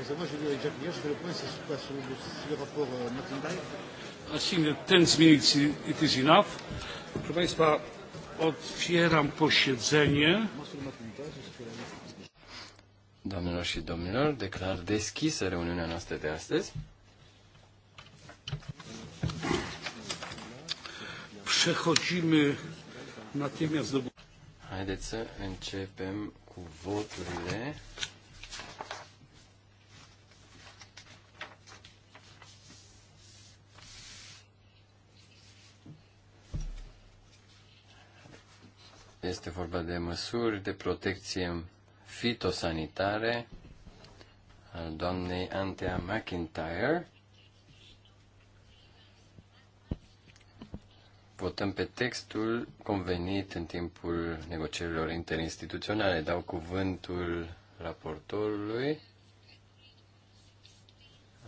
vous moi j'ai avec Jacques hier, je fais le point, sur le, sur le rapport euh, McIntyre I think that 10 minutes it is enough. Proszę Państwa, otwieram posiedzenie. Doamnelor și domnilor, declar deschisă reuniunea noastră de astăzi. Przechodzimy natychmiast do... Haideți să începem cu voturile. Este vorba de măsuri de protecție fitosanitare al doamnei Antea McIntyre. Votăm pe textul convenit în timpul negocierilor interinstituționale. Dau cuvântul raportorului.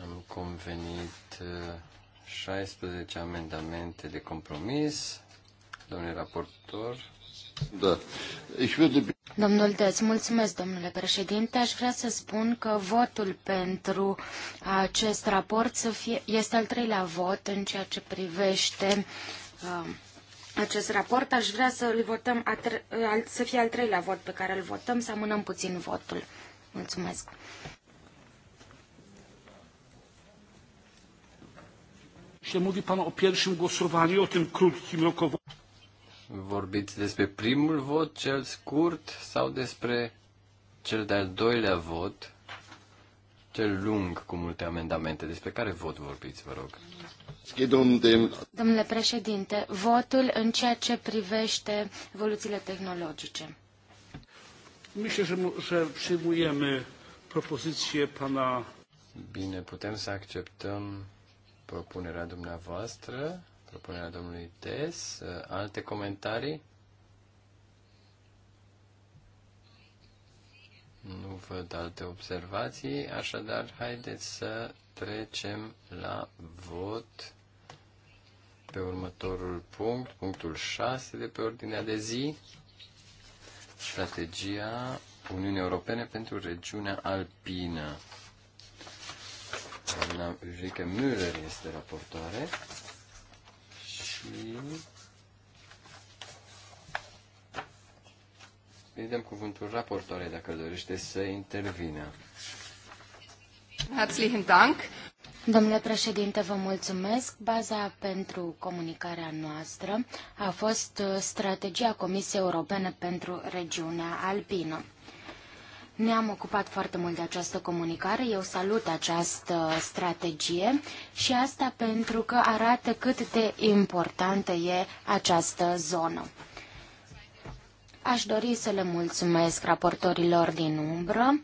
Am convenit 16 uh, amendamente de compromis. Domnule raportor, da. Ich Domnul Deț, mulțumesc, domnule președinte. Aș vrea să spun că votul pentru acest raport să fie, este al treilea vot în ceea ce privește uh, acest raport. Aș vrea să, îl votăm tre... să fie al treilea vot pe care îl votăm, să amânăm puțin votul. Mulțumesc. Mówi Pan o pierwszym głosowaniu, o tym krótkim rokowodzie vorbiți despre primul vot, cel scurt, sau despre cel de-al doilea vot, cel lung cu multe amendamente. Despre care vot vorbiți, vă rog? Domnule președinte, votul în ceea ce privește evoluțiile tehnologice. Myślę, że, że przyjmujemy propozycję pana... Bine, putem să acceptăm propunerea dumneavoastră propunerea domnului Des. Uh, alte comentarii? Nu văd alte observații, așadar haideți să trecem la vot pe următorul punct, punctul 6 de pe ordinea de zi, strategia Uniunii Europene pentru regiunea alpină. Doamna Ulrike Müller este raportoare și îi dăm cuvântul raportoarei dacă dorește să intervină. Herzlichen Dank. Domnule președinte, vă mulțumesc. Baza pentru comunicarea noastră a fost uh, strategia Comisiei Europene pentru regiunea alpină. Ne-am ocupat foarte mult de această comunicare, eu salut această strategie și asta pentru că arată cât de importantă e această zonă. Aș dori să le mulțumesc raportorilor din umbră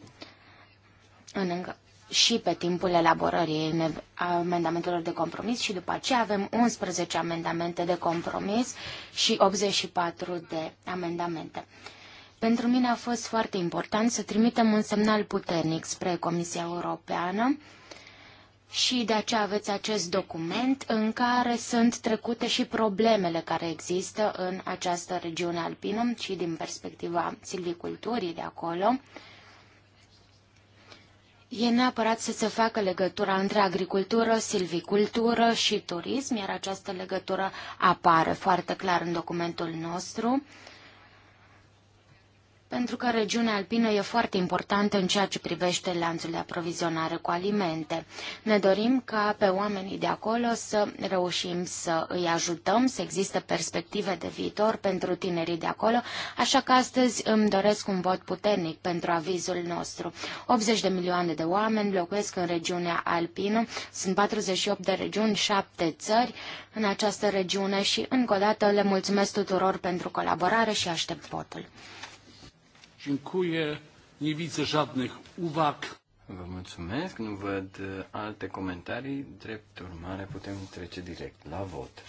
în, și pe timpul elaborării amendamentelor de compromis și după aceea avem 11 amendamente de compromis și 84 de amendamente. Pentru mine a fost foarte important să trimitem un semnal puternic spre Comisia Europeană și de aceea aveți acest document în care sunt trecute și problemele care există în această regiune alpină și din perspectiva silviculturii de acolo. E neapărat să se facă legătura între agricultură, silvicultură și turism, iar această legătură apare foarte clar în documentul nostru pentru că regiunea alpină e foarte importantă în ceea ce privește lanțul de aprovizionare cu alimente. Ne dorim ca pe oamenii de acolo să reușim să îi ajutăm, să existe perspective de viitor pentru tinerii de acolo, așa că astăzi îmi doresc un vot puternic pentru avizul nostru. 80 de milioane de oameni locuiesc în regiunea alpină, sunt 48 de regiuni, 7 țări în această regiune și încă o dată le mulțumesc tuturor pentru colaborare și aștept votul. Dziękuję. Nie widzę żadnych uwag. Vă mulțumesc, nu văd alte comentarii, drept urmare putem trece direct la vot.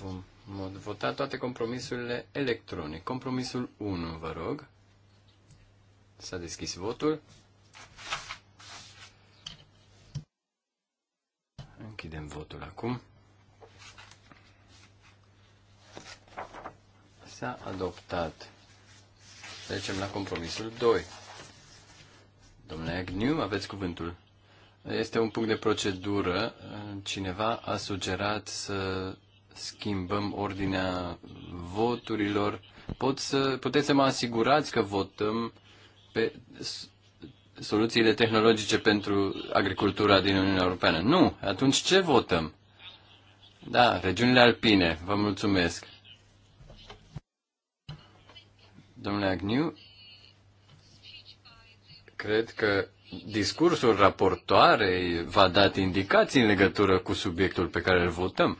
Vom vota toate compromisurile electronic. Compromisul 1, vă rog. S-a deschis votul. Închidem votul acum. s-a adoptat. Trecem la compromisul 2. Domnule Agniu, aveți cuvântul. Este un punct de procedură. Cineva a sugerat să schimbăm ordinea voturilor. Pot să, puteți să mă asigurați că votăm pe soluțiile tehnologice pentru agricultura din Uniunea Europeană. Nu. Atunci ce votăm? Da, regiunile alpine. Vă mulțumesc. Domnule Agniu, cred că discursul raportoarei va a dat indicații în legătură cu subiectul pe care îl votăm.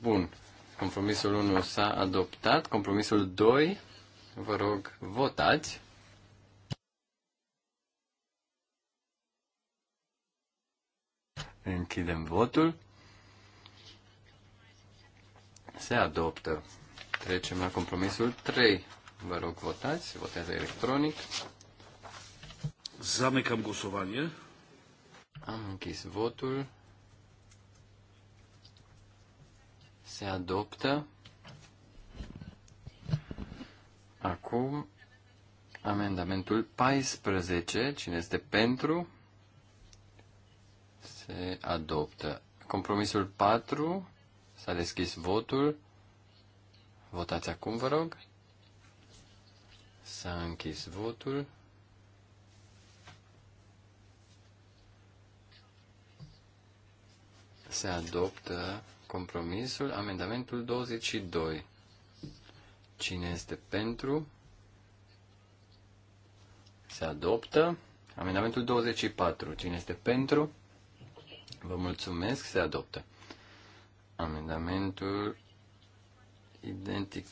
Bun. Compromisul 1 s-a adoptat. Compromisul 2, vă rog, votați. Închidem votul. Se adoptă. Trecem la compromisul 3. Vă rog, votați. Votează electronic. Zamecam gosovanie. Am închis votul. Se adoptă. Acum amendamentul 14. Cine este pentru? Se adoptă. Compromisul 4. S-a deschis votul. Votați acum, vă rog. S-a închis votul. Se adoptă compromisul, amendamentul 22. Cine este pentru? Se adoptă. Amendamentul 24. Cine este pentru? Vă mulțumesc, se adoptă. Amendamentul Identic.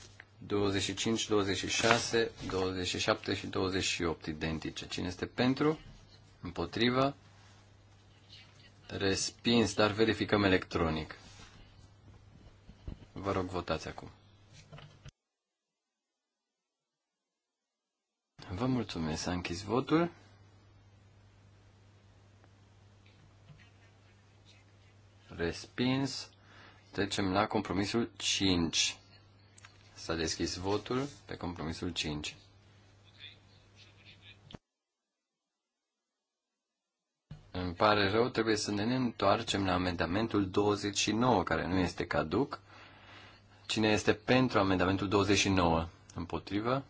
25, 26, 27 și 28 identice. Cine este pentru? Împotrivă? Respins, dar verificăm electronic. Vă rog, votați acum. Vă mulțumesc, s-a închis votul. Respins. Trecem la compromisul 5. S-a deschis votul pe compromisul 5. Îmi pare rău, trebuie să ne întoarcem la amendamentul 29, care nu este caduc. Cine este pentru amendamentul 29? Împotrivă?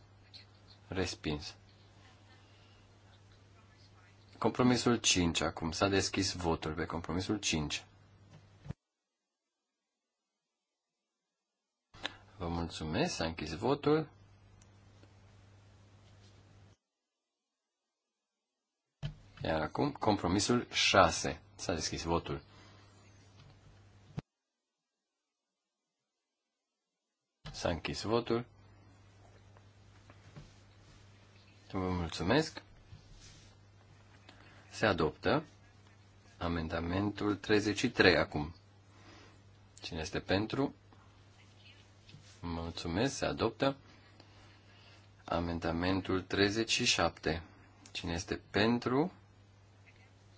Respins. Compromisul 5 acum. S-a deschis votul pe compromisul 5. Vă mulțumesc, s-a închis votul. Iar acum compromisul 6. S-a deschis votul. S-a închis votul. Vă mulțumesc. Se adoptă amendamentul 33 acum. Cine este pentru? Mulțumesc, se adoptă. Amendamentul 37. Cine este pentru?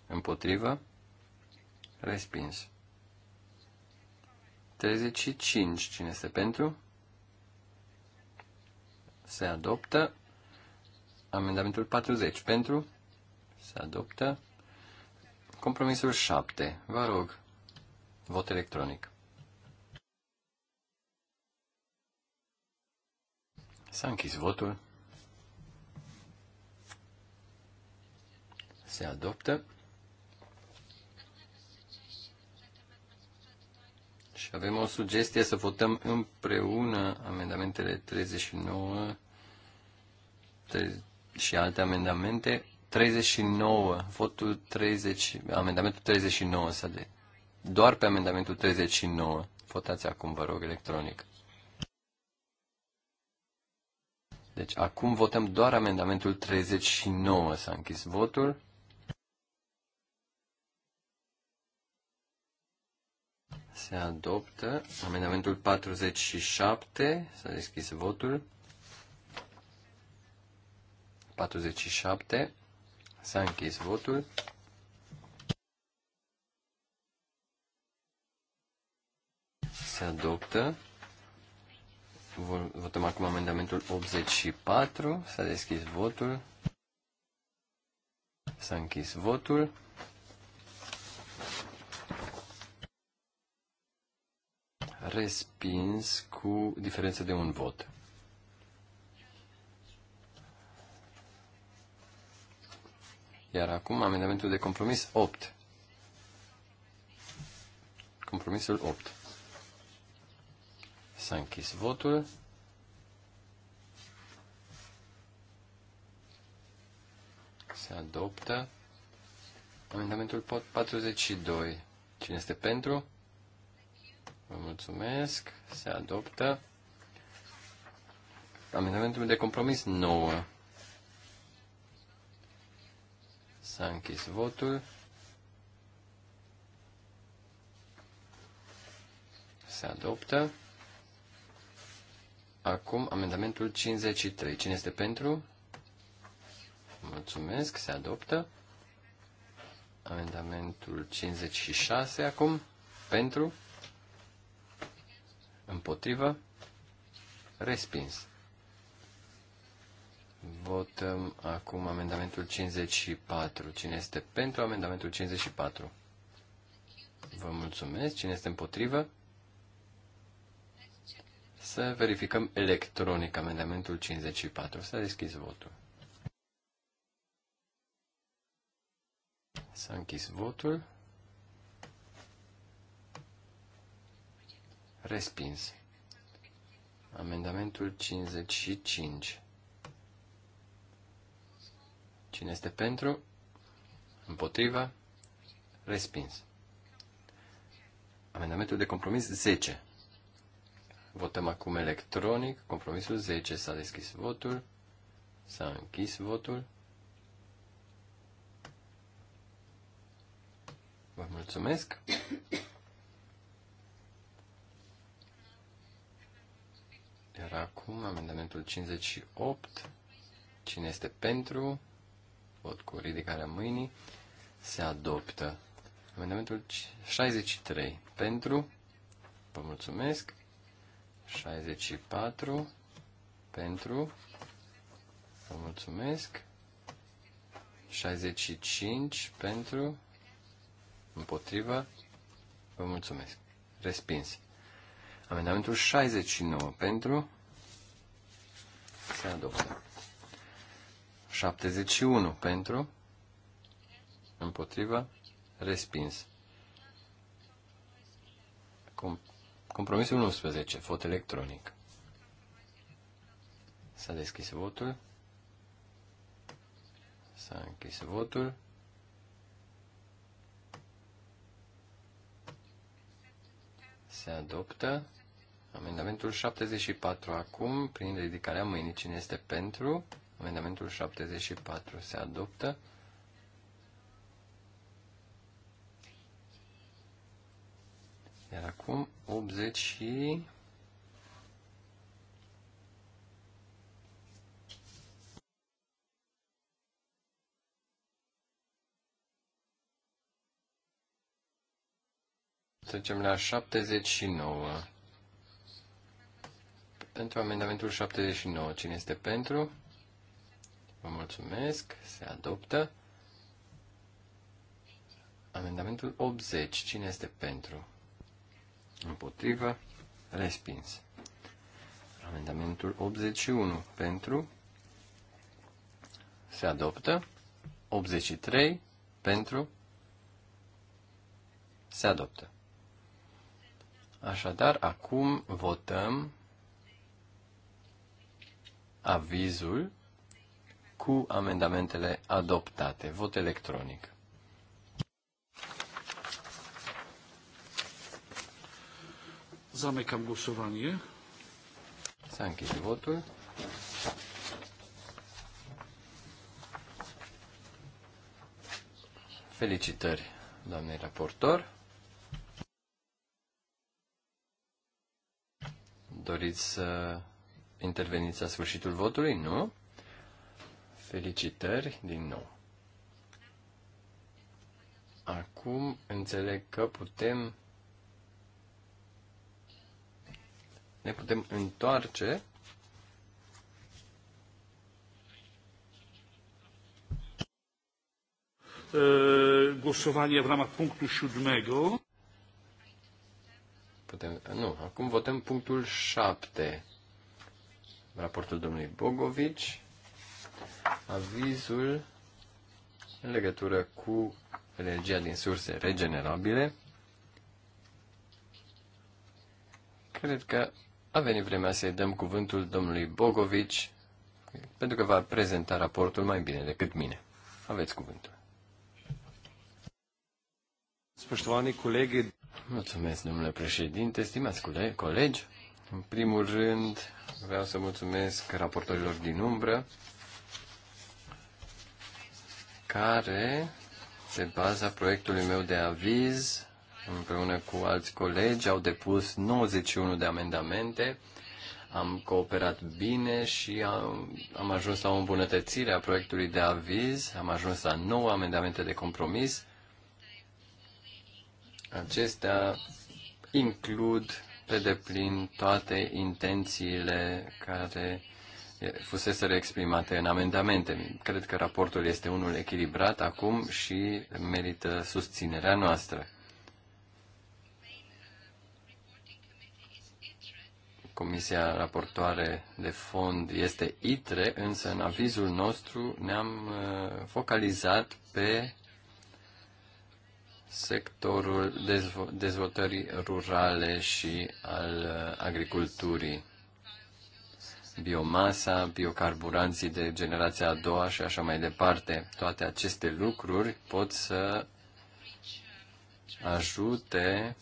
Împotrivă? Respins. 35. Cine este pentru? Se adoptă. Amendamentul 40. Pentru? Se adoptă. Compromisul 7. Vă rog, vot electronic. S-a închis votul. Se adoptă. Și avem o sugestie să votăm împreună amendamentele 39 și alte amendamente. 39, votul 30, amendamentul 39 să de. Doar pe amendamentul 39. Votați acum, vă rog, electronic. Deci acum votăm doar amendamentul 39. S-a închis votul. Se adoptă amendamentul 47. S-a deschis votul. 47. S-a închis votul. Se adoptă Votăm acum amendamentul 84. S-a deschis votul. S-a închis votul. Respins cu diferență de un vot. Iar acum amendamentul de compromis 8. Compromisul 8. S-a închis votul. Se adoptă. Amendamentul 42. Cine este pentru? Vă mulțumesc. Se adoptă. Amendamentul de compromis 9. S-a închis votul. Se adoptă. Acum amendamentul 53. Cine este pentru? Mulțumesc, se adoptă. Amendamentul 56 acum. Pentru? Împotrivă? Respins. Votăm acum amendamentul 54. Cine este pentru amendamentul 54? Vă mulțumesc. Cine este împotrivă? Să verificăm electronic amendamentul 54. S-a deschis votul. S-a închis votul. Respins. Amendamentul 55. Cine este pentru? Împotriva? Respins. Amendamentul de compromis 10. Votăm acum electronic. Compromisul 10. S-a deschis votul. S-a închis votul. Vă mulțumesc. Iar acum amendamentul 58. Cine este pentru? Vot cu ridicarea mâinii. Se adoptă. Amendamentul 63. Pentru? Vă mulțumesc. 64 pentru. Vă mulțumesc. 65 pentru. Împotrivă. Vă mulțumesc. Respins. Amendamentul 69 pentru. Se adoptă. 71 pentru. Împotrivă. Respins. Compromisul 11. Vot electronic. S-a deschis votul. S-a închis votul. Se adoptă amendamentul 74 acum, prin ridicarea mâinii. Cine este pentru? Amendamentul 74 se adoptă. Iar acum 80 și... Trecem la 79. Pentru amendamentul 79, cine este pentru? Vă mulțumesc, se adoptă. Amendamentul 80, cine este pentru? împotrivă, respins. Amendamentul 81 pentru, se adoptă, 83 pentru, se adoptă. Așadar, acum votăm avizul cu amendamentele adoptate. Vot electronic. Zamykam głosowanie. S-a Felicitări, doamnei raportor. Doriți să interveniți la sfârșitul votului? Nu? Felicitări din nou. Acum înțeleg că putem ne putem întoarce głosowanie w ramach punktu siódmego. Putem, nu, acum votăm punctul 7. Raportul domnului Bogovici, avizul în legătură cu energia din surse regenerabile. Cred că a venit vremea să-i dăm cuvântul domnului Bogovici, pentru că va prezenta raportul mai bine decât mine. Aveți cuvântul. colegi. Mulțumesc, domnule președinte, stimați colegi. În primul rând, vreau să mulțumesc raportorilor din umbră, care, se baza proiectului meu de aviz, împreună cu alți colegi, au depus 91 de amendamente. Am cooperat bine și am, am ajuns la o îmbunătățire a proiectului de aviz, am ajuns la 9 amendamente de compromis. Acestea includ pe deplin toate intențiile care fuseseră exprimate în amendamente. Cred că raportul este unul echilibrat acum și merită susținerea noastră. Comisia raportoare de fond este ITRE, însă în avizul nostru ne-am uh, focalizat pe sectorul dezvoltării rurale și al uh, agriculturii. Biomasa, biocarburanții de generația a doua și așa mai departe. Toate aceste lucruri pot să ajute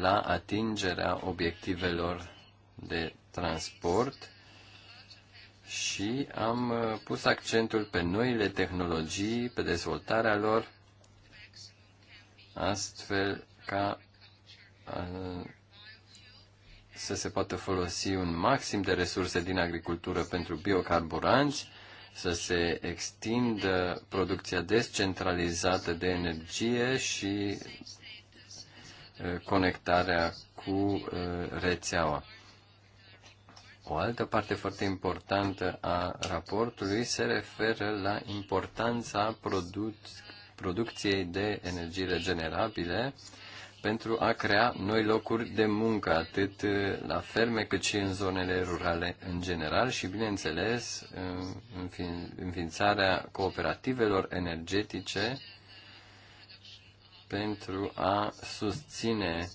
la atingerea obiectivelor de transport și am uh, pus accentul pe noile tehnologii, pe dezvoltarea lor, astfel ca uh, să se poată folosi un maxim de resurse din agricultură pentru biocarburanți, să se extindă producția descentralizată de energie și uh, conectarea cu rețeaua. O altă parte foarte importantă a raportului se referă la importanța produc- producției de energii regenerabile pentru a crea noi locuri de muncă, atât uh, la ferme cât și în zonele rurale în general și, bineînțeles, uh, înființarea cooperativelor energetice pentru a susține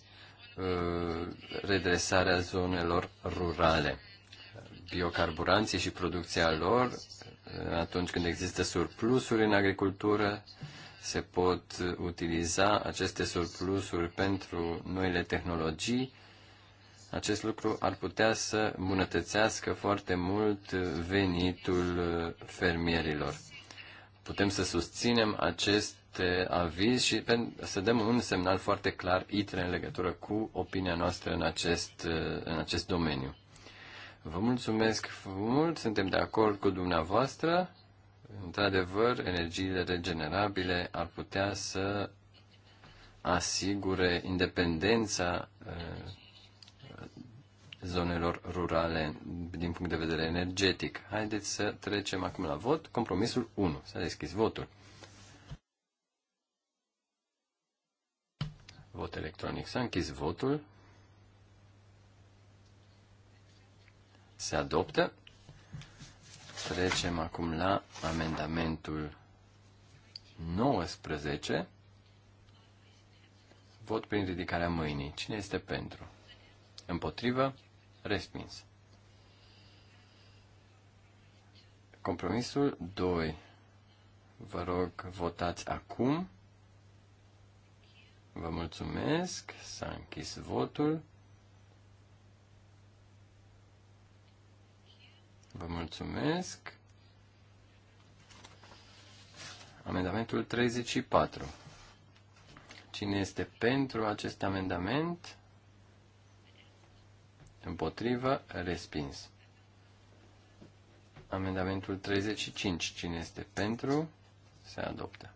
uh, redresarea zonelor rurale biocarburanții și producția lor, uh, atunci când există surplusuri în agricultură, se pot utiliza aceste surplusuri pentru noile tehnologii. Acest lucru ar putea să îmbunătățească foarte mult venitul uh, fermierilor. Putem să susținem acest aviz și să dăm un semnal foarte clar ITRE în legătură cu opinia noastră în acest, uh, în acest domeniu. Vă mulțumesc mult, suntem de acord cu dumneavoastră. Într-adevăr, energiile regenerabile ar putea să asigure independența eh, zonelor rurale din punct de vedere energetic. Haideți să trecem acum la vot. Compromisul 1. S-a deschis votul. Vot electronic. S-a închis votul. se adoptă. Trecem acum la amendamentul 19. Vot prin ridicarea mâinii. Cine este pentru? Împotrivă? Respins. Compromisul 2. Vă rog, votați acum. Vă mulțumesc. S-a închis votul. Vă mulțumesc. Amendamentul 34. Cine este pentru acest amendament? Împotrivă, respins. Amendamentul 35. Cine este pentru? Se adoptă.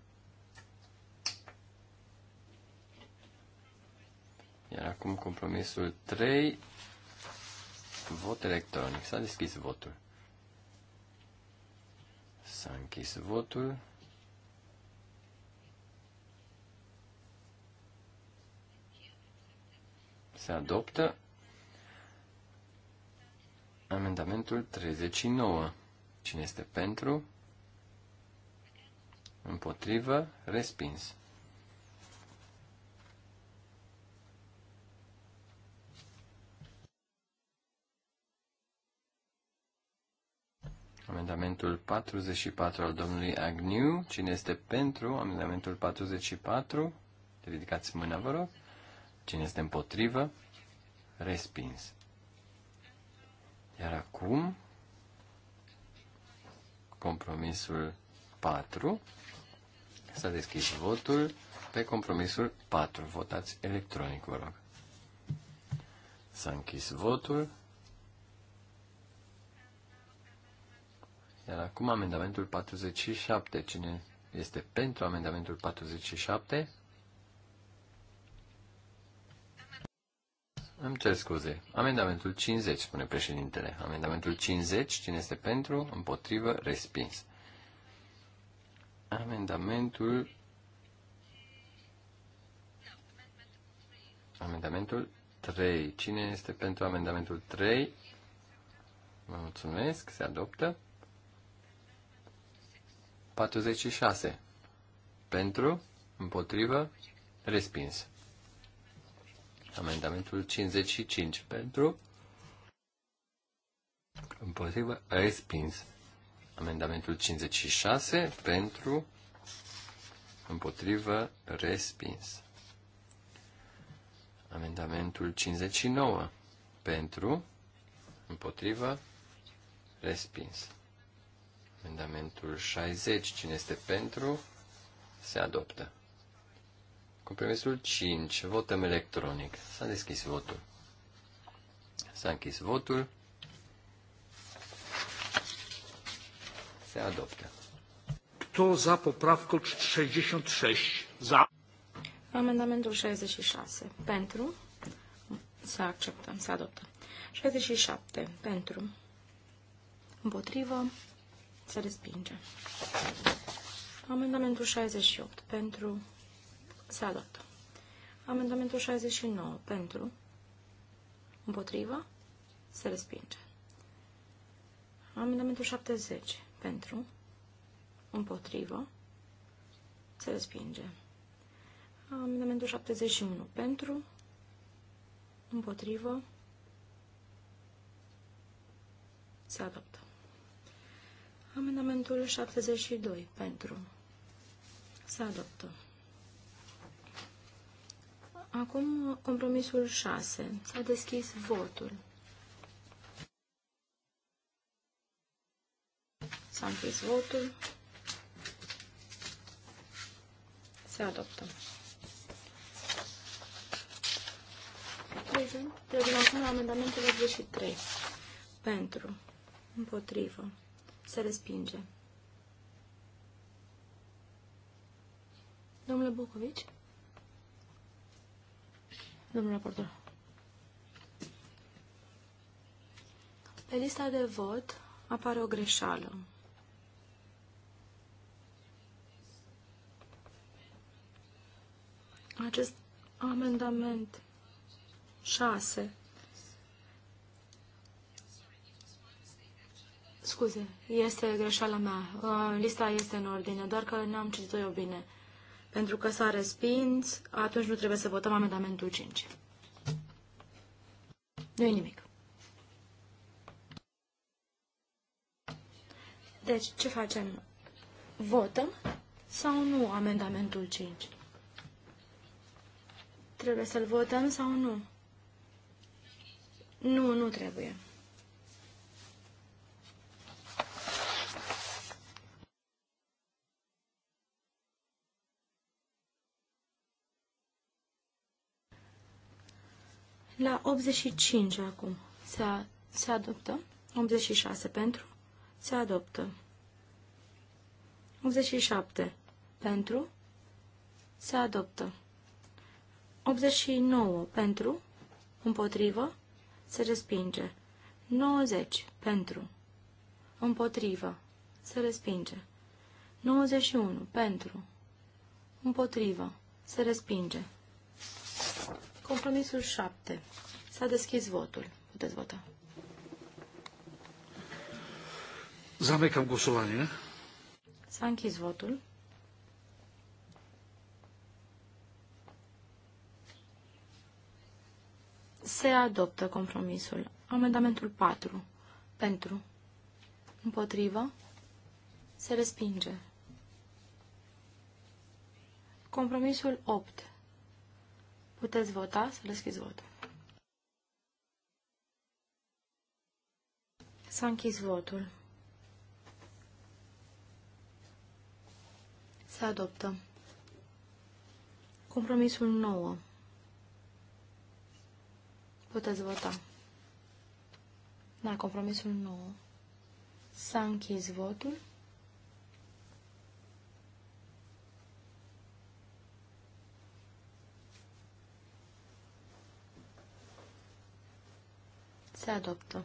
Iar acum compromisul 3. Vot electronic. S-a deschis votul. S-a închis votul. Se adoptă amendamentul 39. Cine este pentru? Împotrivă? Respins. Amendamentul 44 al domnului Agnew. Cine este pentru amendamentul 44? Ridicați mâna, vă rog. Cine este împotrivă? Respins. Iar acum, compromisul 4. S-a deschis votul pe compromisul 4. Votați electronic, vă rog. S-a închis votul. Iar acum amendamentul 47. Cine este pentru amendamentul 47? Îmi cer scuze. Amendamentul 50, spune președintele. Amendamentul 50, cine este pentru, împotrivă, respins. Amendamentul... Amendamentul 3. Cine este pentru amendamentul 3? Vă mulțumesc, se adoptă. 46. Pentru, împotrivă, respins. Amendamentul 55. Pentru, împotrivă, respins. Amendamentul 56. Pentru, împotrivă, respins. Amendamentul 59. Pentru, împotrivă, respins. Amendamentul 60. Cine este pentru? Se adoptă. Compromisul 5. Votăm electronic. S-a deschis votul. S-a închis votul. Se adoptă. Kto za poprawką 66? Za. Amendamentul 66. Pentru. Să acceptăm, să adoptăm. 67. Pentru. Împotrivă. Se respinge. Amendamentul 68 pentru se adoptă. Amendamentul 69 pentru împotrivă se respinge. Amendamentul 70 pentru împotrivă se respinge. Amendamentul 71 pentru împotrivă se adoptă. Amendamentul 72 pentru. Se adoptă. Acum compromisul 6. S-a deschis votul. S-a închis votul. Se adoptă. Trebuie acum la amendamentul 83. Pentru. Împotrivă. Se respinge. Domnule Bucovici? Domnul raportor. Pe lista de vot apare o greșeală. Acest amendament 6 Scuze, este greșeala mea. Uh, lista este în ordine, doar că n-am citit-o eu bine. Pentru că s-a respins, atunci nu trebuie să votăm amendamentul 5. Nu e nimic. Deci, ce facem? Votăm sau nu amendamentul 5? Trebuie să-l votăm sau nu? Nu, nu trebuie. La 85 acum se, a, se adoptă. 86 pentru. Se adoptă. 87 pentru. Se adoptă. 89 pentru. Împotrivă. Se respinge. 90 pentru. Împotrivă. Se respinge. 91 pentru. Împotrivă. Se respinge. Compromisul 7. S-a deschis votul. Puteți vota. Zamecam głosowanie. S-a închis votul. Se adoptă compromisul. Amendamentul 4. Pentru. Împotrivă. Se respinge. Compromisul 8. Puteți vota să deschizi votul. S-a închis votul. Se adoptă. Compromisul 9. Puteți vota. Da, compromisul 9. S-a închis votul. Se adoptă.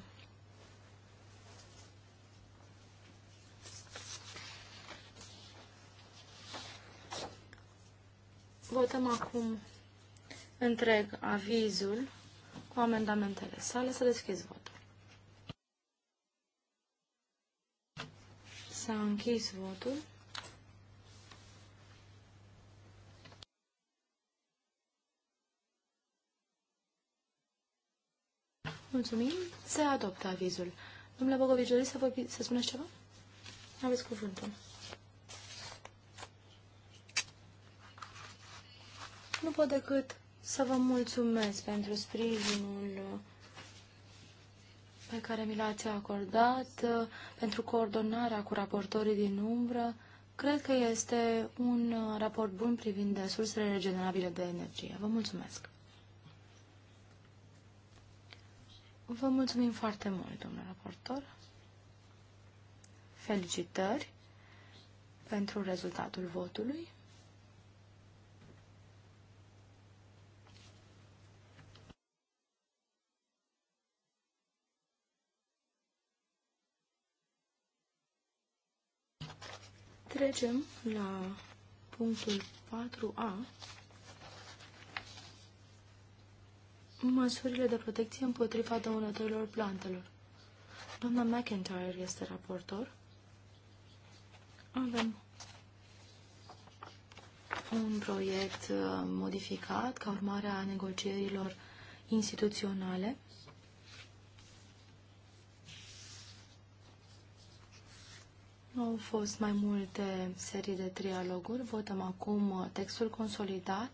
Votăm acum întreg avizul cu amendamentele sale. Să deschizi votul. S-a închis votul. Mulțumim. Se adoptă avizul. Domnule Bogovic, doriți să, vorbi, să spuneți ceva? Aveți cuvântul. Nu pot decât să vă mulțumesc pentru sprijinul pe care mi l-ați acordat, pentru coordonarea cu raportorii din umbră. Cred că este un raport bun privind sursele regenerabile de energie. Vă mulțumesc! Vă mulțumim foarte mult, domnule raportor. Felicitări pentru rezultatul votului. Trecem la punctul 4a măsurile de protecție împotriva dăunătorilor plantelor. Doamna McIntyre este raportor. Avem un proiect uh, modificat ca urmare a negocierilor instituționale. Au fost mai multe serii de trialoguri. Votăm acum uh, textul consolidat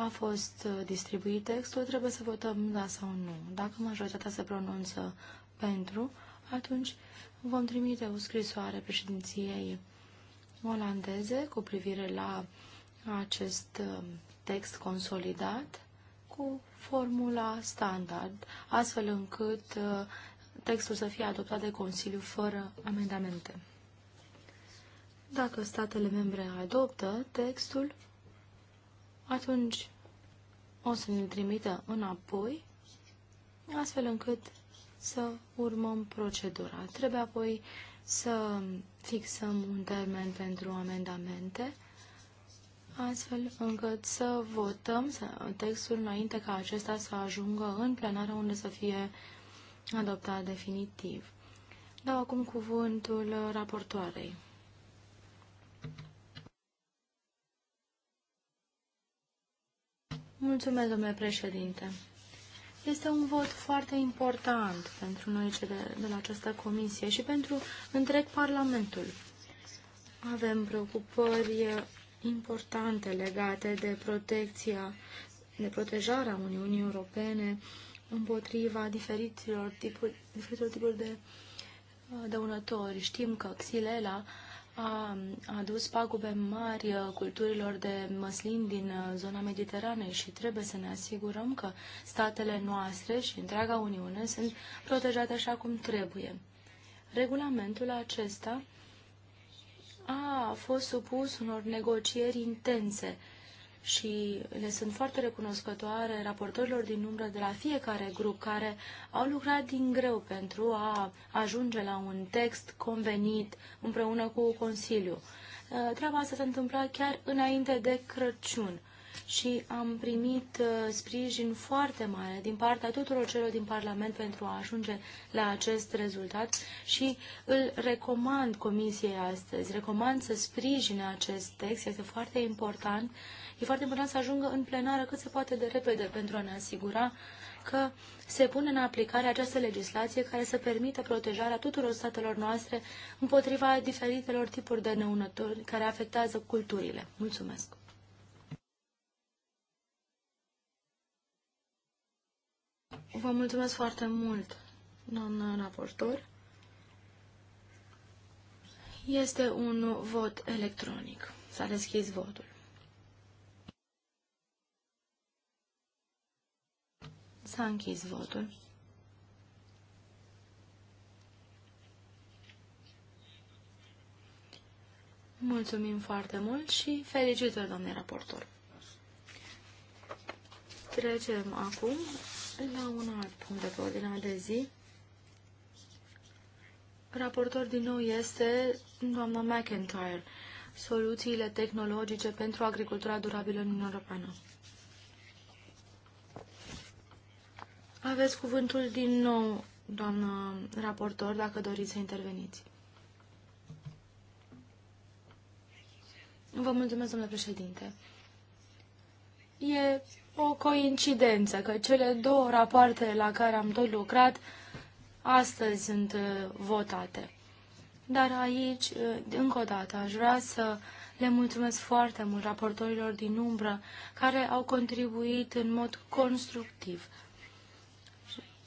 a fost uh, distribuit textul, trebuie să votăm da sau nu. Dacă majoritatea se pronunță pentru, atunci vom trimite o scrisoare președinției olandeze cu privire la acest uh, text consolidat cu formula standard, astfel încât uh, textul să fie adoptat de Consiliu fără amendamente. Dacă statele membre adoptă textul, atunci o să ne trimită înapoi, astfel încât să urmăm procedura. Trebuie apoi să fixăm un termen pentru amendamente, astfel încât să votăm textul înainte ca acesta să ajungă în plenară unde să fie adoptat definitiv. Dau acum cuvântul raportoarei. Mulțumesc, domnule președinte. Este un vot foarte important pentru noi ce de, de la această comisie și pentru întreg Parlamentul. Avem preocupări importante legate de protecția, de protejarea Uniunii Europene împotriva diferiților tipuri, diferitor tipuri de uh, dăunători. Știm că Xilela a adus pagube mari uh, culturilor de măslin din uh, zona Mediteranei și trebuie să ne asigurăm că statele noastre și întreaga Uniune sunt protejate așa cum trebuie. Regulamentul acesta a fost supus unor negocieri intense și le sunt foarte recunoscătoare raportorilor din umbră de la fiecare grup care au lucrat din greu pentru a ajunge la un text convenit împreună cu Consiliu. Uh, treaba asta s-a întâmplat chiar înainte de Crăciun și am primit uh, sprijin foarte mare din partea tuturor celor din Parlament pentru a ajunge la acest rezultat și îl recomand Comisiei astăzi. Recomand să sprijine acest text, este foarte important E foarte important să ajungă în plenară cât se poate de repede pentru a ne asigura că se pune în aplicare această legislație care să permită protejarea tuturor statelor noastre împotriva diferitelor tipuri de neunători care afectează culturile. Mulțumesc! Vă mulțumesc foarte mult, doamnă raportor. Este un vot electronic. S-a deschis votul. S-a închis votul. Mulțumim foarte mult și felicitări, domnule raportor. Trecem acum la un alt punct de ordinea de zi. Raportor din nou este doamna McIntyre, soluțiile tehnologice pentru agricultura durabilă în Europa. Europeană. Aveți cuvântul din nou, doamnă raportor, dacă doriți să interveniți. Vă mulțumesc, domnule președinte. E o coincidență că cele două rapoarte la care am tot lucrat astăzi sunt uh, votate. Dar aici, uh, încă o dată, aș vrea să le mulțumesc foarte mult raportorilor din umbră care au contribuit în mod constructiv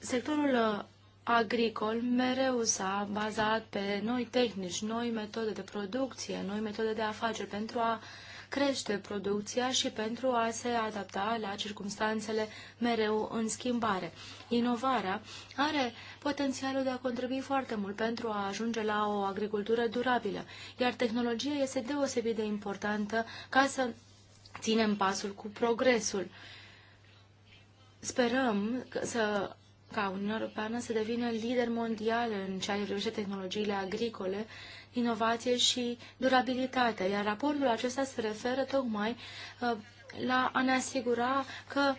Sectorul uh, agricol mereu s-a bazat pe noi tehnici, noi metode de producție, noi metode de afaceri pentru a crește producția și pentru a se adapta la circumstanțele mereu în schimbare. Inovarea are potențialul de a contribui foarte mult pentru a ajunge la o agricultură durabilă, iar tehnologia este deosebit de importantă ca să ținem pasul cu progresul. Sperăm să ca Uniunea Europeană să devină lider mondial în ceea ce privește tehnologiile agricole, inovație și durabilitate, iar raportul acesta se referă tocmai uh, la a ne asigura că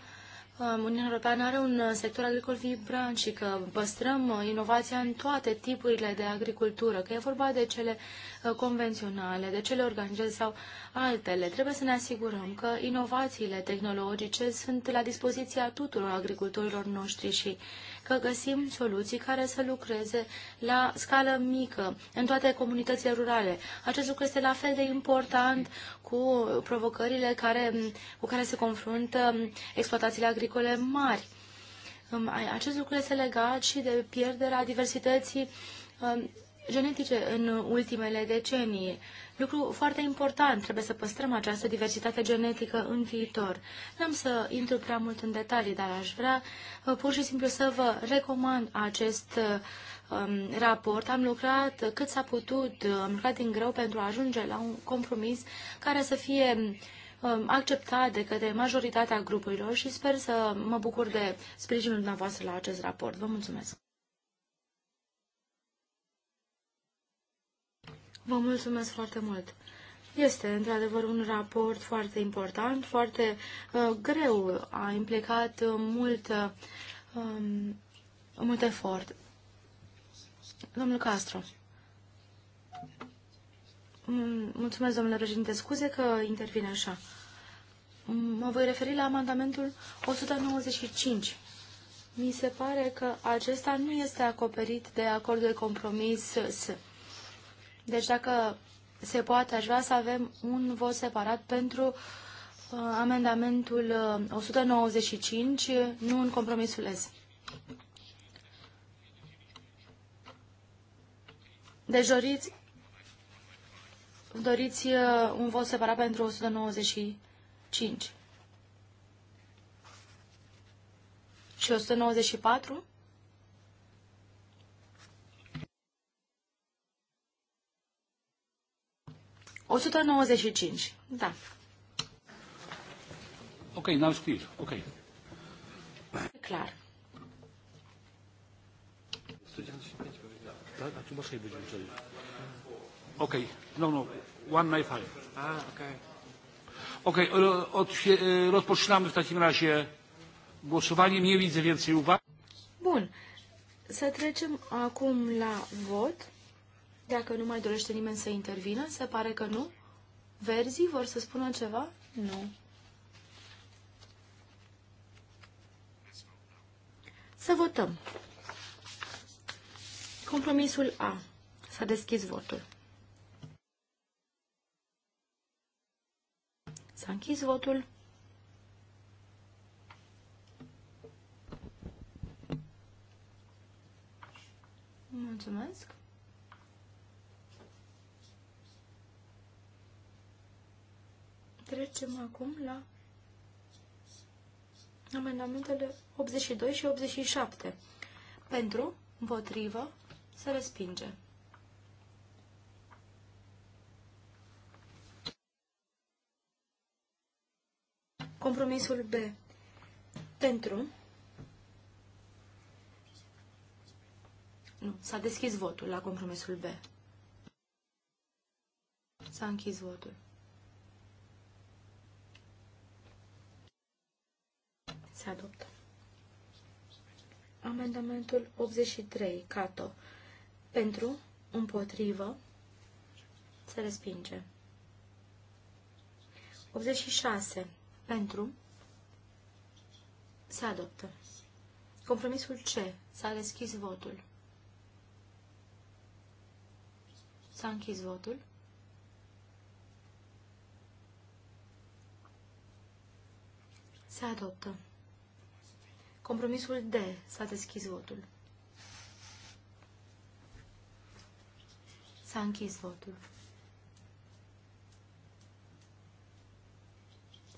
Uh, Uniunea Europeană are un uh, sector agricol vibrant și că păstrăm uh, inovația în toate tipurile de agricultură, că e vorba de cele convenționale, de cele organice sau altele. Trebuie să ne asigurăm că inovațiile tehnologice sunt la dispoziția tuturor agricultorilor noștri și că găsim soluții care să lucreze la scală mică, în toate comunitățile rurale. Acest lucru este la fel de important cu provocările care, cu care se confruntă um, exploatațiile agricole agricole mari. Acest lucru este legat și de pierderea diversității um, genetice în ultimele decenii. Lucru foarte important, trebuie să păstrăm această diversitate genetică în viitor. N-am să intru prea mult în detalii, dar aș vrea uh, pur și simplu să vă recomand acest um, raport. Am lucrat cât s-a putut, uh, am lucrat din greu pentru a ajunge la un compromis care să fie Um, acceptat de către majoritatea grupurilor și sper să mă bucur de sprijinul dumneavoastră la acest raport. Vă mulțumesc! Vă mulțumesc foarte mult! Este, într-adevăr, un raport foarte important, foarte uh, greu. A implicat mult, uh, mult efort. Domnul Castro. Mm, mulțumesc, domnule președinte. Scuze că intervine așa. Mm, mă voi referi la amendamentul 195. Mi se pare că acesta nu este acoperit de acordul de compromis S. Deci dacă se poate, aș vrea să avem un vot separat pentru uh, amendamentul uh, 195, nu în compromisul S. Deci doriți Doriți uh, un vot separat pentru 195 și 194? O 195, da. Ok, n-am scris, ok. E clar. Da, dar tu mă să-i Ok, no, no, 195. Ah, okay. Okej, okay, rozpoczynamy w takim razie głosowanie. Nie widzę więcej uwag. Bun. Să trecem acum la vot. Dacă nu mai dorește nimeni să intervină, se pare că nu. Verzii vor să spună ceva? Nu. Să votăm. Compromisul A. S-a deschis votul. S-a închis votul. Mulțumesc. Trecem acum la amendamentele 82 și 87. Pentru, împotrivă, se respinge. Compromisul B. Pentru. Nu, s-a deschis votul la compromisul B. S-a închis votul. Se adoptă. Amendamentul 83, Cato. Pentru, împotrivă, se respinge. 86, pentru, se adoptă. Compromisul C. S-a deschis votul. S-a închis votul. Se adoptă. Compromisul D. S-a deschis votul. S-a închis votul.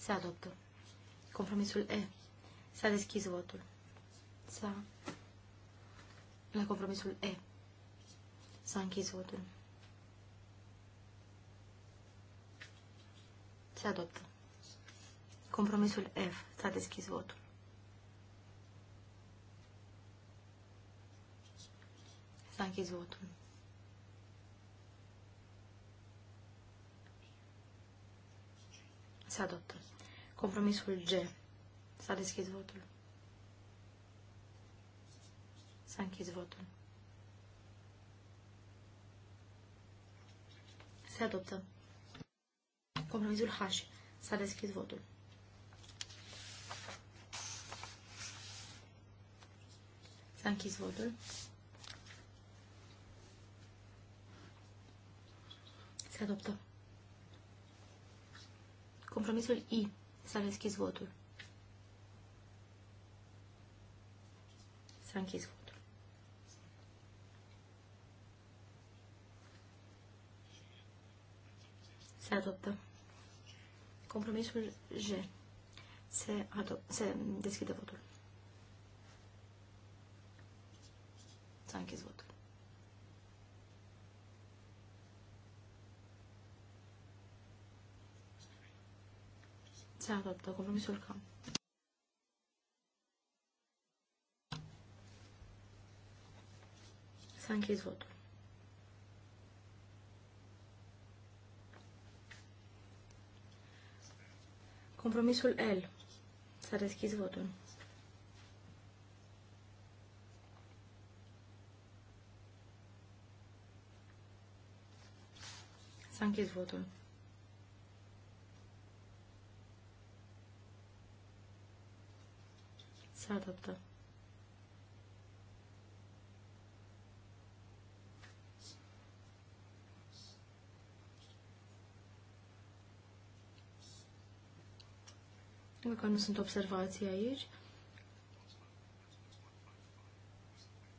Se adoptă. Compromisul E. S-a deschis votul. S-a... La compromisul E. S-a închis votul. Se adoptă. Compromisul F. S-a deschis votul. S-a închis votul. Se adoptă. Compromisul G. S-a deschis votul. S-a închis votul. Se adoptă. Compromisul H. S-a deschis votul. S-a închis votul. Se adoptă. Compromisul I. S-a deschis votul. S-a închis votul. Se adoptă. Compromisul G. Se, se deschide votul. S-a închis votul. se adoptă. Compromisul K. S-a închis votul. Compromisul L. S-a deschis votul. S-a închis votul. Se arată. Pentru că nu sunt observații aici.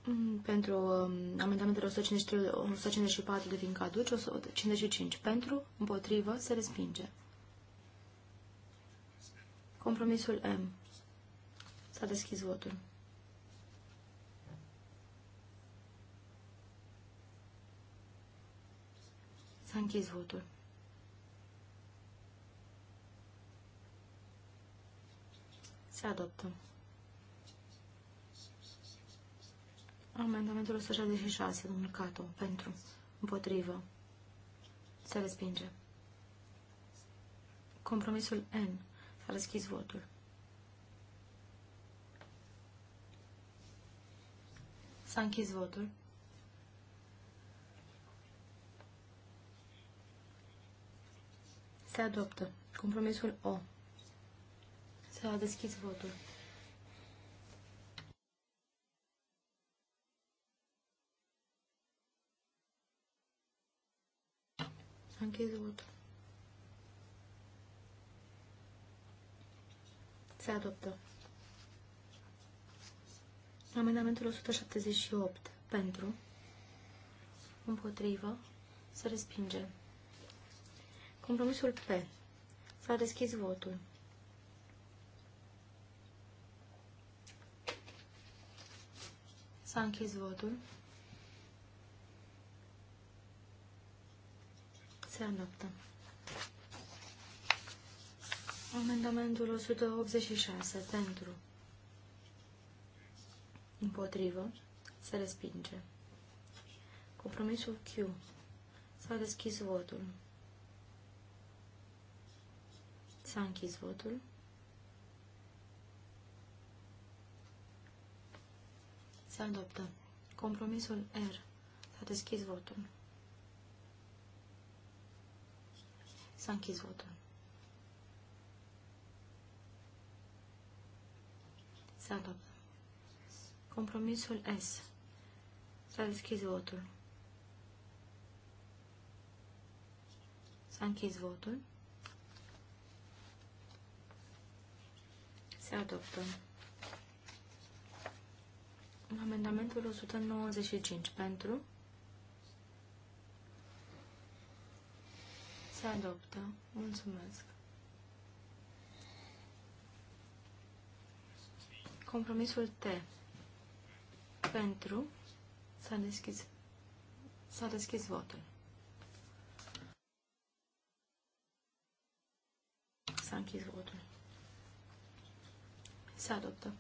Mm, pentru um, amendamentele 154 154 devin caduci, 155 pentru, împotrivă, se respinge. Compromisul M. S-a deschis votul. S-a închis votul. Se adoptă. Amendamentul 166, domnul Cato, pentru, împotrivă, se respinge. Compromisul N. S-a deschis votul. S-a închis votul. Se adoptă. Compromisul O. S-a deschis votul. S-a închis votul. Se adoptă. Amendamentul 178. Pentru. Împotrivă. Se respinge. Compromisul P. S-a deschis votul. S-a închis votul. Se adoptă. Amendamentul 186. Pentru. Împotrivă. Se respinge. Compromisul Q. S-a deschis votul. S-a închis votul. Se adoptă. Compromisul R. S-a deschis votul. S-a închis votul. Se adoptă. Compromisul S. S-a deschis votul. S-a închis votul. Se adoptă. Amendamentul 195 pentru. Se adoptă. Mulțumesc. Compromisul T. Pentru. S-a deschis. S-a deschis votul. S-a închis votul. Se adoptă.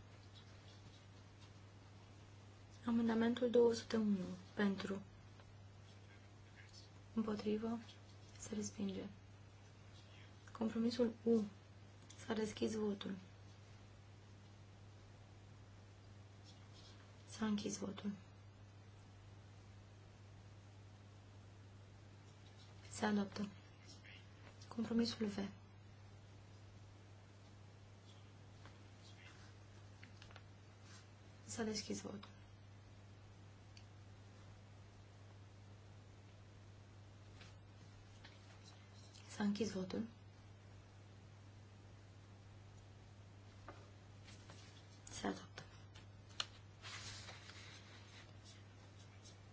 Amendamentul 201. Pentru. Împotrivă. Se respinge. Compromisul U. S-a deschis votul. S-a închis votul. Se adoptă. Compromisul V. S-a deschis votul. S-a închis votul. Se adoptă.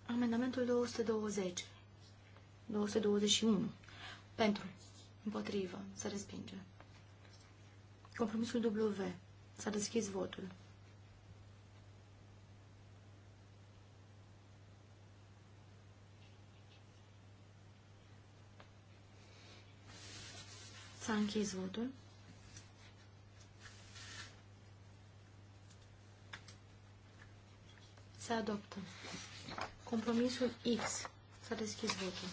Amendamentul 220. 221. Pentru. Împotrivă. Se respinge. Compromisul W. S-a deschis votul. S-a închis votul. Se adoptă. Compromisul X. S-a deschis votul.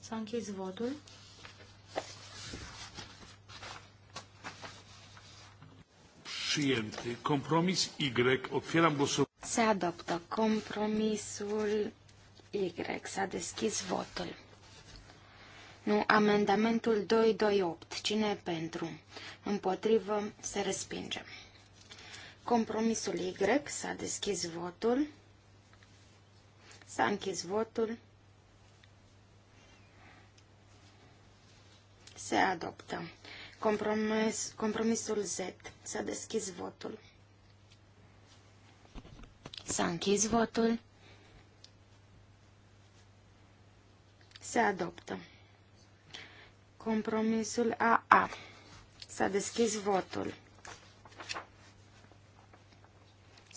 S-a închis votul. Przyjęty. Kompromis Y. Otwieram głosowanie. Se adoptă compromisul Y. S-a deschis votul. Nu, amendamentul 228. Cine e pentru? Împotrivă, se respinge. Compromisul Y s-a deschis votul. S-a închis votul. Se adoptă. Compromis, compromisul Z. S-a deschis votul. S-a închis votul. Se adoptă. Compromisul AA. S-a deschis votul.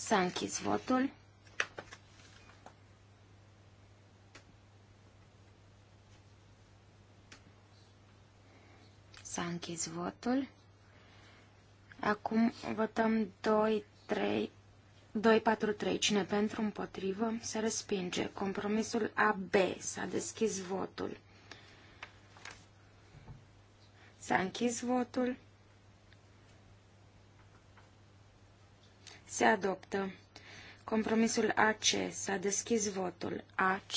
S-a închis votul. S-a închis votul. Acum votăm 2, 3, 2, 4, 3. Cine pentru, împotrivă, se respinge. Compromisul AB. S-a deschis votul. S-a închis votul. Se adoptă. Compromisul AC. S-a deschis votul. AC.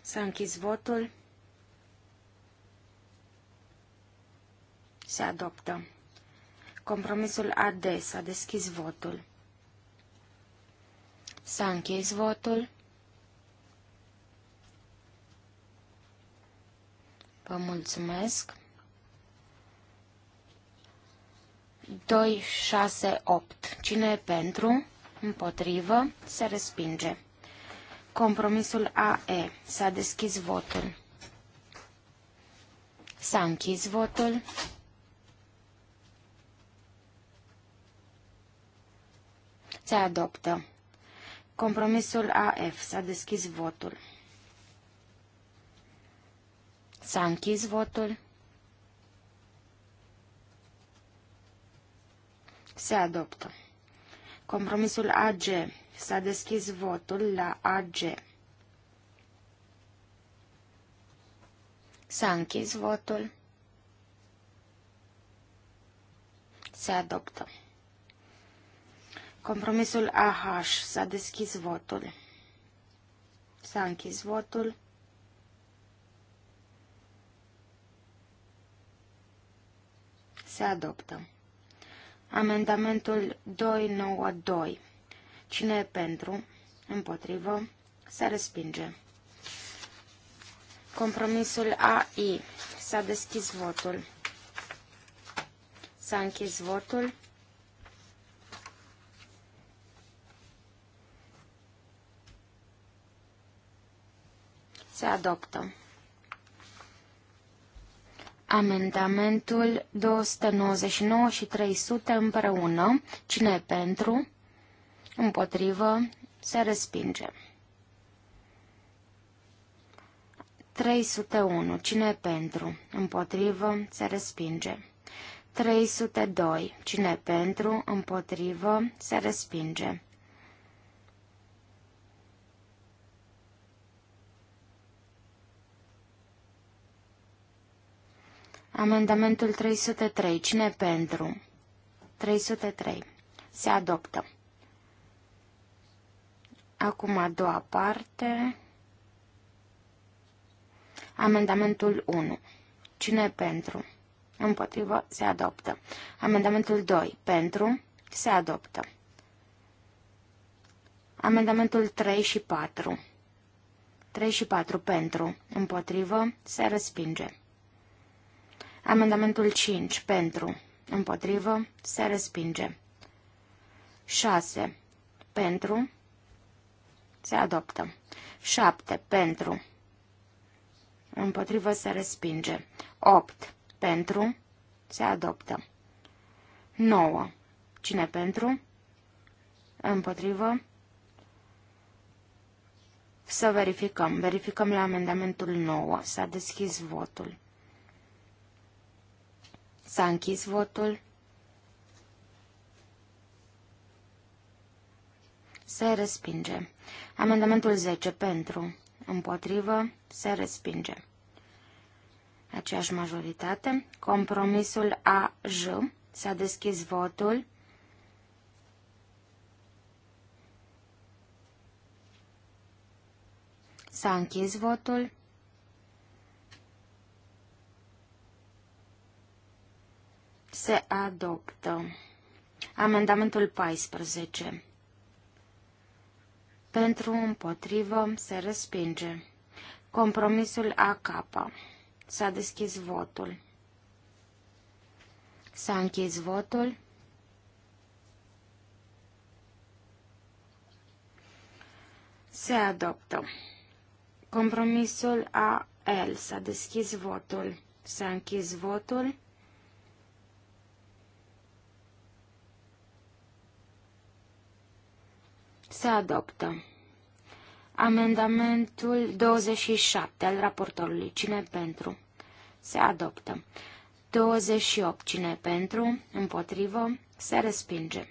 S-a închis votul. Se adoptă. Compromisul AD. S-a deschis votul. S-a închis votul. Vă mulțumesc. 2, 6, 8. Cine e pentru? Împotrivă? Se respinge. Compromisul AE. S-a deschis votul. S-a închis votul. Se adoptă. Compromisul AF. S-a deschis votul. S-a închis votul. Se adoptă. Compromisul AG. S-a deschis votul la AG. S-a închis votul. Se adoptă. Compromisul AH. S-a deschis votul. S-a închis votul. Se adoptă. Amendamentul 292. Cine e pentru? Împotrivă? Se respinge. Compromisul AI. S-a deschis votul. S-a închis votul. Se adoptă. Amendamentul 299 și 300 împreună. Cine e pentru? Împotrivă. Se respinge. 301. Cine e pentru? Împotrivă. Se respinge. 302. Cine e pentru? Împotrivă. Se respinge. Amendamentul 303. Cine pentru? 303. Se adoptă. Acum a doua parte. Amendamentul 1. Cine pentru? Împotrivă. Se adoptă. Amendamentul 2. Pentru. Se adoptă. Amendamentul 3 și 4. 3 și 4 pentru. Împotrivă. Se respinge. Amendamentul 5. Pentru. Împotrivă. Se respinge. 6. Pentru. Se adoptă. 7. Pentru. Împotrivă se respinge. 8. Pentru. Se adoptă. 9. Cine pentru? Împotrivă. Să verificăm. Verificăm la amendamentul 9. S-a deschis votul. S-a închis votul. Se respinge. Amendamentul 10 pentru. Împotrivă. Se respinge. Aceeași majoritate. Compromisul AJ. S-a deschis votul. S-a închis votul. se adoptă. Amendamentul 14. Pentru împotrivă se respinge. Compromisul AK. S-a deschis votul. S-a închis votul. Se adoptă. Compromisul AL. S-a deschis votul. S-a închis votul. Se adoptă. Amendamentul 27 al raportorului. Cine pentru? Se adoptă. 28. Cine pentru? Împotrivă? Se respinge.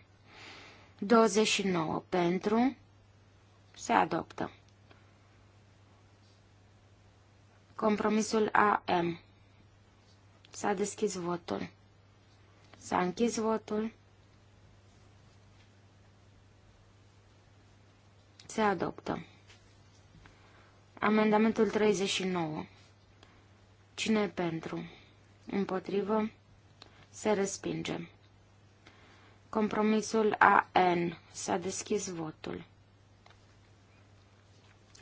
29. Pentru? Se adoptă. Compromisul AM. S-a deschis votul. S-a închis votul. Se adoptă. Amendamentul 39. Cine pentru? Împotrivă? Se respinge. Compromisul AN. S-a deschis votul.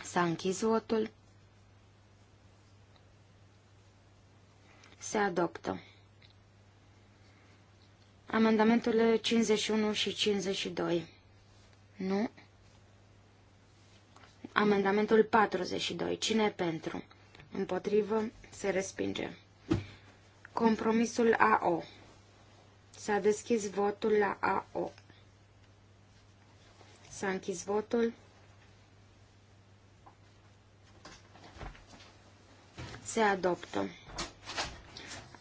S-a închis votul. Se adoptă. Amendamentul 51 și 52. Nu. Amendamentul 42. Cine pentru? Împotrivă. Se respinge. Compromisul AO. S-a deschis votul la AO. S-a închis votul. Se adoptă.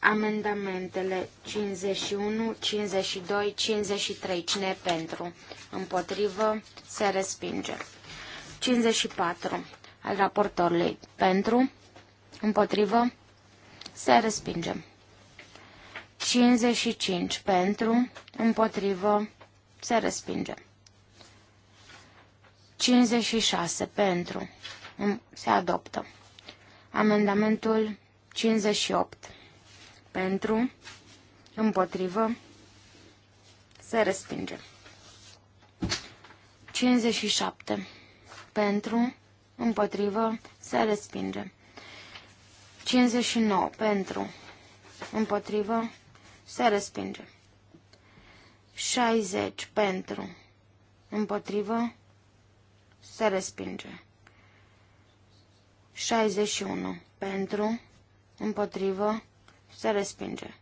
Amendamentele 51, 52, 53. Cine pentru? Împotrivă? Se respinge. 54 al raportorului pentru, împotrivă, se respinge. 55 pentru, împotrivă, se respinge. 56 pentru, se adoptă. Amendamentul 58 pentru, împotrivă, se respinge. 57 pentru, împotrivă, se respinge. 59 pentru, împotrivă, se respinge. 60 pentru, împotrivă, se respinge. 61 pentru, împotrivă, se respinge.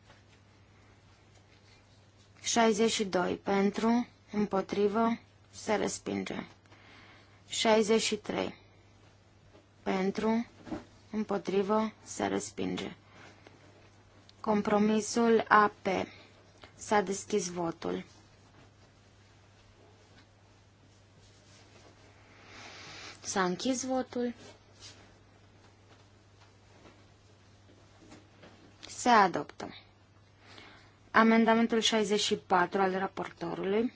62 pentru, împotrivă, se respinge. 63. Pentru, împotrivă, se respinge. Compromisul AP. S-a deschis votul. S-a închis votul. Se adoptă. Amendamentul 64 al raportorului.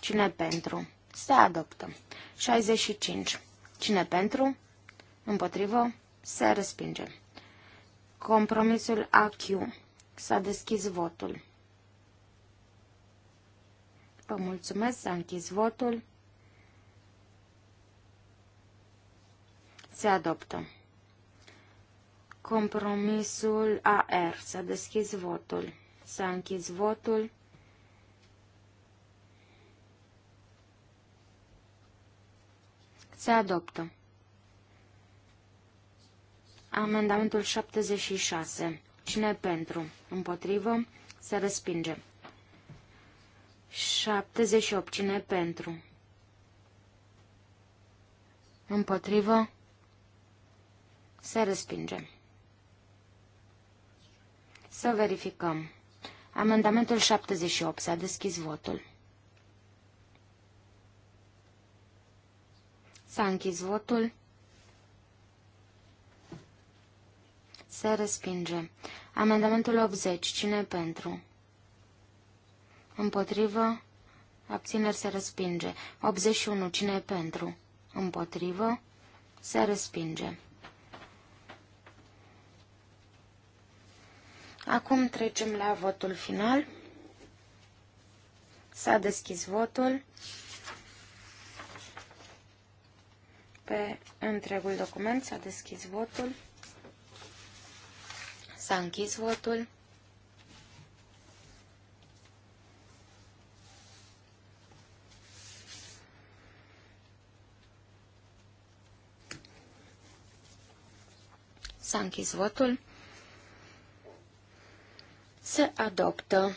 Cine pentru? Se adoptă. 65. Cine pentru? Împotrivă? Se respinge. Compromisul AQ. S-a deschis votul. Vă mulțumesc, s-a închis votul. Se adoptă. Compromisul AR. S-a deschis votul. S-a închis votul. Se adoptă. Amendamentul 76. Cine pentru? Împotrivă? Se respinge. 78. Cine pentru? Împotrivă? Se respinge. Să verificăm. Amendamentul 78. S-a deschis votul. S-a închis votul. Se respinge. Amendamentul 80. Cine pentru? Împotrivă. Abțineri se respinge. 81. Cine pentru? Împotrivă. Se respinge. Acum trecem la votul final. S-a deschis votul. pe întregul document. S-a deschis votul. S-a închis votul. S-a închis votul. Se adoptă.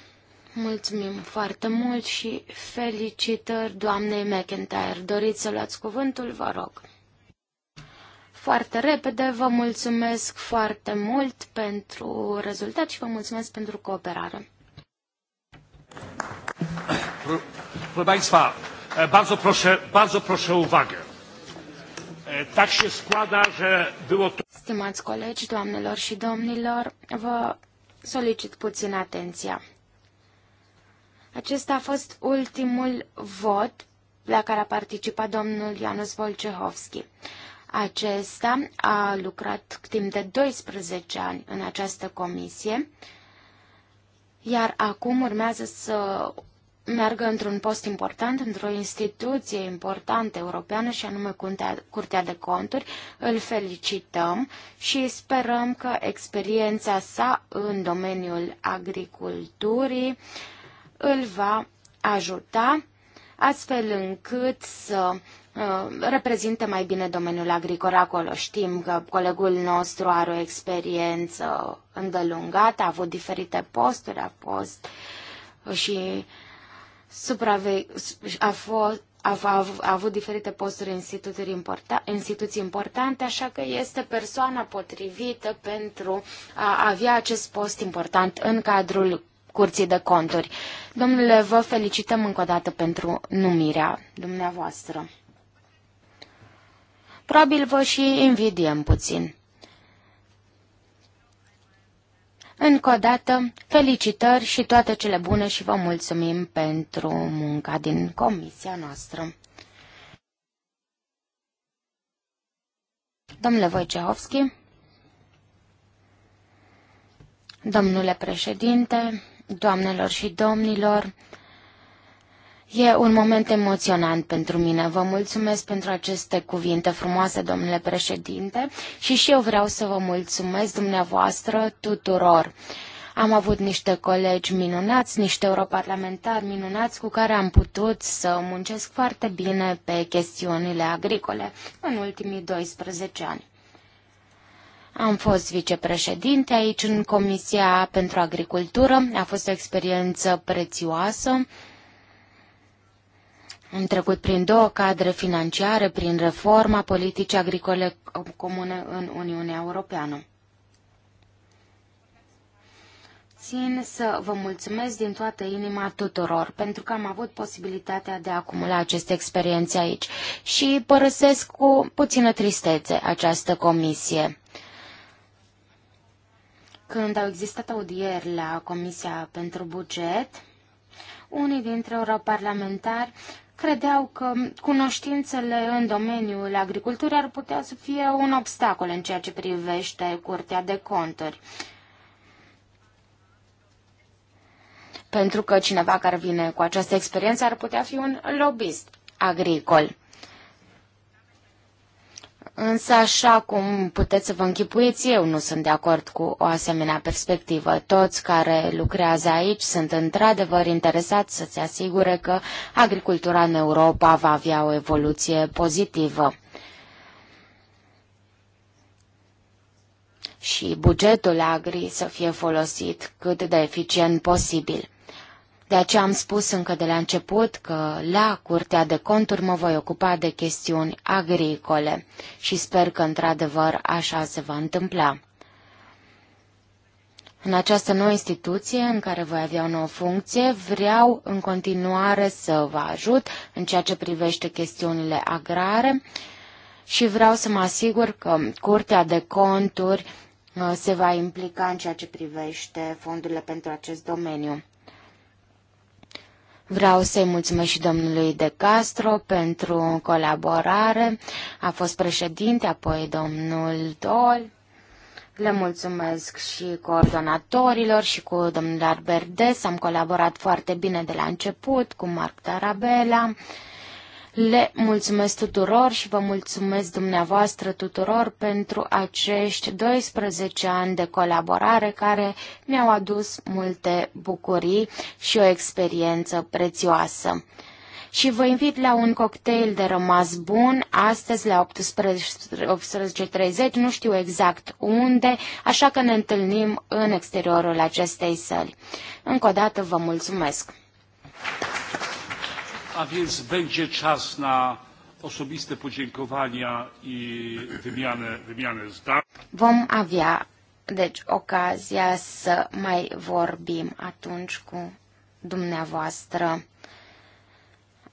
Mulțumim foarte mult și felicitări doamnei McIntyre. Doriți să luați cuvântul? Vă rog foarte repede. Vă mulțumesc foarte mult pentru rezultat și vă mulțumesc pentru cooperare. Proszę Państwa, bardzo proszę, bardzo proszę uwagę. Tak się składa, że było to... Stimați colegi, doamnelor și domnilor, vă solicit puțin atenția. Acesta a fost ultimul vot la care a participat domnul Ianusz Volcehovski. Acesta a lucrat timp de 12 ani în această comisie, iar acum urmează să meargă într-un post important, într-o instituție importantă europeană și anume Curtea de Conturi. Îl felicităm și sperăm că experiența sa în domeniul agriculturii îl va ajuta astfel încât să Uh, reprezinte mai bine domeniul agricol acolo. Știm că colegul nostru are o experiență îndelungată, a avut diferite posturi, a fost și suprave- a fost a, a, a avut diferite posturi în instituții, importa, instituții importante, așa că este persoana potrivită pentru a avea acest post important în cadrul Curții de Conturi. Domnule, vă felicităm încă o dată pentru numirea dumneavoastră. Probabil vă și invidiem puțin. Încă o dată, felicitări și toate cele bune și vă mulțumim pentru munca din comisia noastră. Domnule Wojciechowski, domnule președinte, doamnelor și domnilor, E un moment emoționant pentru mine. Vă mulțumesc pentru aceste cuvinte frumoase, domnule președinte, și și eu vreau să vă mulțumesc dumneavoastră tuturor. Am avut niște colegi minunați, niște europarlamentari minunați cu care am putut să muncesc foarte bine pe chestiunile agricole în ultimii 12 ani. Am fost vicepreședinte aici în Comisia pentru Agricultură. A fost o experiență prețioasă. Am trecut prin două cadre financiare, prin reforma politicii agricole comune în Uniunea Europeană. Țin să vă mulțumesc din toată inima tuturor, pentru că am avut posibilitatea de a acumula aceste experiențe aici și părăsesc cu puțină tristețe această comisie. Când au existat audieri la Comisia pentru Buget, unii dintre europarlamentari credeau că cunoștințele în domeniul agriculturii ar putea să fie un obstacol în ceea ce privește Curtea de Conturi. Pentru că cineva care vine cu această experiență ar putea fi un lobbyist agricol. Însă, așa cum puteți să vă închipuiți, eu nu sunt de acord cu o asemenea perspectivă. Toți care lucrează aici sunt într-adevăr interesați să se asigure că agricultura în Europa va avea o evoluție pozitivă. și bugetul agri să fie folosit cât de eficient posibil. De aceea am spus încă de la început că la Curtea de Conturi mă voi ocupa de chestiuni agricole și sper că într-adevăr așa se va întâmpla. În această nouă instituție în care voi avea o nouă funcție, vreau în continuare să vă ajut în ceea ce privește chestiunile agrare și vreau să mă asigur că Curtea de Conturi uh, se va implica în ceea ce privește fondurile pentru acest domeniu. Vreau să-i mulțumesc și domnului De Castro pentru colaborare. A fost președinte, apoi domnul Dol. Le mulțumesc și coordonatorilor și cu domnul Arberdes. Am colaborat foarte bine de la început cu Marc Tarabella. Le mulțumesc tuturor și vă mulțumesc dumneavoastră tuturor pentru acești 12 ani de colaborare care mi-au adus multe bucurii și o experiență prețioasă și vă invit la un cocktail de rămas bun astăzi la 18.30, 18 nu știu exact unde, așa că ne întâlnim în exteriorul acestei săli. Încă o dată vă mulțumesc! a więc będzie czas na osobiste podziękowania i wymianę, wymianę zdań. Vom avea, deci, ocazia să mai vorbim atunci cu dumneavoastră,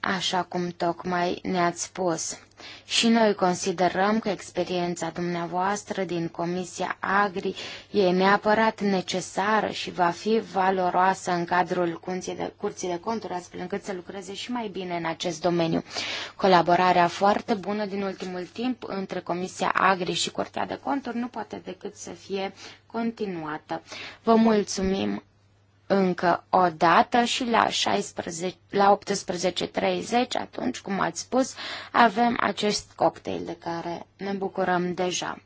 așa cum tocmai ne-ați spus. Și noi considerăm că experiența dumneavoastră din Comisia Agri e neapărat necesară și va fi valoroasă în cadrul Curții de, de Conturi, astfel încât să lucreze și mai bine în acest domeniu. Colaborarea foarte bună din ultimul timp între Comisia Agri și Curtea de Conturi nu poate decât să fie continuată. Vă mulțumim încă o dată și la, 16, la 18.30, atunci, cum ați spus, avem acest cocktail de care ne bucurăm deja.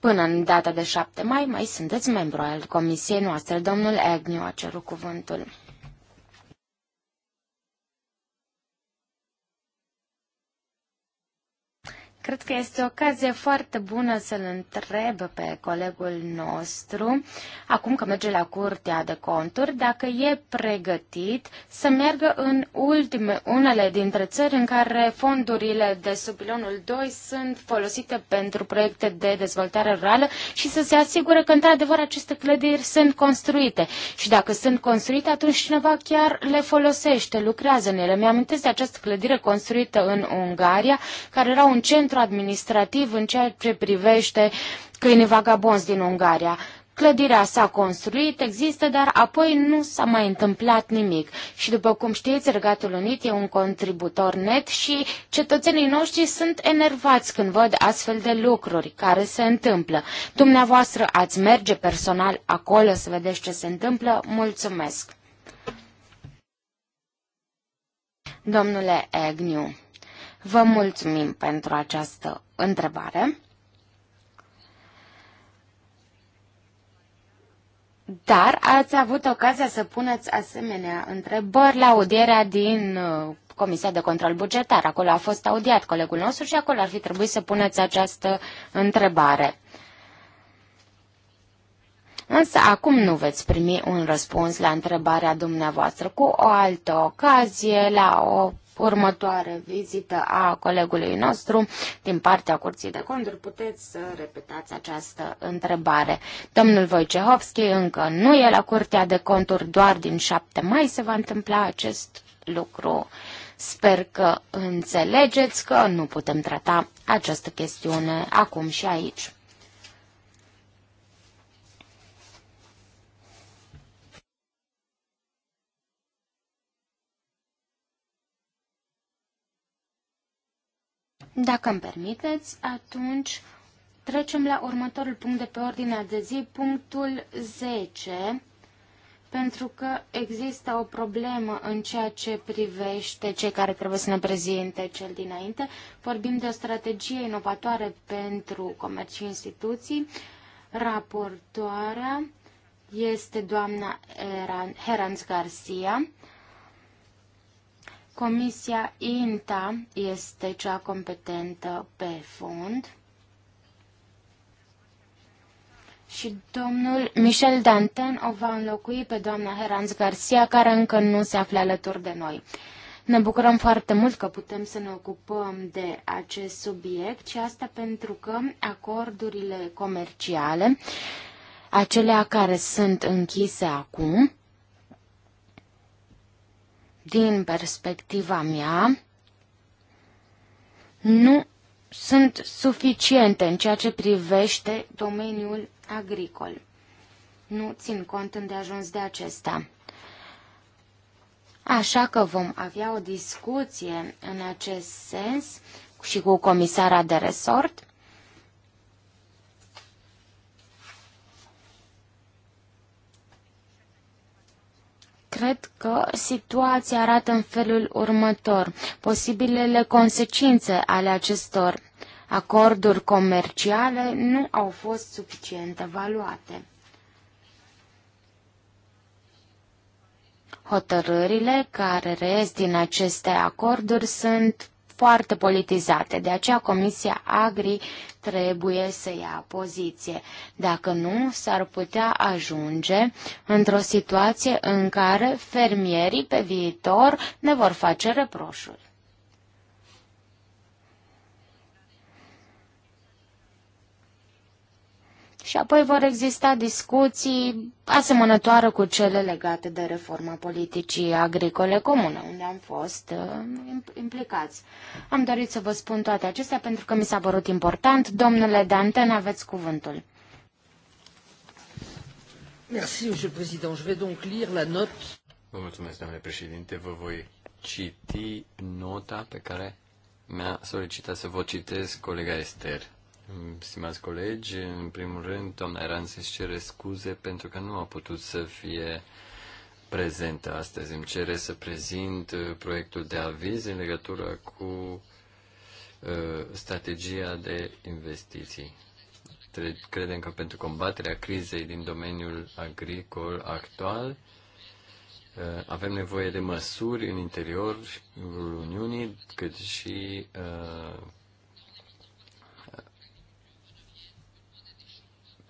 Până în data de 7 mai, mai sunteți membru al comisiei noastre. Domnul Agnew a cerut cuvântul. Cred că este o ocazie foarte bună să-l întreb pe colegul nostru, acum că merge la Curtea de Conturi, dacă e pregătit să meargă în ultime, unele dintre țări în care fondurile de sub pilonul 2 sunt folosite pentru proiecte de dezvoltare rurală și să se asigure că, într-adevăr, aceste clădiri sunt construite. Și dacă sunt construite, atunci cineva chiar le folosește, lucrează în ele. mi am de această clădire construită în Ungaria, care era un centru centru administrativ în ceea ce privește câinii vagabonzi din Ungaria. Clădirea s-a construit, există, dar apoi nu s-a mai întâmplat nimic. Și după cum știți, Regatul Unit e un contributor net și cetățenii noștri sunt enervați când văd astfel de lucruri care se întâmplă. Dumneavoastră ați merge personal acolo să vedeți ce se întâmplă? Mulțumesc! Domnule Agnew Vă mulțumim pentru această întrebare. Dar ați avut ocazia să puneți asemenea întrebări la audierea din uh, Comisia de Control Bugetar. Acolo a fost audiat colegul nostru și acolo ar fi trebuit să puneți această întrebare. Însă acum nu veți primi un răspuns la întrebarea dumneavoastră. Cu o altă ocazie, la o următoare vizită a colegului nostru din partea Curții de Conturi, puteți să repetați această întrebare. Domnul Wojciechowski încă nu e la Curtea de Conturi, doar din 7 mai se va întâmpla acest lucru. Sper că înțelegeți că nu putem trata această chestiune acum și aici. Dacă îmi permiteți, atunci trecem la următorul punct de pe ordinea de zi, punctul 10, pentru că există o problemă în ceea ce privește cei care trebuie să ne prezinte cel dinainte. Vorbim de o strategie inovatoare pentru comerț și instituții. Raportoarea este doamna Heranz Garcia. Comisia INTA este cea competentă pe fond. Și domnul Michel Danten o va înlocui pe doamna Heranz Garcia, care încă nu se află alături de noi. Ne bucurăm foarte mult că putem să ne ocupăm de acest subiect și asta pentru că acordurile comerciale, acelea care sunt închise acum, din perspectiva mea, nu sunt suficiente în ceea ce privește domeniul agricol. Nu țin cont îndeajuns de acesta. Așa că vom avea o discuție în acest sens și cu comisara de resort Cred că situația arată în felul următor. Posibilele consecințe ale acestor acorduri comerciale nu au fost suficient evaluate. Hotărârile care rez din aceste acorduri sunt foarte politizate, de aceea Comisia Agri trebuie să ia poziție. Dacă nu, s-ar putea ajunge într-o situație în care fermierii pe viitor ne vor face reproșuri. și apoi vor exista discuții asemănătoare cu cele legate de reforma politicii agricole comune, unde am fost uh, implicați. Am dorit să vă spun toate acestea pentru că mi s-a părut important. Domnule Danten, aveți cuvântul. Merci, monsieur le président. Je vais donc lire la note. Vă mulțumesc, domnule președinte. Vă voi citi nota pe care mi-a solicitat să vă citesc colega Ester. Stimați colegi, în primul rând, doamna Eran se cere scuze pentru că nu a putut să fie prezentă astăzi. Îmi cere să prezint uh, proiectul de aviz în legătură cu uh, strategia de investiții. Credem că pentru combaterea crizei din domeniul agricol actual uh, avem nevoie de măsuri în interiorul Uniunii, cât și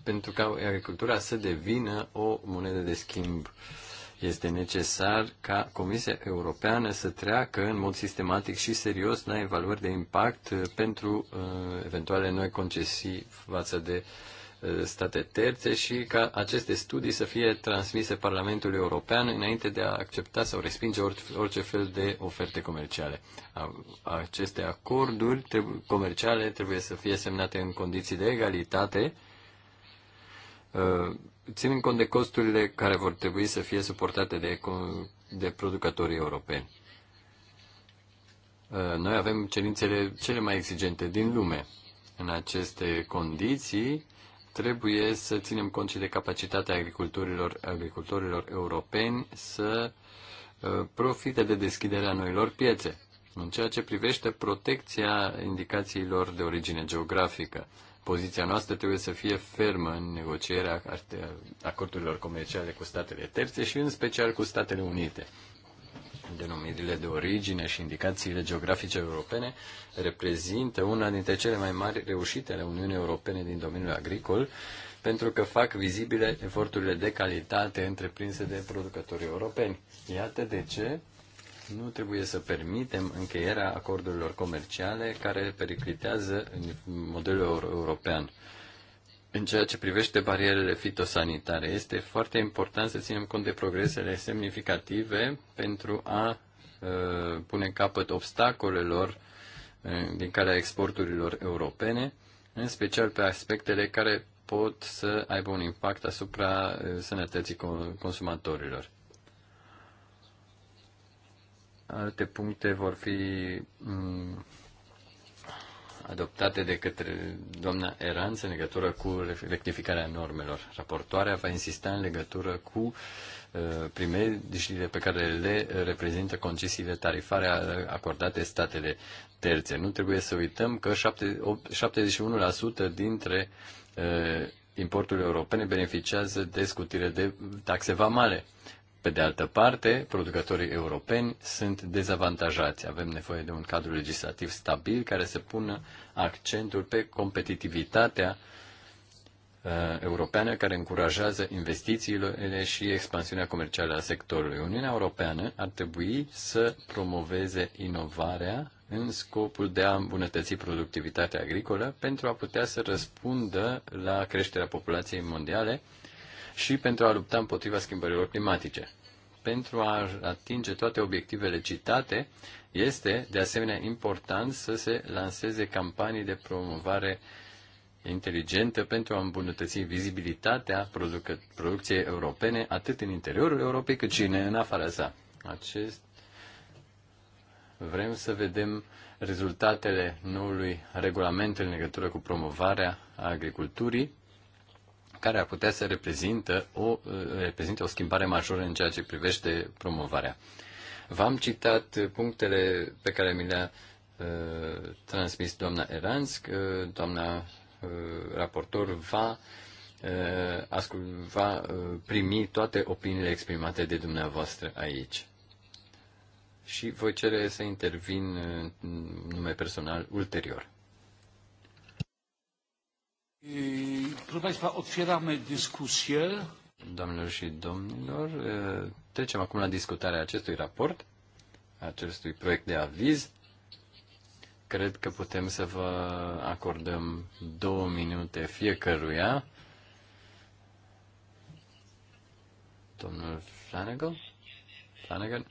pentru ca agricultura să devină o monedă de schimb. Este necesar ca Comisia Europeană să treacă în mod sistematic și serios la evaluări de impact uh, pentru uh, eventuale noi concesii față de uh, state terțe și ca aceste studii să fie transmise Parlamentului European înainte de a accepta sau respinge orice fel de oferte comerciale. Aceste acorduri comerciale trebuie să fie semnate în condiții de egalitate Uh, ținând cont de costurile care vor trebui să fie suportate de, de producătorii europeni. Uh, noi avem cerințele cele mai exigente din lume. În aceste condiții, trebuie să ținem cont și de capacitatea agricultorilor, agricultorilor europeni să uh, profite de deschiderea noilor piețe, în ceea ce privește protecția indicațiilor de origine geografică poziția noastră trebuie să fie fermă în negocierea acordurilor comerciale cu statele terțe și în special cu Statele Unite. Denumirile de origine și indicațiile geografice europene reprezintă una dintre cele mai mari reușite ale Uniunii Europene din domeniul agricol, pentru că fac vizibile eforturile de calitate întreprinse de producătorii europeni. Iată de ce nu trebuie să permitem încheierea acordurilor comerciale care periclitează modelul european. În ceea ce privește barierele fitosanitare, este foarte important să ținem cont de progresele semnificative pentru a uh, pune capăt obstacolelor uh, din calea exporturilor europene, în special pe aspectele care pot să aibă un impact asupra uh, sănătății consumatorilor. Alte puncte vor fi mm, adoptate de către doamna Eranță în legătură cu rectificarea normelor. Raportoarea va insista în legătură cu uh, primejdiile pe care le reprezintă concesiile tarifare acordate statele terțe. Nu trebuie să uităm că 71% dintre uh, importurile europene beneficiază de scutire de taxe vamale. Pe de altă parte, producătorii europeni sunt dezavantajați. Avem nevoie de un cadru legislativ stabil care să pună accentul pe competitivitatea uh, europeană care încurajează investițiile și expansiunea comercială a sectorului. Uniunea Europeană ar trebui să promoveze inovarea în scopul de a îmbunătăți productivitatea agricolă pentru a putea să răspundă la creșterea populației mondiale și pentru a lupta împotriva schimbărilor climatice. Pentru a atinge toate obiectivele citate, este de asemenea important să se lanseze campanii de promovare inteligentă pentru a îmbunătăți vizibilitatea produc- producției europene, atât în interiorul Europei, cât și în afara sa. Acest vrem să vedem rezultatele noului regulament în legătură cu promovarea agriculturii care ar putea să reprezintă o, reprezinte o schimbare majoră în ceea ce privește promovarea. V-am citat punctele pe care mi le-a uh, transmis doamna Eransk, uh, doamna uh, raportor va, uh, ascult, va uh, primi toate opiniile exprimate de dumneavoastră aici. Și voi cere să intervin uh, în nume personal ulterior. Proszę Państwa, otwieramy dyskusję. Doamnelor și domnilor, trecem acum la discutarea acestui raport, acestui proiect de aviz. Cred că putem să vă acordăm două minute fiecăruia. Domnul Flanagan? Flanagan?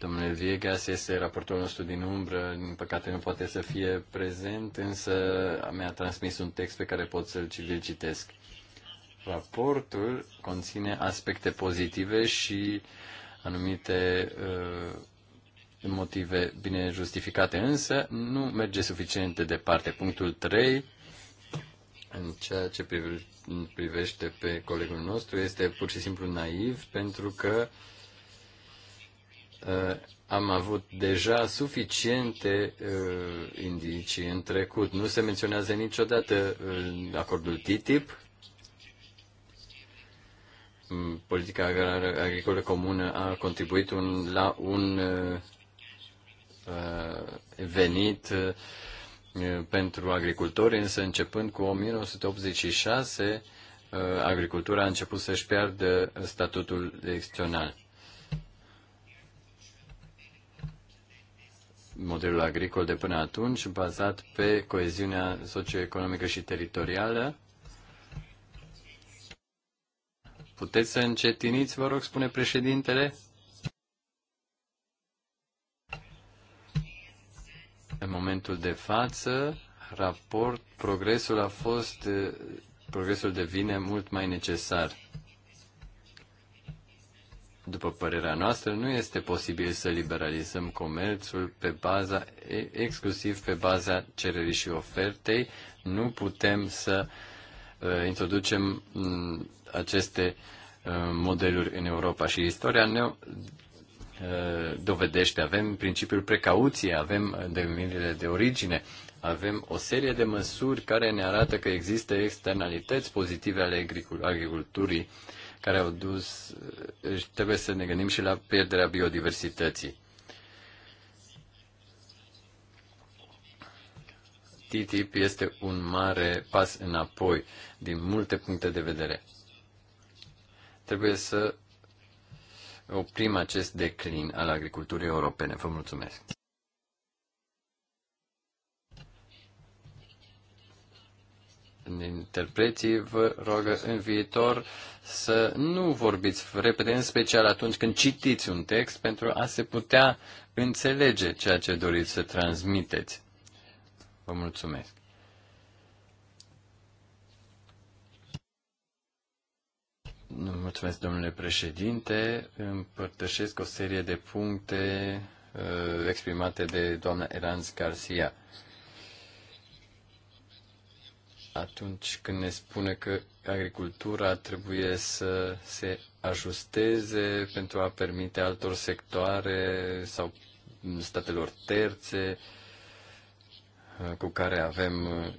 Domnule Viegas este raportorul nostru din umbră, din păcate nu poate să fie prezent, însă mi-a transmis un text pe care pot să-l citesc. Raportul conține aspecte pozitive și anumite uh, motive bine justificate, însă nu merge suficient de departe. Punctul 3, în ceea ce privește pe colegul nostru, este pur și simplu naiv pentru că uh, Uh, am avut deja suficiente uh, indicii în trecut. Nu se menționează niciodată uh, acordul TTIP, mm, politica agricolă comună a contribuit un, la un uh, uh venit uh, pentru agricultori, însă începând cu 1986, uh, agricultura a început să-și piardă statutul excepțional modelul agricol de până atunci, bazat pe coeziunea socioeconomică și teritorială. Puteți să încetiniți, vă rog, spune președintele? În momentul de față, raport, progresul a fost, eh, progresul devine mult mai necesar după părerea noastră, nu este posibil să liberalizăm comerțul pe baza, exclusiv pe baza cererii și ofertei. Nu putem să uh, introducem um, aceste uh, modeluri în Europa și istoria ne uh, dovedește. Avem principiul precauției, avem uh, denumirile de origine, avem o serie de măsuri care ne arată că există externalități pozitive ale agriculturii care au dus, trebuie să ne gândim și la pierderea biodiversității. TTIP este un mare pas înapoi din multe puncte de vedere. Trebuie să oprim acest declin al agriculturii europene. Vă mulțumesc! interpreții vă rogă în viitor să nu vorbiți repede, în special atunci când citiți un text, pentru a se putea înțelege ceea ce doriți să transmiteți. Vă mulțumesc. Mulțumesc, domnule președinte. Împărtășesc o serie de puncte uh, exprimate de doamna Eranz Garcia. Uh, atunci când ne spune că agricultura trebuie să se ajusteze pentru a permite altor sectoare sau statelor terțe cu care avem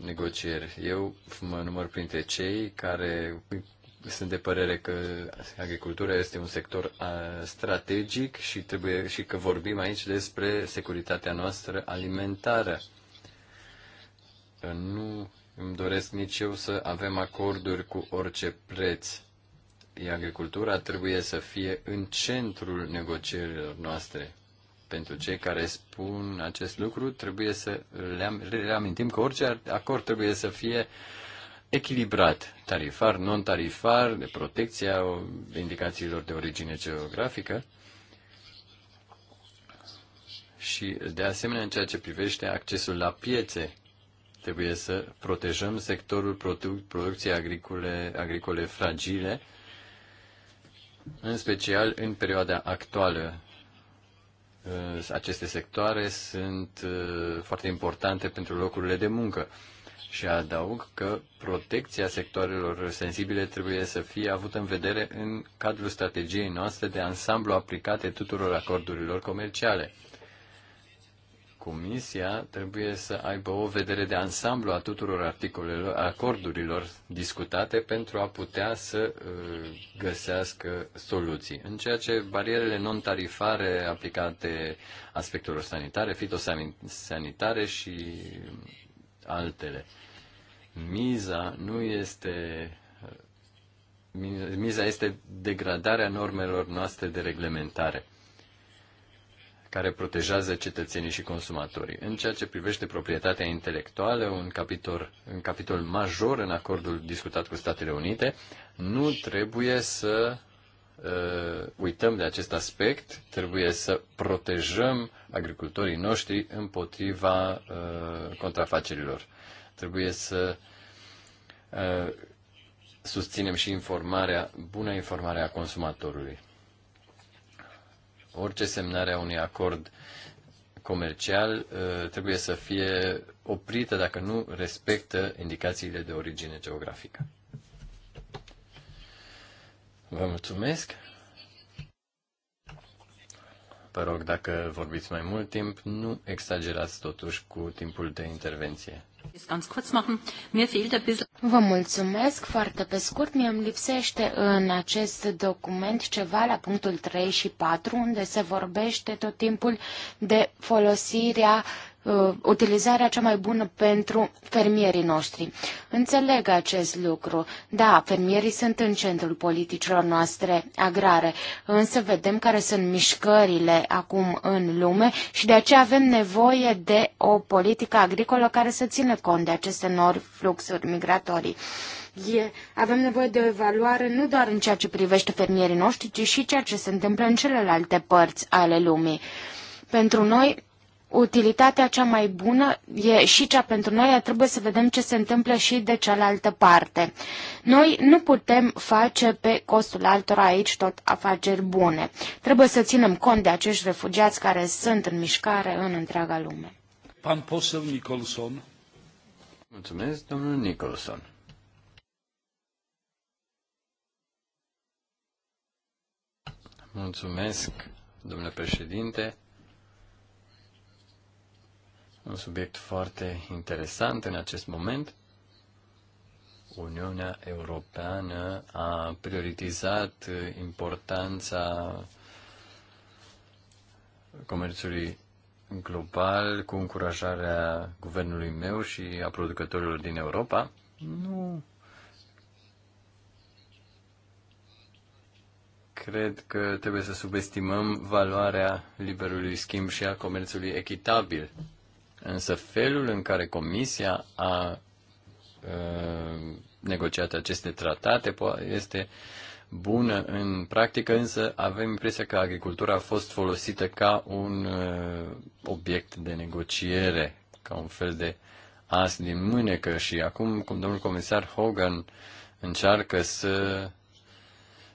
negocieri. Eu mă număr printre cei care sunt de părere că agricultura este un sector strategic și, trebuie, și că vorbim aici despre securitatea noastră alimentară. Nu îmi doresc nici eu să avem acorduri cu orice preț. Agricultura trebuie să fie în centrul negocierilor noastre. Pentru cei care spun acest lucru, trebuie să le reamintim că orice acord trebuie să fie echilibrat, tarifar, non-tarifar, de protecția indicațiilor de origine geografică și, de asemenea, în ceea ce privește accesul la piețe, Trebuie să protejăm sectorul produc- producției agricole, agricole fragile, în special în perioada actuală. Aceste sectoare sunt ă, foarte importante pentru locurile de muncă și adaug că protecția sectoarelor sensibile trebuie să fie avută în vedere în cadrul strategiei noastre de ansamblu aplicate tuturor acordurilor comerciale. Comisia trebuie să aibă o vedere de ansamblu a tuturor articolelor, acordurilor discutate pentru a putea să uh, găsească soluții. În ceea ce barierele non-tarifare aplicate aspectelor sanitare, fitosanitare și altele. Miza nu este uh, miza este degradarea normelor noastre de reglementare care protejează cetățenii și consumatorii. În ceea ce privește proprietatea intelectuală, un capitol, un capitol major în acordul discutat cu Statele Unite, nu trebuie să uh, uităm de acest aspect, trebuie să protejăm agricultorii noștri împotriva uh, contrafacerilor. Trebuie să uh, susținem și informarea, bună informare a consumatorului orice semnare a unui acord comercial uh, trebuie să fie oprită dacă nu respectă indicațiile de origine geografică. Vă mulțumesc. Vă rog, dacă vorbiți mai mult timp, nu exagerați totuși cu timpul de intervenție. Vă mulțumesc foarte pe scurt. Mi-am lipsește în acest document ceva la punctul 3 și 4, unde se vorbește tot timpul de folosirea uh, utilizarea cea mai bună pentru fermierii noștri. Înțeleg acest lucru. Da, fermierii sunt în centrul politicilor noastre agrare, însă vedem care sunt mișcările acum în lume și de aceea avem nevoie de o politică agricolă care să țină cont de aceste nori fluxuri migratorii. E, avem nevoie de o evaluare nu doar în ceea ce privește fermierii noștri, ci și ceea ce se întâmplă în celelalte părți ale lumii. Pentru noi, utilitatea cea mai bună e și cea pentru noi, dar trebuie să vedem ce se întâmplă și de cealaltă parte. Noi nu putem face pe costul altora aici tot afaceri bune. Trebuie să ținem cont de acești refugiați care sunt în mișcare în întreaga lume. Pan posel Nicholson. Mulțumesc, domnul Nicholson. Mulțumesc, domnule președinte un subiect foarte interesant în acest moment. Uniunea Europeană a prioritizat importanța comerțului global cu încurajarea guvernului meu și a producătorilor din Europa. Nu cred că trebuie să subestimăm valoarea liberului schimb și a comerțului echitabil. Însă felul în care Comisia a uh, negociat aceste tratate este bună în practică, însă avem impresia că agricultura a fost folosită ca un uh, obiect de negociere, ca un fel de as din mânecă și acum, cum domnul comisar Hogan încearcă să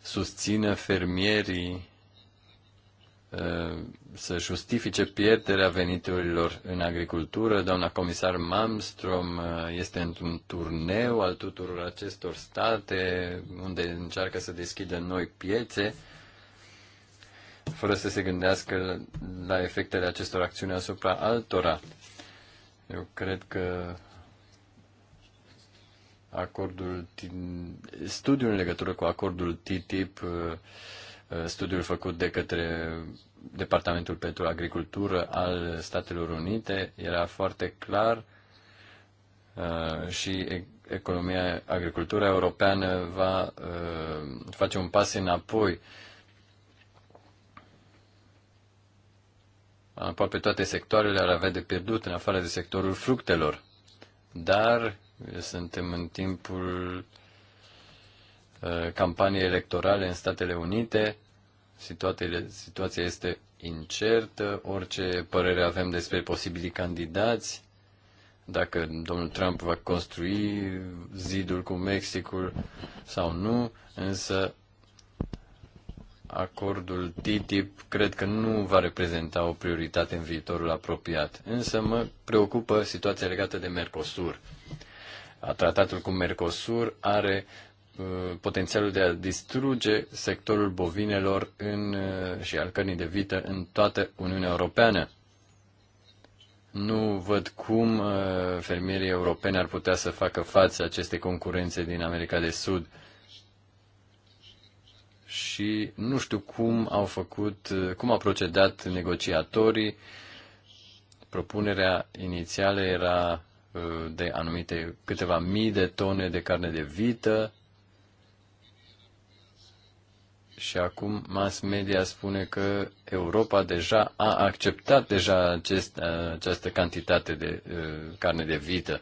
susțină fermierii Uh, să justifice pierderea veniturilor în agricultură. Doamna comisar Malmström uh, este într-un turneu al tuturor acestor state unde încearcă să deschidă noi piețe fără să se gândească la efectele acestor acțiuni asupra altora. Eu cred că acordul, studiul în legătură cu acordul TTIP uh, Uh, studiul făcut de către Departamentul pentru Agricultură al Statelor Unite era foarte clar uh, și economia, agricultura europeană va uh, face un pas înapoi. Aproape toate sectoarele ar avea de pierdut în afară de sectorul fructelor. Dar suntem în timpul uh, Uh, campanii electorale în Statele Unite. Situația este incertă, orice părere avem despre posibili candidați, dacă domnul Trump va construi zidul cu Mexicul sau nu, însă acordul TTIP cred că nu va reprezenta o prioritate în viitorul apropiat. Însă mă preocupă situația legată de Mercosur. Tratatul cu Mercosur are Uh, potențialul de a distruge sectorul bovinelor în, uh, și al cărnii de vită în toată Uniunea Europeană. Nu văd cum uh, fermierii europeni ar putea să facă față acestei concurențe din America de Sud. Și nu știu cum au făcut, cum au procedat negociatorii. Propunerea inițială era de anumite câteva mii de tone de carne de vită și acum mass media spune că Europa deja a acceptat deja acest, această cantitate de uh, carne de vită.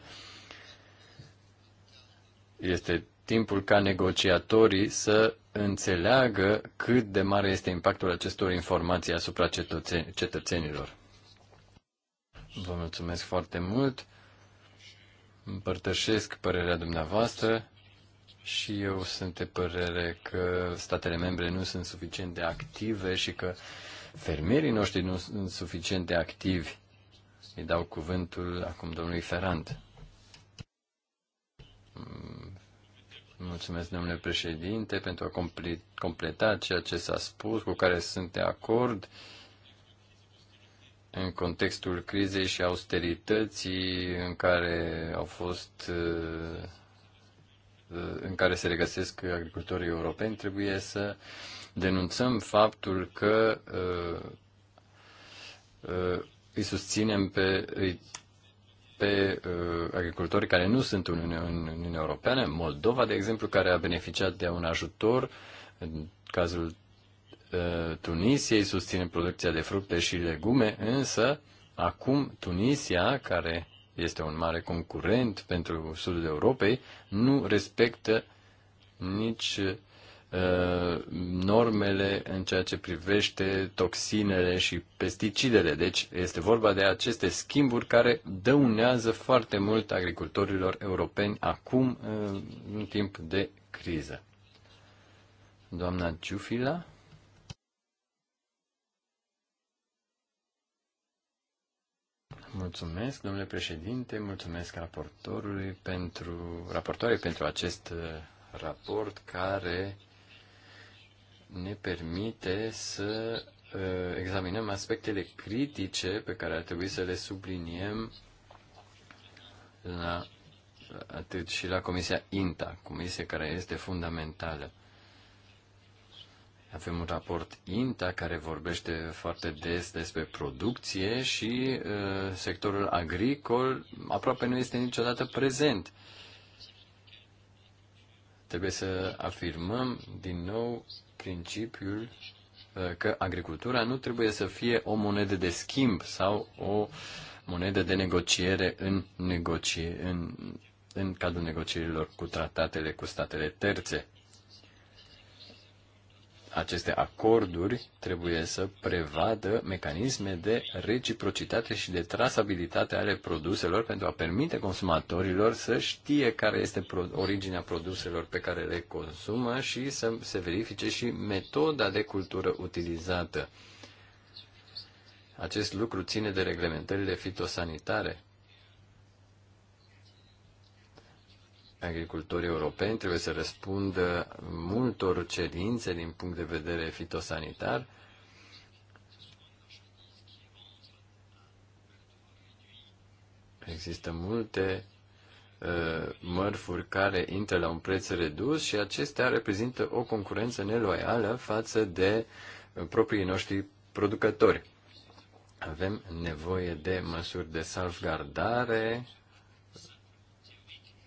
Este timpul ca negociatorii să înțeleagă cât de mare este impactul acestor informații asupra cetățen- cetățenilor. Vă mulțumesc foarte mult. Împărtășesc părerea dumneavoastră și eu sunt de părere că statele membre nu sunt suficient de active și că fermierii noștri nu sunt suficient de activi. Îi dau cuvântul acum domnului Ferrand. Mulțumesc, domnule președinte, pentru a completa ceea ce s-a spus, cu care sunt de acord în contextul crizei și austerității în care au fost uh, în care se regăsesc agricultorii europeni, trebuie să denunțăm faptul că uh, uh, îi susținem pe, pe uh, agricultorii care nu sunt în Uniunea Europeană, Moldova, de exemplu, care a beneficiat de un ajutor, în cazul uh, Tunisiei susține producția de fructe și legume, însă acum Tunisia, care este un mare concurent pentru sudul Europei, nu respectă nici uh, normele în ceea ce privește toxinele și pesticidele. Deci este vorba de aceste schimburi care dăunează foarte mult agricultorilor europeni acum uh, în timp de criză. Doamna Ciufila. Mulțumesc, domnule președinte, mulțumesc raportorului pentru, raportorii pentru acest uh, raport care ne permite să uh, examinăm aspectele critice pe care ar trebui să le subliniem la, atât și la Comisia INTA, comisia care este fundamentală. Avem un raport INTA care vorbește foarte des despre producție și uh, sectorul agricol aproape nu este niciodată prezent. Trebuie să afirmăm din nou principiul uh, că agricultura nu trebuie să fie o monedă de schimb sau o monedă de negociere în, negocie, în, în cadrul negocierilor cu tratatele cu statele terțe aceste acorduri trebuie să prevadă mecanisme de reciprocitate și de trasabilitate ale produselor pentru a permite consumatorilor să știe care este originea produselor pe care le consumă și să se verifice și metoda de cultură utilizată. Acest lucru ține de reglementările fitosanitare. agricultorii europeni trebuie să răspundă multor cerințe din punct de vedere fitosanitar. Există multe uh, mărfuri care intră la un preț redus și acestea reprezintă o concurență neloială față de proprii noștri producători. Avem nevoie de măsuri de salvgardare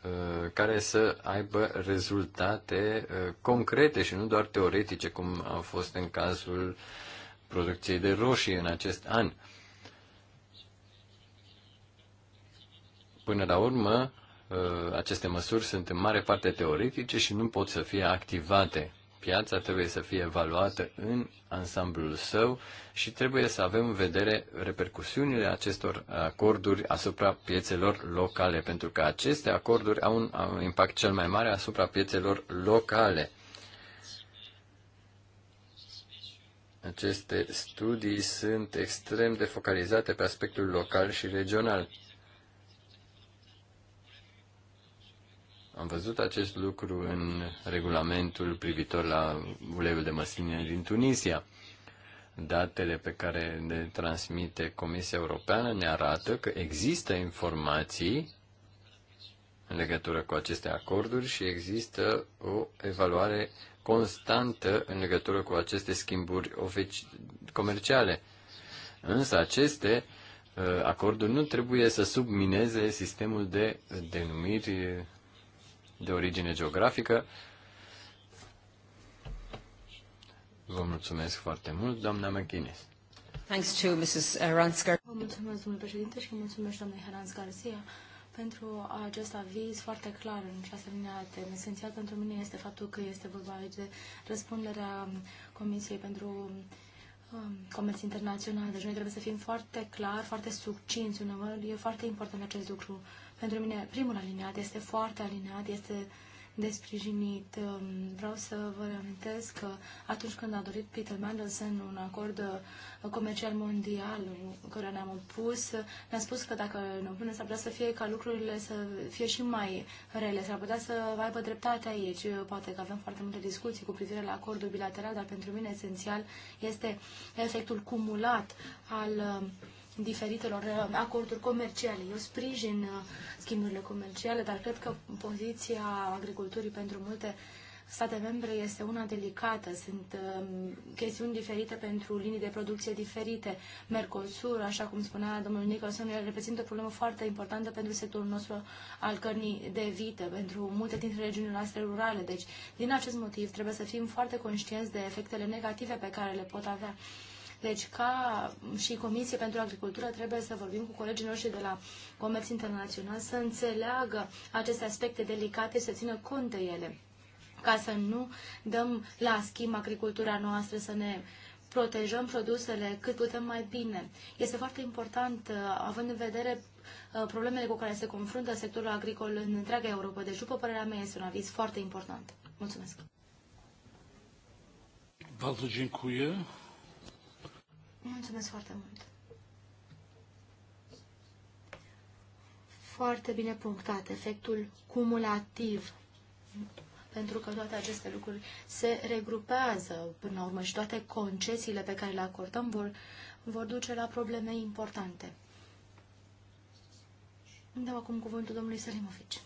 Uh, care să aibă rezultate uh, concrete și nu doar teoretice, cum a fost în cazul producției de roșii în acest an. Până la urmă, uh, aceste măsuri sunt în mare parte teoretice și nu pot să fie activate. Piața trebuie să fie evaluată în ansamblul său și trebuie să avem în vedere repercusiunile acestor acorduri asupra piețelor locale, pentru că aceste acorduri au un, au un impact cel mai mare asupra piețelor locale. Aceste studii sunt extrem de focalizate pe aspectul local și regional Am văzut acest lucru în regulamentul privitor la uleiul de măsline din Tunisia. Datele pe care le transmite Comisia Europeană ne arată că există informații în legătură cu aceste acorduri și există o evaluare constantă în legătură cu aceste schimburi comerciale. Însă aceste uh, acorduri nu trebuie să submineze sistemul de denumiri de origine geografică. Vă mulțumesc foarte mult, doamna McGuinness. Thanks to Mrs. Garcia. Vă mulțumesc, domnule președinte, și mulțumesc, doamnei Herans Garcia, pentru acest aviz foarte clar în această linie a teme. Esențial pentru mine este faptul că este vorba aici de răspunderea Comisiei pentru um, comerț internațional. Deci noi trebuie să fim foarte clar, foarte succinți uneori. E foarte important acest lucru. Pentru mine, primul aliniat este foarte aliniat, este desprijinit. Vreau să vă reamintesc că atunci când a dorit Peter Mandelson un acord uh, comercial mondial uh, care ne-am opus, uh, ne-a spus că dacă ne opunem s-ar putea să fie ca lucrurile să fie și mai rele, s-ar putea să aibă dreptate aici. Poate că avem foarte multe discuții cu privire la acordul bilateral, dar pentru mine esențial este efectul cumulat al diferitelor uh, acorduri comerciale. Eu sprijin uh, schimburile comerciale, dar cred că poziția agriculturii pentru multe state membre este una delicată. Sunt um, chestiuni diferite pentru linii de producție diferite. Mercosur, așa cum spunea domnul Nicholson, reprezintă o problemă foarte importantă pentru sectorul nostru al cărnii de vită, pentru multe dintre regiunile noastre rurale. Deci, din acest motiv, trebuie să fim foarte conștienți de efectele negative pe care le pot avea deci, ca și Comisie pentru Agricultură, trebuie să vorbim cu colegii noștri de la Comerț Internațional să înțeleagă aceste aspecte delicate și să țină cont de ele ca să nu dăm la schimb agricultura noastră, să ne protejăm produsele cât putem mai bine. Este foarte important, uh, având în vedere uh, problemele cu care se confruntă sectorul agricol în întreaga Europa. Deci, după părerea mea, este un aviz foarte important. Mulțumesc! Bardzo dziękuję. Mulțumesc foarte mult! Foarte bine punctat, efectul cumulativ, pentru că toate aceste lucruri se regrupează până la urmă și toate concesiile pe care le acordăm vor, vor duce la probleme importante. Dau acum cuvântul domnului Selimovici.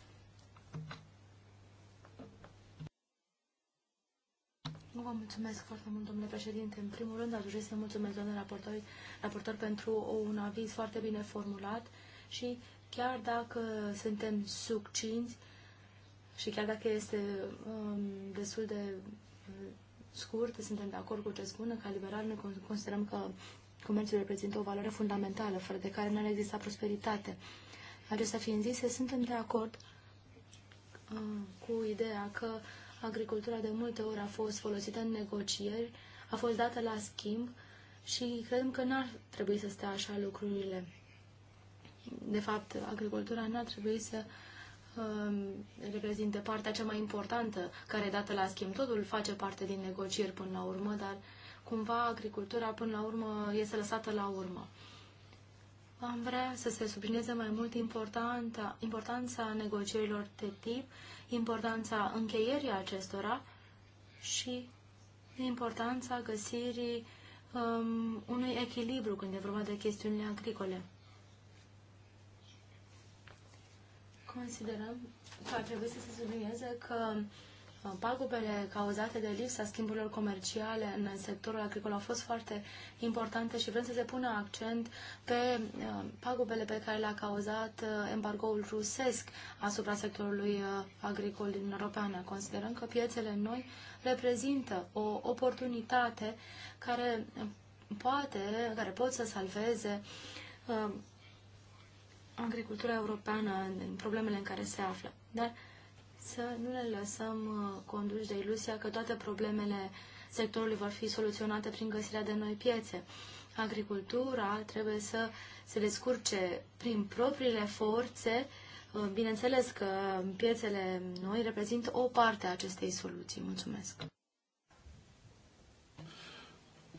Vă mulțumesc foarte mult, domnule președinte. În primul rând, aș dori să mulțumesc, domnule raportor, raportor, pentru un aviz foarte bine formulat și chiar dacă suntem succinți și chiar dacă este um, destul de uh, scurt, suntem de acord cu ce spune, ca liberal ne considerăm că comerțul reprezintă o valoare fundamentală, fără de care nu ar exista prosperitate. Acestea fiind zise, suntem de acord uh, cu ideea că uh, agricultura de multe ori a fost folosită în negocieri, a fost dată la schimb și credem că n-ar trebui să stea așa lucrurile. De fapt, agricultura n-ar trebui să um, reprezinte partea cea mai importantă care e dată la schimb. Totul face parte din negocieri până la urmă, dar cumva agricultura până la urmă este lăsată la urmă. Am vrea să se sublinieze mai mult importanța, importanța negocierilor de tip, importanța încheierii acestora și importanța găsirii um, unui echilibru când e vorba de chestiunile agricole. Considerăm că ar trebui să se sublinieze că Pagubele cauzate de lipsa schimburilor comerciale în sectorul agricol au fost foarte importante și vrem să se pună accent pe uh, pagubele pe care le-a cauzat uh, embargoul rusesc asupra sectorului uh, agricol din Europeană. Considerăm că piețele noi reprezintă o oportunitate care poate, care pot să salveze agricultura europeană în problemele în care se află. Dar să nu ne lăsăm uh, conduși de iluzia că toate problemele sectorului vor fi soluționate prin găsirea de noi piețe. Agricultura trebuie să se descurce prin propriile forțe. Uh, bineînțeles că piețele noi reprezintă o parte a acestei soluții. Mulțumesc.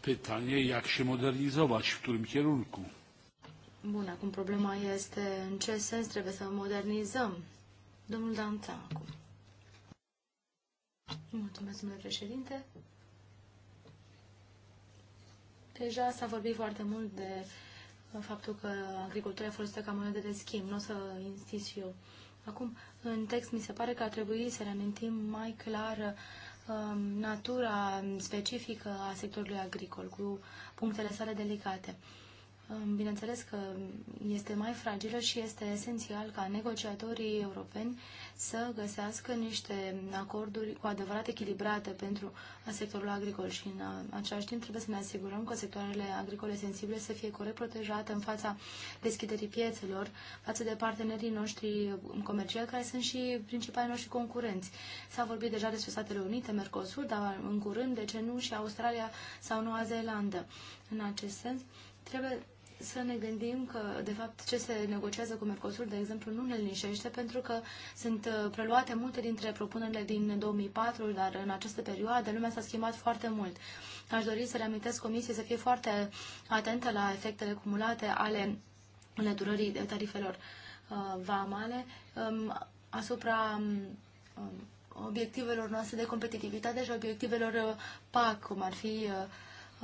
Pytanie, jak się modernizować, w którym kierunku? Bun, acum problema este în ce sens trebuie să modernizăm Domnul Dan acum. Mulțumesc, domnule președinte. Deja s-a vorbit foarte mult de uh, faptul că agricultura fost ca monedă de schimb. Nu o să insist eu. Acum, în text mi se pare că ar trebui să reamintim mai clar um, natura specifică a sectorului agricol, cu punctele sale delicate bineînțeles că este mai fragilă și este esențial ca negociatorii europeni să găsească niște acorduri cu adevărat echilibrate pentru sectorul agricol și în același timp trebuie să ne asigurăm că sectoarele agricole sensibile să fie corect protejate în fața deschiderii piețelor, față de partenerii noștri comerciali care sunt și principalii noștri concurenți. S-a vorbit deja despre Statele Unite, Mercosur, dar în curând, de ce nu, și Australia sau Noua Zeelandă. În acest sens, trebuie să ne gândim că, de fapt, ce se negociază cu Mercosur, de exemplu, nu ne linișește, pentru că sunt uh, preluate multe dintre propunerile din 2004, dar în această perioadă lumea s-a schimbat foarte mult. Aș dori să reamintesc Comisiei să fie foarte atentă la efectele cumulate ale înlăturării tarifelor uh, vamale um, asupra um, um, obiectivelor noastre de competitivitate și obiectivelor uh, PAC, cum ar fi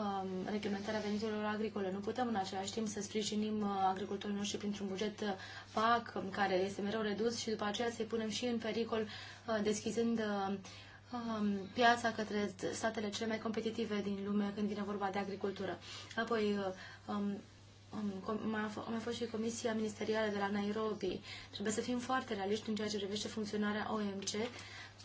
Um, reglementarea veniturilor agricole. Nu putem în același timp să sprijinim uh, agricultorii noștri printr-un buget uh, PAC, um, care este mereu redus, și după aceea să-i punem și în pericol uh, deschizând um, piața către statele cele mai competitive din lume când vine vorba de agricultură. Apoi, am mai fost și Comisia Ministerială de la Nairobi. Trebuie să fim foarte realiști în ceea ce privește funcționarea OMC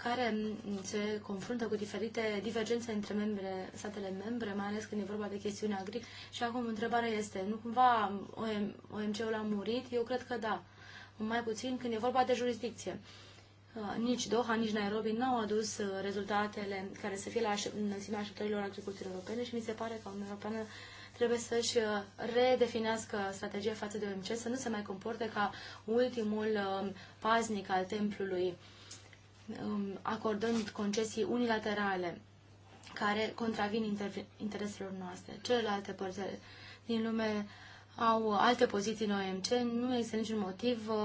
care se confruntă cu diferite divergențe între membre, statele membre, mai ales când e vorba de chestiuni agri. Și acum întrebarea este, nu cumva OMC-ul a murit? Eu cred că da, mai puțin când e vorba de jurisdicție. Uh, nici Doha, nici Nairobi n-au adus uh, rezultatele care să fie la înălțimea așteptărilor agriculturii europene și mi se pare că Uniunea Europeană trebuie să-și uh, redefinească strategia față de OMC, să nu se mai comporte ca ultimul paznic al templului Um, acordând concesii unilaterale care contravin intereselor noastre. Celelalte părți din lume au alte poziții în OMC, nu există niciun motiv uh,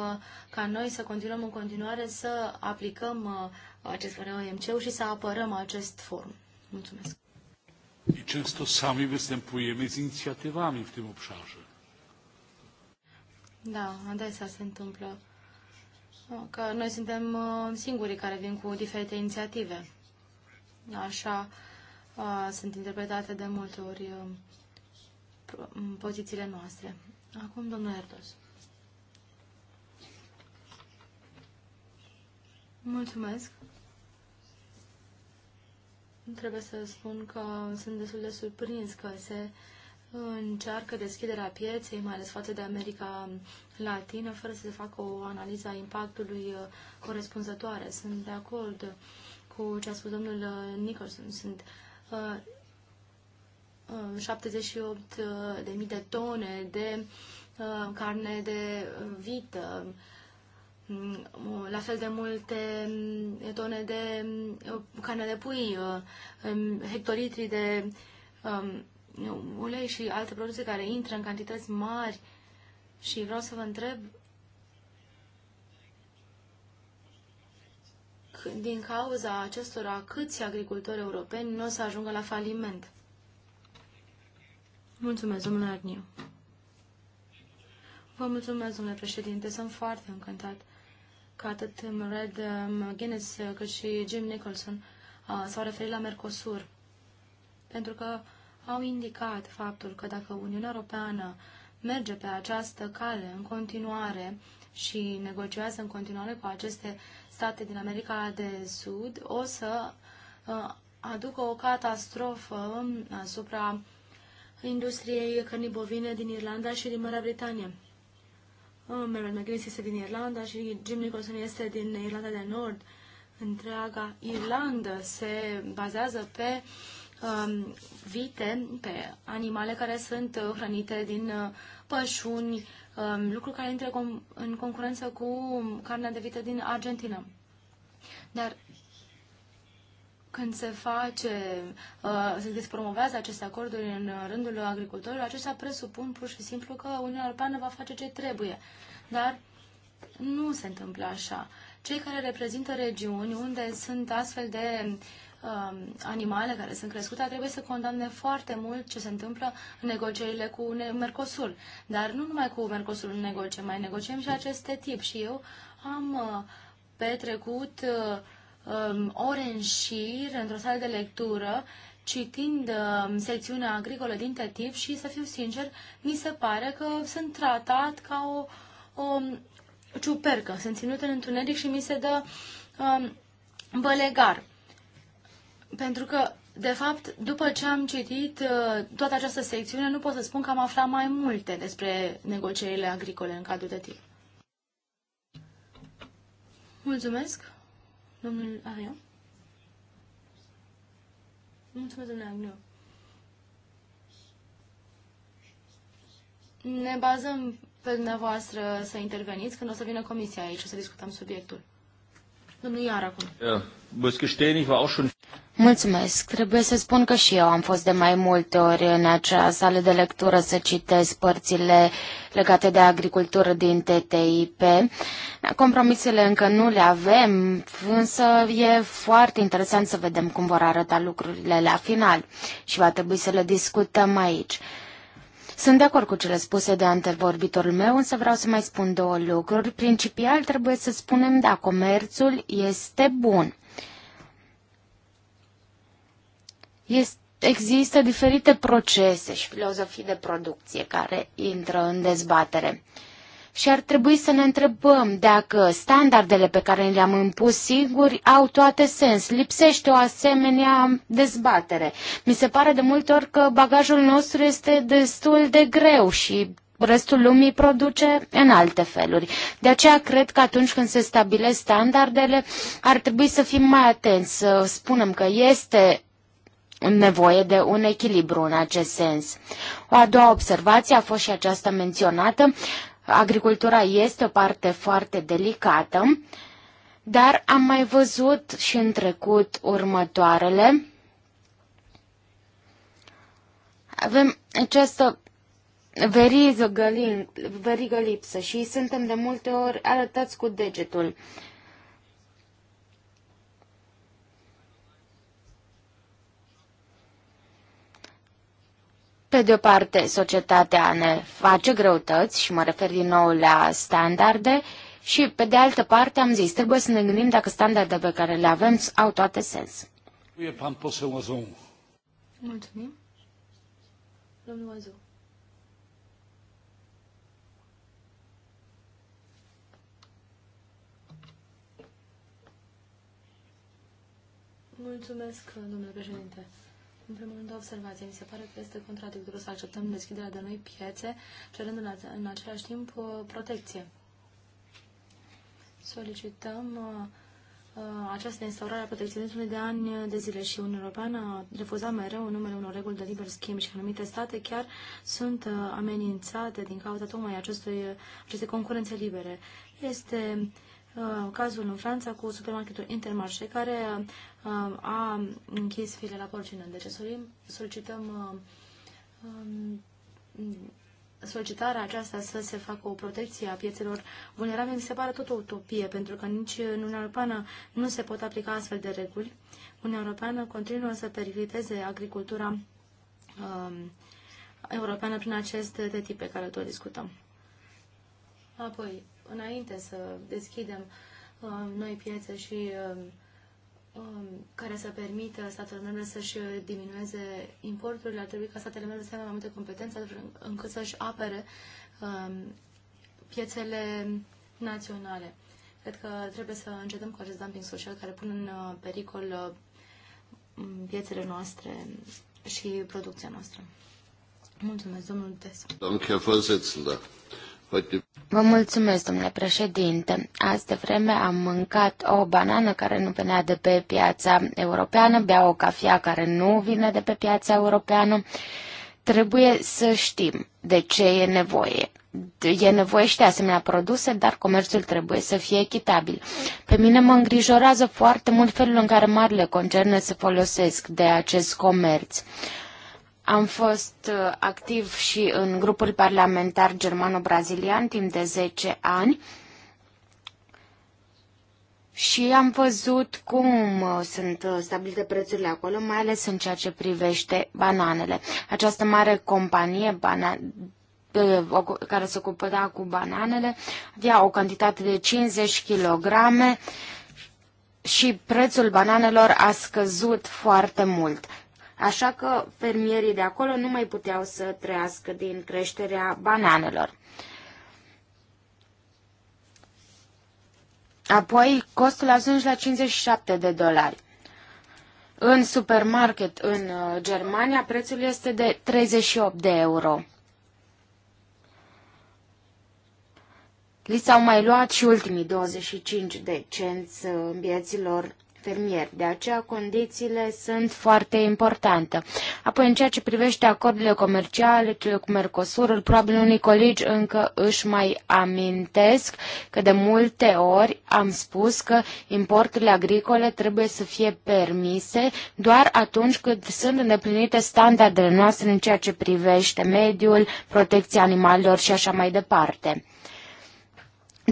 ca noi să continuăm în continuare să aplicăm uh, acest fără omc și să apărăm acest forum. Mulțumesc. I często sami występujemy z inicjatywami w tym obszarze. Da, adesea se întâmplă că noi suntem uh, singurii care vin cu diferite inițiative. Așa uh, sunt interpretate de multe ori uh, pozițiile noastre. Acum, domnul Erdos. Mulțumesc. Trebuie să spun că sunt destul de surprins că se încearcă deschiderea pieței, mai ales față de America Latină, fără să se facă o analiză a impactului uh, corespunzătoare. Sunt de acord cu ce a spus domnul uh, Nicholson. Sunt uh, uh, 78.000 uh, de tone de uh, carne de vită, mm, la fel de multe mm, tone de mm, carne de pui, hectolitri de um, ulei și alte produse care intră în cantități mari și vreau să vă întreb din cauza acestora câți agricultori europeni nu o să ajungă la faliment. Mulțumesc, domnule Arniu. Vă mulțumesc, domnule președinte. Sunt foarte încântat că atât Red McGuinness um, cât și Jim Nicholson uh, s-au referit la Mercosur. Pentru că uh, au indicat faptul că dacă Uniunea Europeană merge pe această cale în continuare și negociază în continuare cu aceste state din America de Sud, o să uh, aducă o catastrofă asupra industriei cărnii bovine din Irlanda și din Marea Britanie. Uh, Meryl McGuinness este din Irlanda și Jim Nicholson este din Irlanda de Nord. Întreaga Irlandă se bazează pe uh, Um, vite, pe animale care sunt uh, hrănite din uh, pășuni, um, lucru care intră în concurență cu carnea de vită din Argentina. Dar când se face, uh, se promovează aceste acorduri în rândul agricultorilor, acestea presupun pur și simplu că Uniunea Europeană va face ce trebuie. Dar nu se întâmplă așa. Cei care reprezintă regiuni unde sunt astfel de uh, Um, animale care sunt crescute, trebuie să condamne foarte mult ce se întâmplă în negocierile cu Mercosul. Dar nu numai cu Mercosul negociem, mai negociem și aceste tip. Și eu am uh, petrecut uh, um, ore în șir într-o sală de lectură citind uh, secțiunea agricolă din TTIP și, să fiu sincer, mi se pare că sunt tratat ca o, o ciupercă. Sunt ținut în întuneric și mi se dă um, bălegar. Pentru că, de fapt, după ce am citit uh, toată această secțiune, nu pot să spun că am aflat mai multe despre negocierile agricole în cadrul de timp. Mulțumesc, domnul Ariu. Mulțumesc, domnule Agniu. Ne bazăm pe dumneavoastră să interveniți când o să vină comisia aici să discutăm subiectul. Domnul Iar acum. Ja, Mulțumesc. Trebuie să spun că și eu am fost de mai multe ori în acea sală de lectură să citesc părțile legate de agricultură din TTIP. Compromisele încă nu le avem, însă e foarte interesant să vedem cum vor arăta lucrurile la final și va trebui să le discutăm aici. Sunt de acord cu cele spuse de antevorbitorul meu, însă vreau să mai spun două lucruri. Principial trebuie să spunem, da, comerțul este bun Este, există diferite procese și filozofii de producție care intră în dezbatere. Și ar trebui să ne întrebăm dacă standardele pe care le-am impus siguri au toate sens. Lipsește o asemenea dezbatere. Mi se pare de multe ori că bagajul nostru este destul de greu și restul lumii produce în alte feluri. De aceea cred că atunci când se stabilesc standardele, ar trebui să fim mai atenți, să spunem că este nevoie de un echilibru în acest sens. O a doua observație a fost și aceasta menționată. Agricultura este o parte foarte delicată, dar am mai văzut și în trecut următoarele. Avem această verigă lipsă și suntem de multe ori arătați cu degetul. Uh, Pe de o parte, societatea ne face greutăți și mă refer din nou la standarde și pe de altă parte am zis, trebuie să ne gândim dacă standardele pe care le avem au toate sens. Mulțumim. Domnul Mulțumesc, domnule președinte. În primul rând, o observație. Mi se pare că este contradictor să acceptăm deschiderea de noi piețe, cerând în, în același timp uh, protecție. Solicităm uh, uh, această instaurare a protecționismului de ani de zile și Uniunea Europeană a refuzat mereu în numele unor reguli de liber schimb și anumite state chiar sunt amenințate din cauza tocmai acestui, acestei concurențe libere. Este uh, cazul în Franța cu supermarketul Intermarché, care Um, a închis file la porcină. Deci solicităm um, um, solicitarea aceasta să se facă o protecție a piețelor vulnerabile mi se pare tot o utopie, pentru că nici în Uniunea Europeană nu se pot aplica astfel de reguli. Uniunea Europeană continuă să periviteze agricultura um, europeană prin acest tip pe care tot discutăm. Apoi, înainte să deschidem um, noi piețe și um, Um, care să permită statelor membre să-și diminueze importurile, ar trebui ca statele membre să aibă mai multe competențe încât să-și apere um, piețele naționale. Cred că trebuie să încetăm cu acest dumping social care pune în uh, pericol uh, piețele noastre și producția noastră. Mulțumesc, domnul Tes. Domnul Vorsitzender. Vă mulțumesc, domnule președinte. Azi de vreme am mâncat o banană care nu venea de pe piața europeană, bea o cafea care nu vine de pe piața europeană. Trebuie să știm de ce e nevoie. E nevoie și de asemenea produse, dar comerțul trebuie să fie echitabil. Pe mine mă îngrijorează foarte mult felul în care marile concerne se folosesc de acest comerț. Am fost uh, activ și în grupul parlamentar germano-brazilian timp de 10 ani și am văzut cum uh, sunt uh, stabilite prețurile acolo, mai ales în ceea ce privește bananele. Această mare companie bana, care se ocupă cu bananele avea o cantitate de 50 kg și prețul bananelor a scăzut foarte mult așa că fermierii de acolo nu mai puteau să trăiască din creșterea bananelor. Apoi, costul a la 57 de dolari. În supermarket în uh, Germania, prețul este de 38 de euro. Li s-au mai luat și ultimii 25 de cenți uh, bieților fermieri. De aceea condițiile sunt foarte importante. Apoi, în ceea ce privește acordurile comerciale cu Mercosur, probabil unii colegi încă își mai amintesc că de multe ori am spus că importurile agricole trebuie să fie permise doar atunci când sunt îndeplinite standardele noastre în ceea ce privește mediul, protecția animalelor și așa mai departe.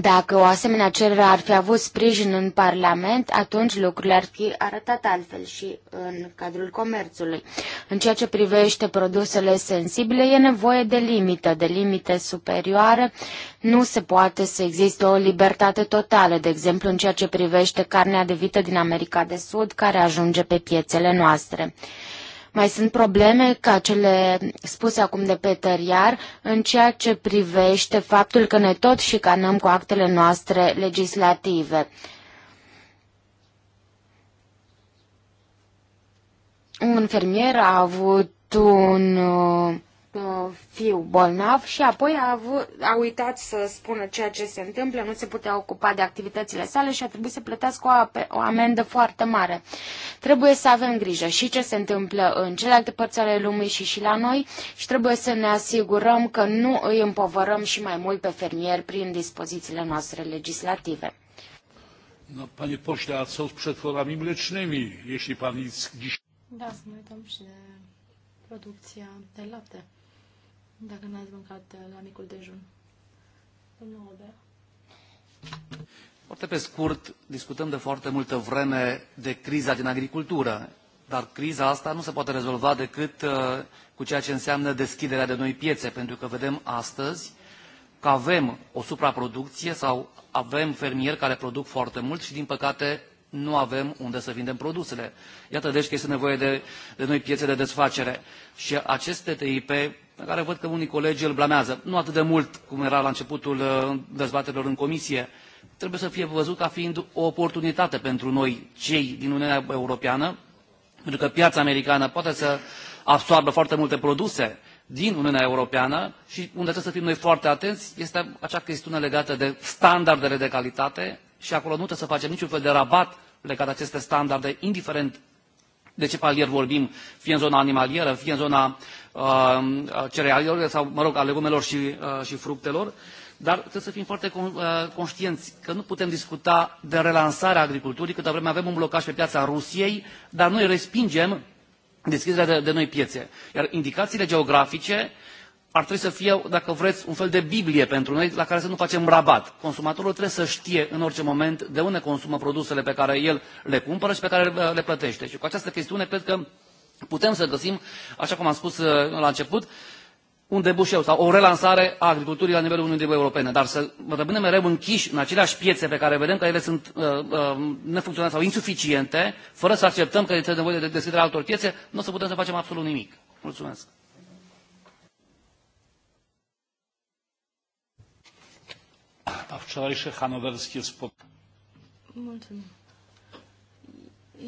Dacă o asemenea cerere ar fi avut sprijin în Parlament, atunci lucrurile ar fi arătat altfel și în cadrul comerțului. În ceea ce privește produsele sensibile, e nevoie de limită, de limite superioare. Nu se poate să existe o libertate totală, de exemplu în ceea ce privește carnea de vită din America de Sud, care ajunge pe piețele noastre. Mai sunt probleme ca cele spuse acum de Peter Iar în ceea ce privește faptul că ne tot șicanăm cu actele noastre legislative. Un fermier a avut un uh, Uh, fiu bolnav și apoi a, avut, a uitat să spună ceea ce se întâmplă, nu se putea ocupa de activitățile sale și a trebuit să plătească o, o amendă foarte mare. Trebuie să avem grijă și ce se întâmplă în celelalte părți ale lumii și și la noi și trebuie să ne asigurăm că nu îi împovărăm și mai mult pe fermieri prin dispozițiile noastre legislative. No, panie pośle, a co z przetworami mlecznymi, jeśli pan nic dziś... Da, znajdą się produkcja și de producția de dacă n-ați mâncat uh, la micul dejun. Domnul Robert. Foarte pe scurt, discutăm de foarte multă vreme de criza din agricultură, dar criza asta nu se poate rezolva decât uh, cu ceea ce înseamnă deschiderea de noi piețe, pentru că vedem astăzi că avem o supraproducție sau avem fermieri care produc foarte mult și, din păcate, nu avem unde să vindem produsele. Iată deci că este nevoie de, de noi piețe de desfacere. Și aceste TIP pe care văd că unii colegi îl blamează. Nu atât de mult cum era la începutul uh, dezbaterilor în comisie. Trebuie să fie văzut ca fiind o oportunitate pentru noi, cei din Uniunea Europeană, pentru că piața americană poate să absorbă foarte multe produse din Uniunea Europeană și unde trebuie să fim noi foarte atenți este acea chestiune legată de standardele de calitate și acolo nu trebuie să facem niciun fel de rabat legat de aceste standarde, indiferent de ce palier vorbim, fie în zona animalieră, fie în zona Uh, uh, cerealelor sau, mă rog, a legumelor și, uh, și fructelor. Dar trebuie să fim foarte conștienți că nu putem discuta de relansarea agriculturii câtă vreme avem un blocaj pe piața Rusiei, dar noi respingem deschiderea de, de noi piețe. Iar indicațiile geografice ar trebui să fie, dacă vreți, un fel de Biblie pentru noi, la care să nu facem rabat. Consumatorul trebuie să știe în orice moment de unde consumă produsele pe care el le cumpără și pe care le plătește. Și cu această chestiune cred că putem să găsim, așa cum am spus uh, la început, un debușeu sau o relansare a agriculturii la nivelul Uniunii Europene, dar să rămânem mereu închiși în aceleași piețe pe care vedem că ele sunt uh, uh, nefuncționale sau insuficiente, fără să acceptăm că este nevoie de deschiderea altor piețe, nu o să putem să facem absolut nimic. Mulțumesc. Mulțumim.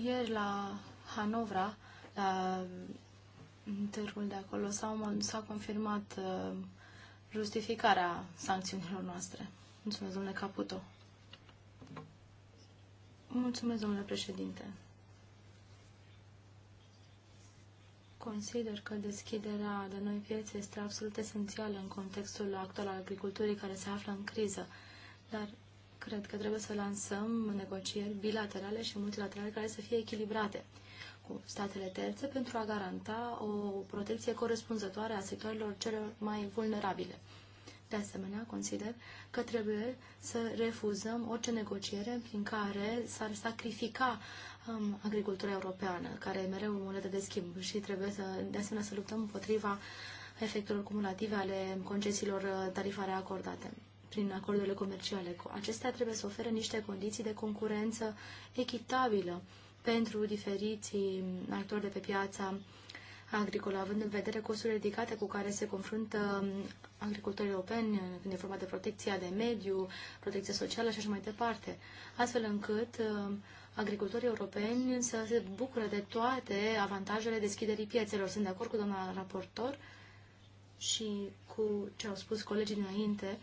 Ieri la Hanovra uh, târgul de acolo. S-a confirmat uh, justificarea sancțiunilor noastre. Mulțumesc, domnule Caputo. Mulțumesc, domnule președinte. Consider că deschiderea de noi piețe este absolut esențială în contextul actual al agriculturii care se află în criză, dar cred că trebuie să lansăm negocieri bilaterale și multilaterale care să fie echilibrate cu statele terțe pentru a garanta o protecție corespunzătoare a sectorilor cele mai vulnerabile. De asemenea, consider că trebuie să refuzăm orice negociere prin care s-ar sacrifica um, agricultura europeană, care e mereu o monedă de schimb și trebuie să, de asemenea să luptăm împotriva efectelor cumulative ale concesiilor uh, tarifare acordate prin acordurile comerciale. Acestea trebuie să ofere niște condiții de concurență echitabilă pentru diferiții actori de pe piața agricolă, având în vedere costurile ridicate cu care se confruntă um, agricultorii europeni uh, când e vorba de protecția de mediu, protecția socială și așa mai departe, astfel încât um, agricultorii europeni să se bucure de toate avantajele deschiderii piețelor. Sunt de acord cu doamna raportor și cu ce au spus colegii dinainte,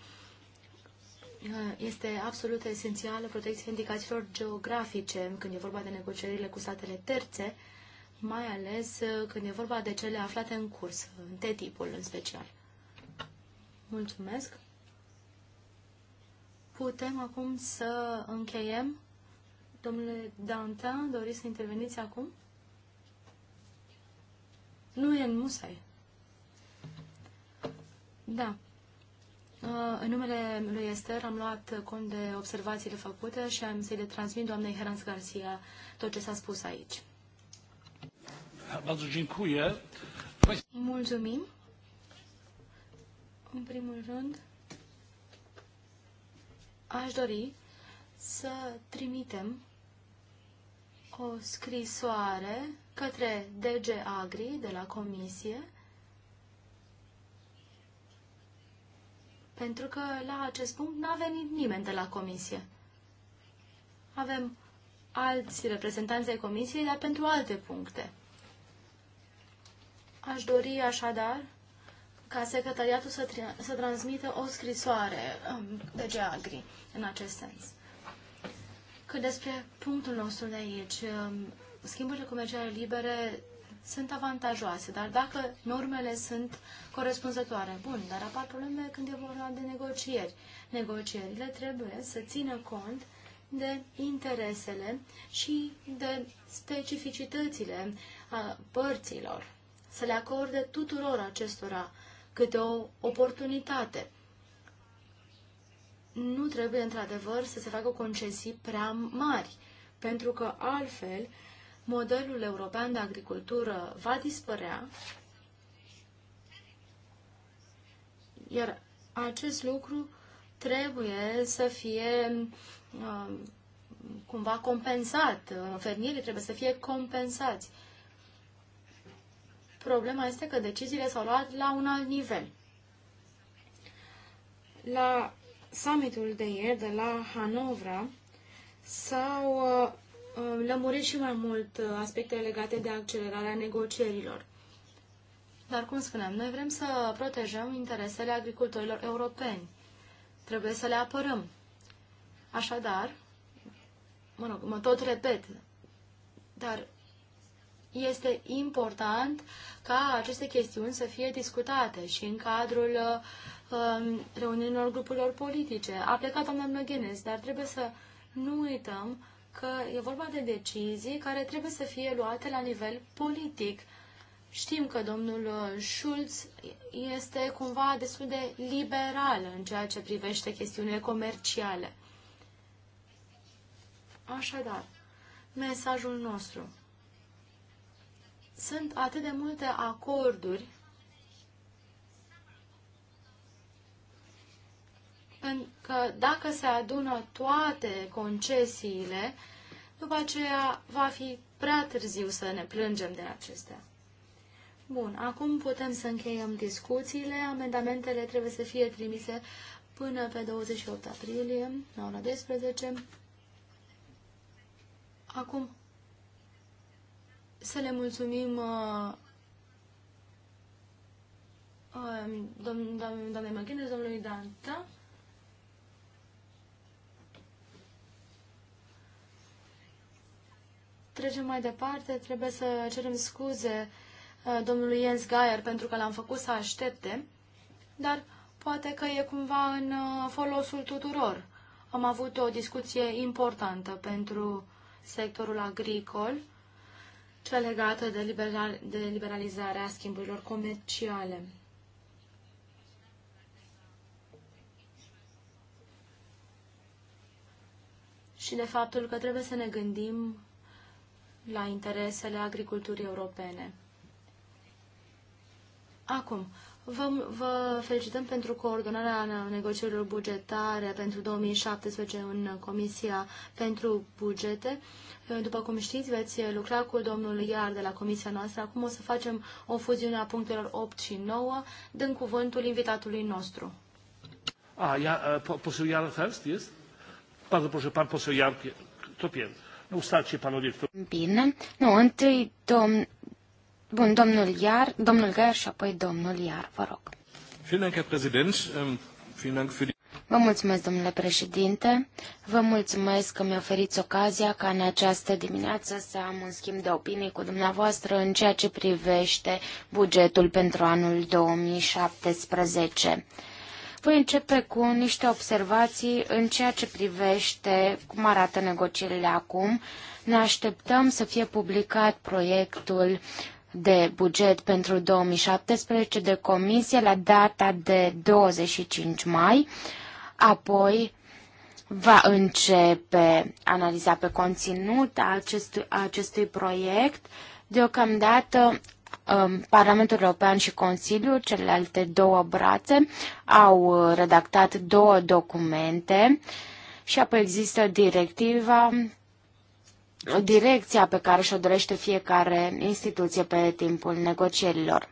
Uh, este absolut esențială protecția indicațiilor geografice când e vorba de negocierile cu statele terțe, mai ales uh, când e vorba de cele aflate în curs, în tipul în special. Mulțumesc! Putem acum să încheiem. Domnule Dantin, doriți să interveniți acum? Nu e în musai. Da. Uh, în numele lui Ester am luat cont de observațiile făcute și am să-i le transmit doamnei Heranz Garcia tot ce s-a spus aici. Mulțumim. În primul rând, aș dori să trimitem o scrisoare către DG Agri de la Comisie pentru că la acest punct n-a venit nimeni de la comisie. Avem alți reprezentanți ai comisiei, dar pentru alte puncte. Aș dori așadar ca secretariatul să, să transmită o scrisoare um, de Geagri în acest sens. Cât despre punctul nostru de aici, um, schimburile comerciale libere sunt avantajoase, dar dacă normele sunt corespunzătoare, bun, dar apar probleme când e vorba de negocieri. Negocierile trebuie să țină cont de interesele și de specificitățile a părților, să le acorde tuturor acestora câte o oportunitate. Nu trebuie, într-adevăr, să se facă concesii prea mari, pentru că altfel modelul european de agricultură va dispărea, iar acest lucru trebuie să fie um, cumva compensat, fermierii trebuie să fie compensați. Problema este că deciziile s-au luat la un alt nivel. La summitul de ieri de la Hanovra s-au uh, Uh, lămurit și mai mult uh, aspectele legate de accelerarea negocierilor. Dar, cum spuneam, noi vrem să protejăm interesele agricultorilor europeni. Trebuie să le apărăm. Așadar, mă rog, mă tot repet, dar este important ca aceste chestiuni să fie discutate și în cadrul uh, um, reuniunilor grupurilor politice. A plecat doamna Măghenes, dar trebuie să nu uităm că e vorba de decizii care trebuie să fie luate la nivel politic. Știm că domnul uh, Schulz este cumva destul de liberal în ceea ce privește chestiunile comerciale. Așadar, mesajul nostru. Sunt atât de multe acorduri că dacă se adună toate concesiile, după aceea va fi prea târziu să ne plângem de acestea. Bun, acum putem să încheiem discuțiile. Amendamentele trebuie să fie trimise până pe 28 aprilie, la ora 12. Acum să le mulțumim uh, uh, domnului dom domnului Danta trecem mai departe, trebuie să cerem scuze uh, domnului Jens Geier pentru că l-am făcut să aștepte, dar poate că e cumva în uh, folosul tuturor. Am avut o discuție importantă pentru sectorul agricol, cea legată de, liberal, de liberalizarea schimburilor comerciale. Și de faptul că trebuie să ne gândim la interesele agriculturii europene. Acum, vă, vă felicităm pentru coordonarea negocierilor bugetare pentru 2017 în Comisia pentru Bugete. După cum știți, veți lucra cu domnul Iar de la comisia noastră. Acum o să facem o fuziune a punctelor 8 și 9, dând cuvântul invitatului nostru. Ah, ja, poseł iar first, jest? Bardzo proszę, pan poseł Iar, to pierwszy. Nu stați, panowie. Bine. Nu, întâi domn... Bun, domnul Iar, domnul Găr și apoi domnul Iar, vă rog. Ähm, vă mulțumesc, domnule președinte. Vă mulțumesc că mi oferiți ocazia ca în această dimineață să am un schimb de opinii cu dumneavoastră în ceea ce privește bugetul pentru anul 2017. Voi începe cu niște observații în ceea ce privește cum arată negocierile acum. Ne așteptăm să fie publicat proiectul de buget pentru 2017 de comisie la data de 25 mai, apoi va începe analiza pe conținut a acestui, a acestui proiect. Deocamdată Um, Parlamentul European și Consiliul, celelalte două brațe, au uh, redactat două documente și apoi există directiva, direcția pe care și-o dorește fiecare instituție pe timpul negocierilor.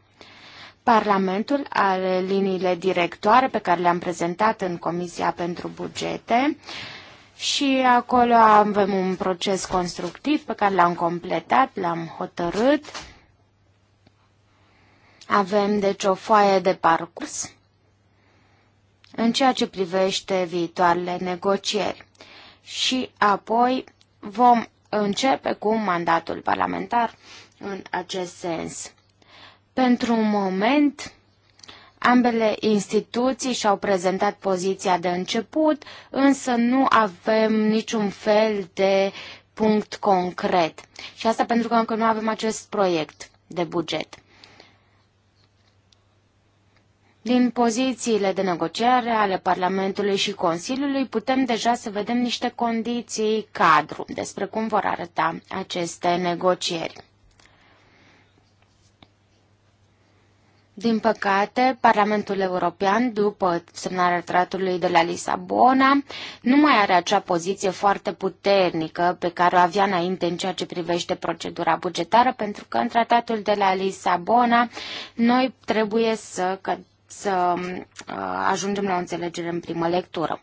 Parlamentul are liniile directoare pe care le-am prezentat în Comisia pentru Bugete și acolo avem un proces constructiv pe care l-am completat, l-am hotărât avem deci o foaie de parcurs în ceea ce privește viitoarele negocieri și apoi vom începe cu mandatul parlamentar în acest sens. Pentru un moment, ambele instituții și-au prezentat poziția de început, însă nu avem niciun fel de punct concret. Și asta pentru că încă nu avem acest proiect de buget. Din pozițiile de negociere ale Parlamentului și Consiliului putem deja să vedem niște condiții cadru despre cum vor arăta aceste negocieri. Din păcate, Parlamentul European, după semnarea tratului de la Lisabona, nu mai are acea poziție foarte puternică pe care o avea înainte în ceea ce privește procedura bugetară, pentru că în tratatul de la Lisabona noi trebuie să să uh, ajungem la o înțelegere în primă lectură.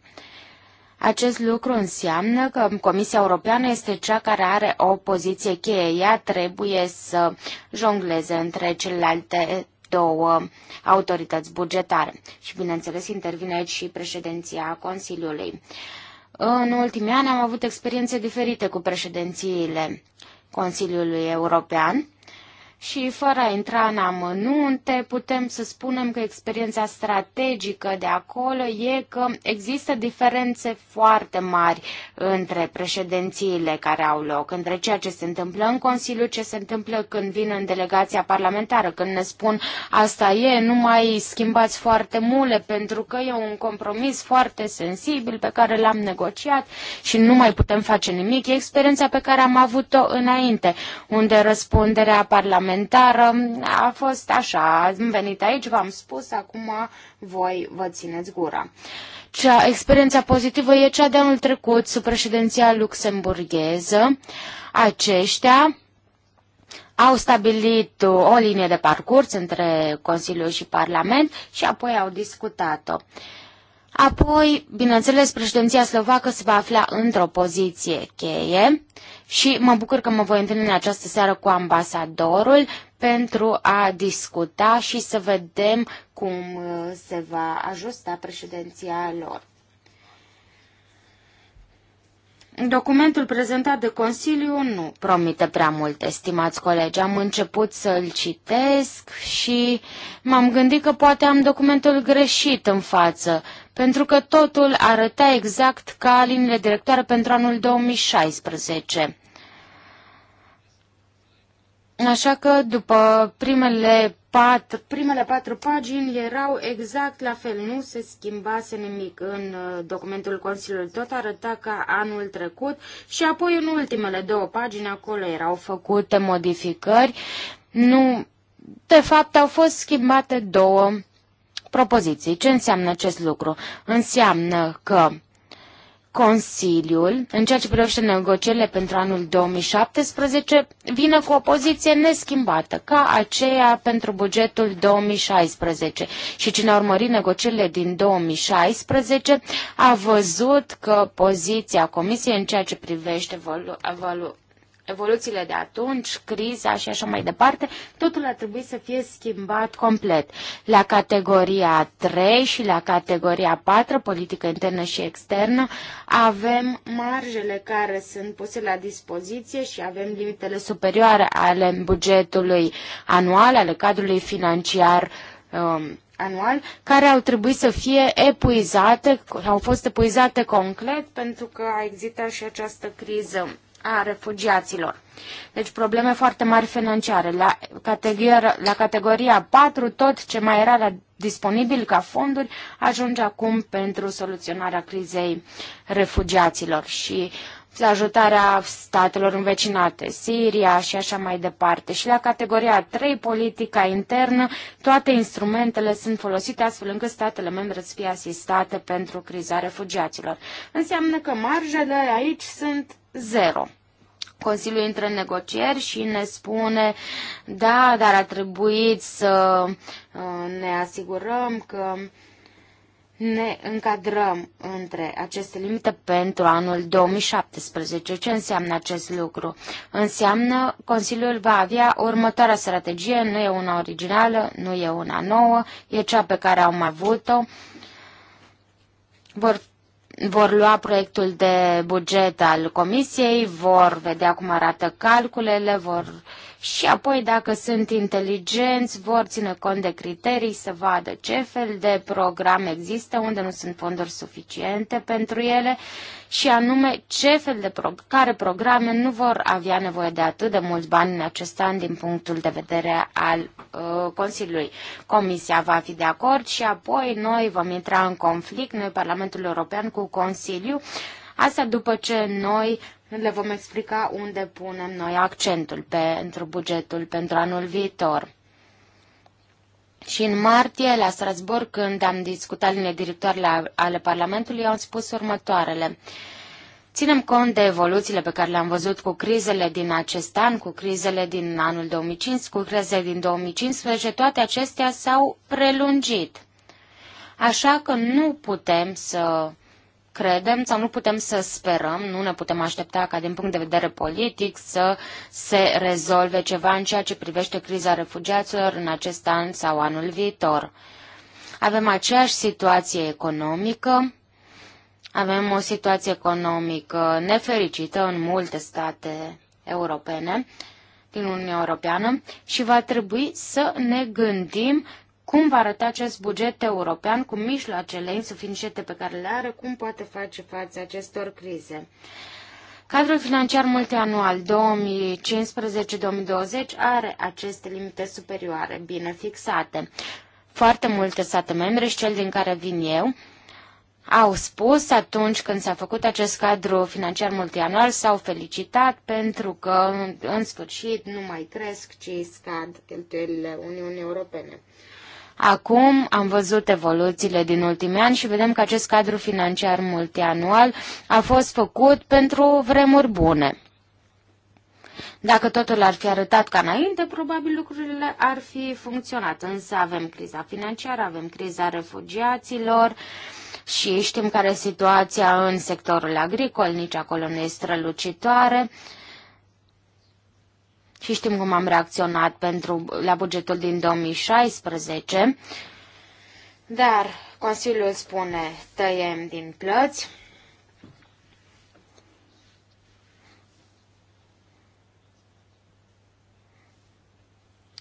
Acest lucru înseamnă că Comisia Europeană este cea care are o poziție cheie. Ea trebuie să jongleze între celelalte două autorități bugetare. Și, bineînțeles, intervine aici și președinția Consiliului. În ultimii ani am avut experiențe diferite cu președințiile Consiliului European și fără a intra în amănunte, putem să spunem că experiența strategică de acolo e că există diferențe foarte mari între președințiile care au loc, între ceea ce se întâmplă în Consiliu, ce se întâmplă când vin în delegația parlamentară, când ne spun asta e, nu mai schimbați foarte mule pentru că e un compromis foarte sensibil pe care l-am negociat și nu mai putem face nimic. E experiența pe care am avut-o înainte, unde răspunderea parlamentară parlamentară a fost așa, am venit aici, v-am spus, acum voi vă țineți gura. Cea, experiența pozitivă e cea de anul trecut sub președinția luxemburgheză. Aceștia au stabilit o linie de parcurs între Consiliu și Parlament și apoi au discutat-o. Apoi, bineînțeles, președinția slovacă se va afla într-o poziție cheie și mă bucur că mă voi întâlni în această seară cu ambasadorul pentru a discuta și să vedem cum uh, se va ajusta președinția lor. Documentul prezentat de Consiliu nu promite prea mult, stimați colegi. Am început să-l citesc și m-am gândit că poate am documentul greșit în față, pentru că totul arăta exact ca liniile directoare pentru anul 2016. Așa că după primele patru, primele patru pagini erau exact la fel, nu se schimbase nimic în uh, documentul Consiliului, tot arăta ca anul trecut și apoi în ultimele două pagini acolo erau făcute modificări. Nu, de fapt au fost schimbate două propoziții. Ce înseamnă acest lucru? Înseamnă că Consiliul, în ceea ce privește negocierile pentru anul 2017, vine cu o poziție neschimbată, ca aceea pentru bugetul 2016. Și cine a urmărit negocierile din 2016 a văzut că poziția Comisiei în ceea ce privește evoluțiile de atunci, criza și așa mai departe, totul a trebuit să fie schimbat complet. La categoria 3 și la categoria 4, politică internă și externă, avem marjele care sunt puse la dispoziție și avem limitele superioare ale bugetului anual, ale cadrului financiar um, anual, care au trebuit să fie epuizate, au fost epuizate complet pentru că a existat și această criză a refugiaților. Deci probleme foarte mari financiare. La categoria, la categoria 4, tot ce mai era la, disponibil ca fonduri ajunge acum pentru soluționarea crizei refugiaților și ajutarea statelor învecinate, Siria și așa mai departe. Și la categoria 3, politica internă, toate instrumentele sunt folosite astfel încât statele membre să fie asistate pentru criza refugiaților. Înseamnă că marjele aici sunt zero. Consiliul intră în negocieri și ne spune, da, dar a trebuit să uh, ne asigurăm că ne încadrăm între aceste limite pentru anul 2017. Ce înseamnă acest lucru? Înseamnă Consiliul va avea următoarea strategie, nu e una originală, nu e una nouă, e cea pe care am avut-o. Vor vor lua proiectul de buget al comisiei, vor vedea cum arată calculele, vor uh, și apoi dacă sunt inteligenți vor ține cont de criterii să vadă ce fel de program există, unde nu sunt fonduri suficiente pentru ele și anume ce fel de pro- care programe nu vor avea nevoie de atât de mulți bani în acest an din punctul de vedere al uh, Consiliului. Comisia va fi de acord și apoi noi vom intra în conflict, noi Parlamentul European cu Consiliu, asta după ce noi le vom explica unde punem noi accentul pentru bugetul pentru anul viitor. Și în martie, la Strasbourg, când am discutat linile directoare ale Parlamentului, am spus următoarele. Ținem cont de evoluțiile pe care le-am văzut cu crizele din acest an, cu crizele din anul 2005, cu crizele din 2015, toate acestea s-au prelungit. Așa că nu putem să credem sau nu putem să sperăm, nu ne putem aștepta ca din punct de vedere politic să se rezolve ceva în ceea ce privește criza refugiaților în acest an sau anul viitor. Avem aceeași situație economică, avem o situație economică nefericită în multe state europene din Uniunea Europeană și va trebui să ne gândim cum va arăta acest buget european cu mijloacele insuficiente pe care le are? Cum poate face față acestor crize? Cadrul financiar multianual 2015-2020 are aceste limite superioare, bine fixate. Foarte multe state membre și cel din care vin eu au spus atunci când s-a făcut acest cadru financiar multianual, s-au felicitat pentru că în sfârșit nu mai cresc, ci scad cheltuielile Uniunii Europene. Acum am văzut evoluțiile din ultimii ani și vedem că acest cadru financiar multianual a fost făcut pentru vremuri bune. Dacă totul ar fi arătat ca înainte, probabil lucrurile ar fi funcționat, însă avem criza financiară, avem criza refugiaților și știm care e situația în sectorul agricol, nici acolo nu e strălucitoare. Și știm cum am reacționat pentru, la bugetul din 2016. Dar Consiliul spune tăiem din plăți.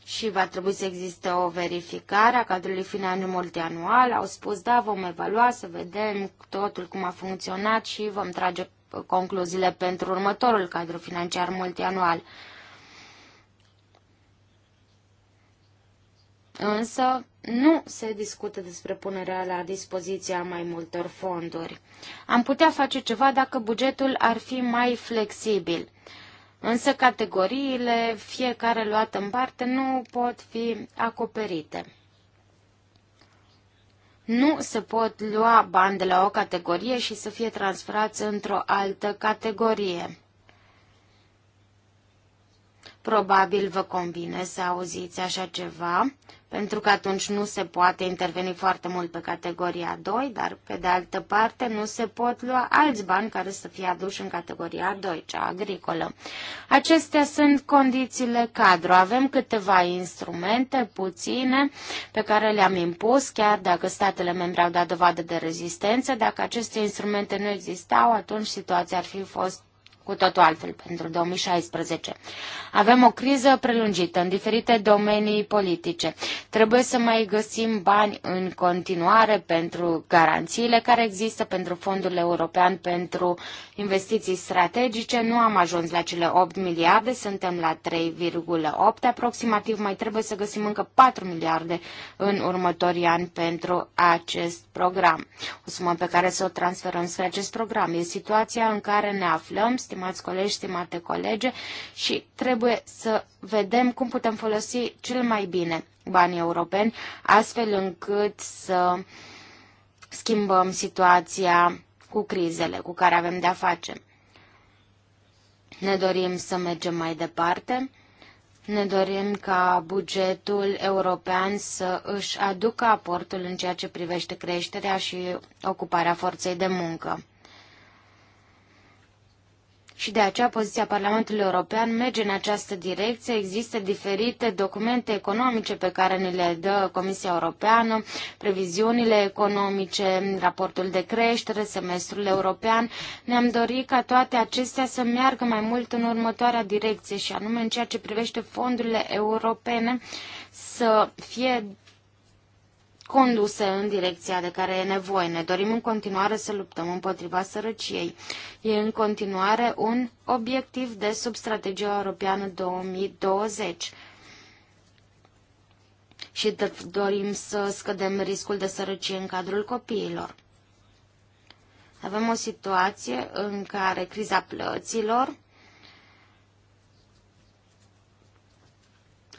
și va trebui să existe o verificare a cadrului financiar multianual. Au spus, da, vom evalua, să vedem totul cum a funcționat și vom trage concluziile pentru următorul cadru financiar multianual. însă nu se discută despre punerea la dispoziția mai multor fonduri. Am putea face ceva dacă bugetul ar fi mai flexibil, însă categoriile, fiecare luată în parte, nu pot fi acoperite. Nu se pot lua bani de la o categorie și să fie transferați într-o altă categorie. Probabil vă convine să auziți așa ceva, pentru că atunci nu se poate interveni foarte mult pe categoria 2, dar pe de altă parte nu se pot lua alți bani care să fie aduși în categoria 2, cea agricolă. Acestea sunt condițiile cadru. Avem câteva instrumente, puține, pe care le-am impus, chiar dacă statele membre au dat dovadă de rezistență. Dacă aceste instrumente nu existau, atunci situația ar fi fost cu totul altfel pentru 2016. Avem o criză prelungită în diferite domenii politice. Trebuie să mai găsim bani în continuare pentru garanțiile care există, pentru fondul european, pentru investiții strategice, nu am ajuns la cele 8 miliarde, suntem la 3,8 aproximativ, mai trebuie să găsim încă 4 miliarde în următorii ani pentru acest program. O sumă pe care să o transferăm spre acest program. E situația în care ne aflăm, stimați colegi, stimate colege, și trebuie să vedem cum putem folosi cel mai bine banii europeni, astfel încât să schimbăm situația cu crizele cu care avem de-a face. Ne dorim să mergem mai departe. Ne dorim ca bugetul european să își aducă aportul în ceea ce privește creșterea și ocuparea forței de muncă și de aceea poziția Parlamentului European merge în această direcție. Există diferite documente economice pe care ne le dă Comisia Europeană, previziunile economice, raportul de creștere, semestrul european. Ne-am dorit ca toate acestea să meargă mai mult în următoarea direcție și anume în ceea ce privește fondurile europene să fie conduse în direcția de care e nevoie. Ne dorim în continuare să luptăm împotriva sărăciei. E în continuare un obiectiv de strategia europeană 2020 și dorim să scădem riscul de sărăcie în cadrul copiilor. Avem o situație în care criza plăților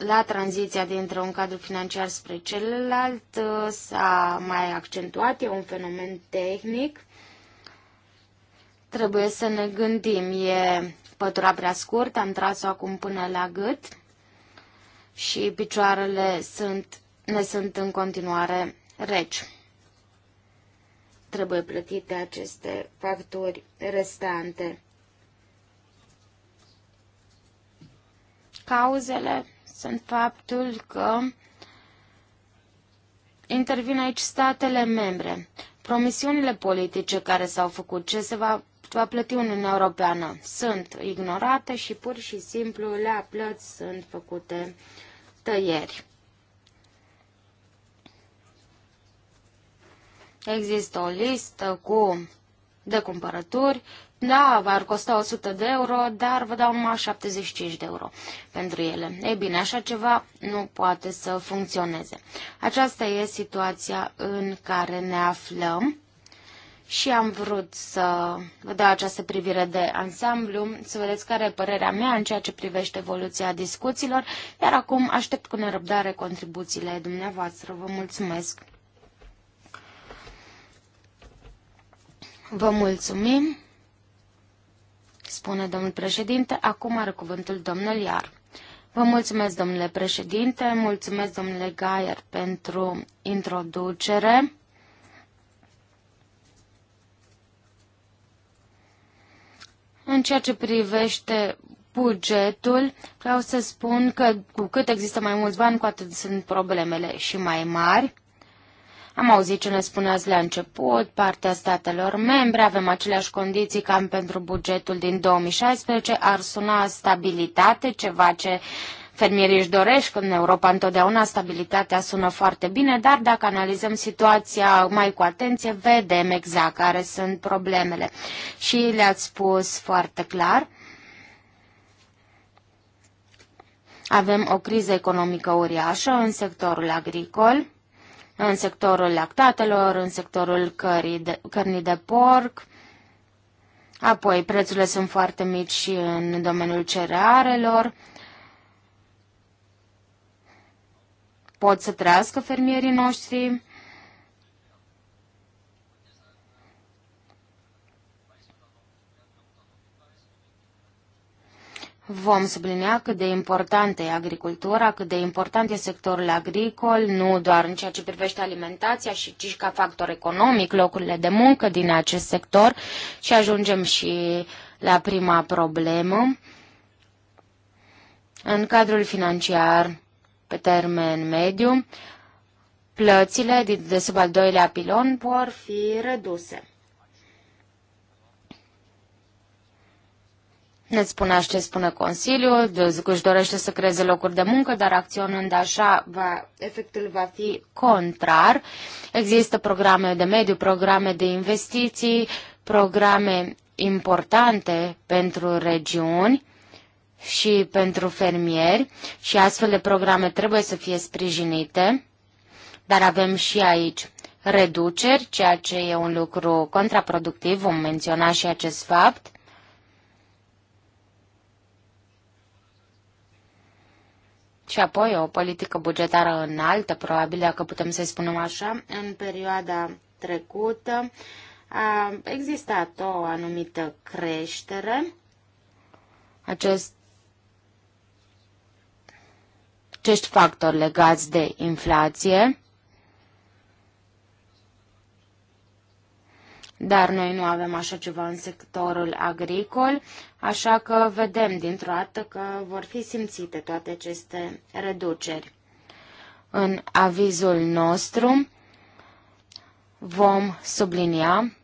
la tranziția dintre un cadru financiar spre celălalt uh, s-a mai accentuat, e un fenomen tehnic. Trebuie să ne gândim, e pătura prea scurtă, am tras-o acum până la gât și picioarele sunt, ne sunt în continuare reci. Trebuie plătite aceste facturi restante. Cauzele sunt faptul că intervin aici statele membre. Promisiunile politice care s-au făcut, ce se va, va plăti Uniunea Europeană, sunt ignorate și pur și simplu la plăți sunt făcute tăieri. Există o listă cu de cumpărături da, ar costa 100 de euro, dar vă dau numai 75 de euro pentru ele. Ei bine, așa ceva nu poate să funcționeze. Aceasta e situația în care ne aflăm și am vrut să vă dau această privire de ansamblu, să vedeți care e părerea mea în ceea ce privește evoluția discuțiilor, iar acum aștept cu nerăbdare contribuțiile dumneavoastră. Vă mulțumesc! Vă mulțumim! spune domnul președinte. Acum are cuvântul domnul Iar. Vă mulțumesc, domnule președinte, mulțumesc, domnule Gaier, pentru introducere. În ceea ce privește bugetul, vreau să spun că cu cât există mai mulți bani, cu atât sunt problemele și mai mari. Am auzit ce ne spuneați la început, partea statelor membre, avem aceleași condiții cam pentru bugetul din 2016, ar suna stabilitate, ceva ce fermierii își doresc în Europa întotdeauna, stabilitatea sună foarte bine, dar dacă analizăm situația mai cu atenție, vedem exact care sunt problemele. Și le-ați spus foarte clar. Avem o criză economică uriașă în sectorul agricol în sectorul lactatelor, în sectorul cării de, cărnii de porc. Apoi, prețurile sunt foarte mici și în domeniul cerearelor. Pot să trăiască fermierii noștri Vom sublinia cât de importantă e agricultura, cât de important e sectorul agricol, nu doar în ceea ce privește alimentația, și, ci și ca factor economic, locurile de muncă din acest sector și ajungem și la prima problemă. În cadrul financiar pe termen mediu, plățile de sub al doilea pilon vor fi reduse. ne spunea ce spune Consiliul, își dorește să creeze locuri de muncă, dar acționând așa, va, efectul va fi contrar. Există programe de mediu, programe de investiții, programe importante pentru regiuni și pentru fermieri și astfel de programe trebuie să fie sprijinite, dar avem și aici reduceri, ceea ce e un lucru contraproductiv, vom menționa și acest fapt. și apoi o politică bugetară înaltă, probabil dacă putem să-i spunem așa, în perioada trecută a existat o anumită creștere. Acest acești factori legați de inflație Dar noi nu avem așa ceva în sectorul agricol, așa că vedem dintr-o dată că vor fi simțite toate aceste reduceri. În avizul nostru vom sublinia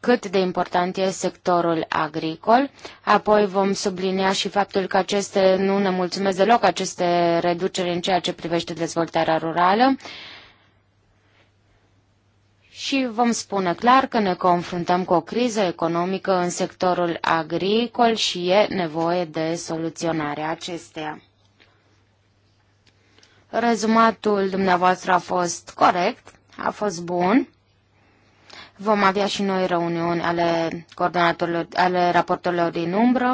cât de important e sectorul agricol. Apoi vom sublinia și faptul că aceste nu ne mulțumesc deloc aceste reduceri în ceea ce privește dezvoltarea rurală și vom spune clar că ne confruntăm cu o criză economică în sectorul agricol și e nevoie de soluționarea acesteia. Rezumatul dumneavoastră a fost corect, a fost bun. Vom avea și noi reuniuni ale, coordonatorilor, ale raportorilor din umbră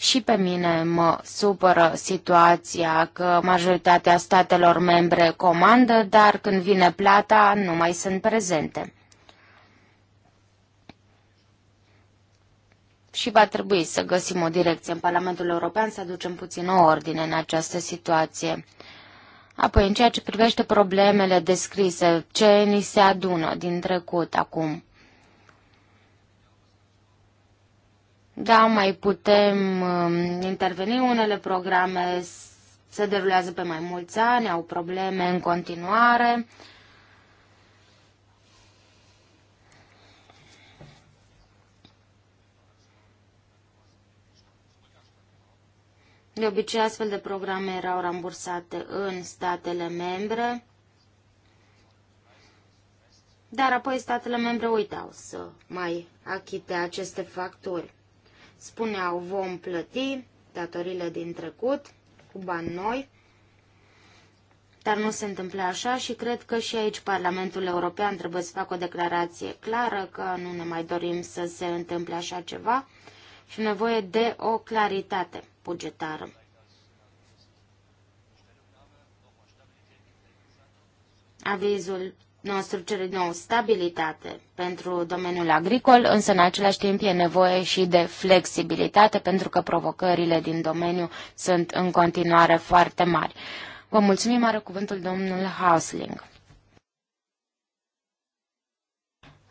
și pe mine mă supără situația că majoritatea statelor membre comandă, dar când vine plata nu mai sunt prezente. și va trebui să găsim o direcție în Parlamentul European, să aducem puțin o ordine în această situație. Apoi, în ceea ce privește problemele descrise, ce ni se adună din trecut acum? Da, mai putem um, interveni. Unele programe se derulează pe mai mulți ani, au probleme în continuare. De obicei, astfel de programe erau rambursate în statele membre, dar apoi statele membre uitau să mai achite aceste facturi spuneau vom plăti datorile din trecut cu bani noi, dar nu se întâmplă așa și cred că și aici Parlamentul European trebuie să facă o declarație clară că nu ne mai dorim să se întâmple așa ceva și nevoie de o claritate bugetară. Avizul nostru cere din nou stabilitate pentru domeniul agricol, însă în același timp e nevoie și de flexibilitate pentru că provocările din domeniu sunt în continuare foarte mari. Vă mulțumim, are cuvântul domnul Hausling.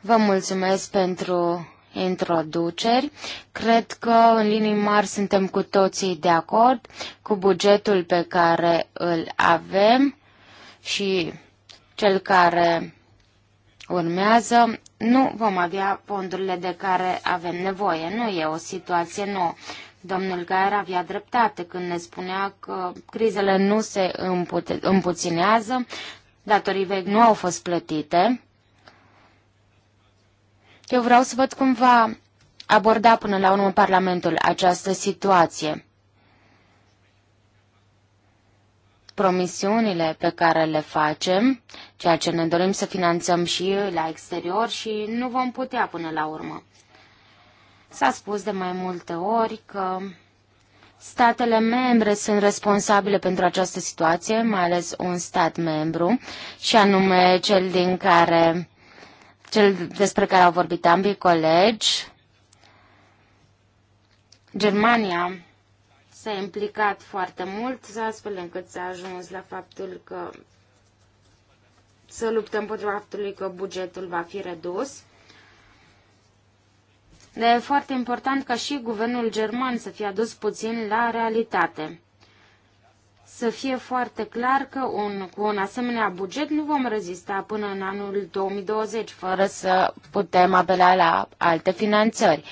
Vă mulțumesc pentru introduceri. Cred că în linii mari suntem cu toții de acord cu bugetul pe care îl avem și cel care urmează, nu vom avea fondurile de care avem nevoie. Nu e o situație nouă. Domnul Gaer avea dreptate când ne spunea că crizele nu se împuținează, datorii vechi nu au fost plătite. Eu vreau să văd cum va aborda până la urmă Parlamentul această situație. promisiunile pe care le facem, ceea ce ne dorim să finanțăm și la exterior și nu vom putea până la urmă. S-a spus de mai multe ori că statele membre sunt responsabile pentru această situație, mai ales un stat membru, și anume cel din care cel despre care au vorbit ambii colegi. Germania s-a implicat foarte mult, astfel încât s-a ajuns la faptul că să luptăm împotriva faptului că bugetul va fi redus. Dar e foarte important ca și guvernul german să fie adus puțin la realitate. Să fie foarte clar că un, cu un asemenea buget nu vom rezista până în anul 2020 fără să putem apela la alte finanțări.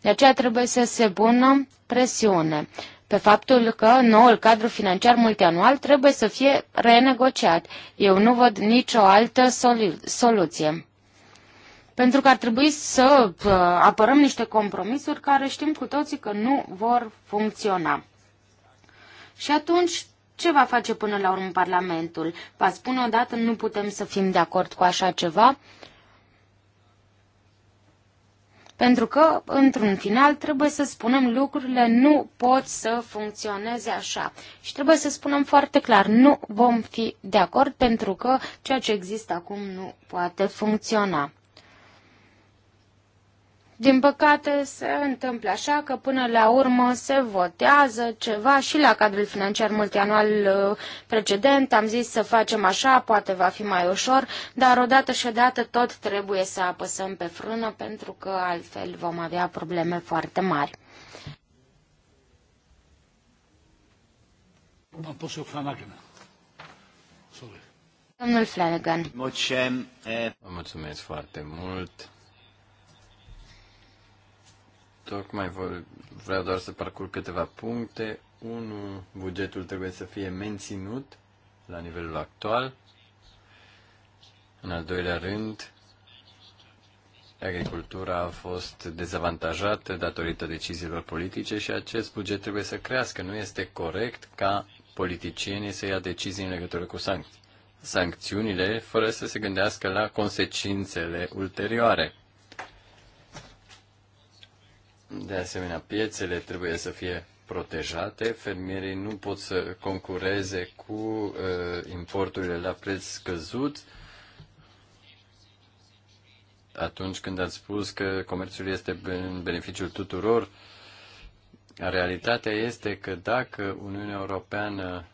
De aceea trebuie să se pună presiune pe faptul că noul cadru financiar multianual trebuie să fie renegociat. Eu nu văd nicio altă solu- soluție. Pentru că ar trebui să uh, apărăm niște compromisuri care știm cu toții că nu vor funcționa. Și atunci, ce va face până la urmă Parlamentul? Va spune odată nu putem să fim de acord cu așa ceva? Pentru că, într-un final, trebuie să spunem lucrurile nu pot să funcționeze așa. Și trebuie să spunem foarte clar, nu vom fi de acord pentru că ceea ce există acum nu poate funcționa. Din păcate se întâmplă așa că până la urmă se votează ceva și la cadrul financiar multianual uh, precedent. Am zis să facem așa, poate va fi mai ușor, dar odată și odată tot trebuie să apăsăm pe frână pentru că altfel vom avea probleme foarte mari. Domnul Flanagan. Vă mulțumesc foarte mult. Tocmai vreau doar să parcurg câteva puncte. 1. Bugetul trebuie să fie menținut la nivelul actual. În al doilea rând, agricultura a fost dezavantajată datorită deciziilor politice și acest buget trebuie să crească. Nu este corect ca politicienii să ia decizii în legătură cu sancțiunile fără să se gândească la consecințele ulterioare. De asemenea, piețele trebuie să fie protejate, fermierii nu pot să concureze cu uh, importurile la preț scăzut. Atunci când ați spus că comerțul este în beneficiul tuturor, realitatea este că dacă Uniunea Europeană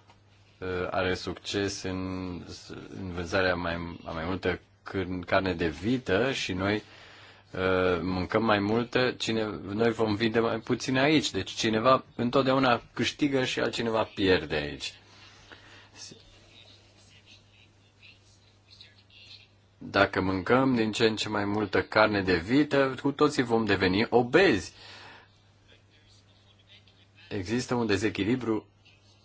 uh, are succes în, în vânzarea mai, a mai multă carne de vită și noi uh, Uh, mâncăm mai multe, cine, noi vom vinde mai puține aici. Deci cineva întotdeauna câștigă și altcineva pierde aici. Dacă mâncăm din ce în ce mai multă carne de vită, cu toții vom deveni obezi. Există un dezechilibru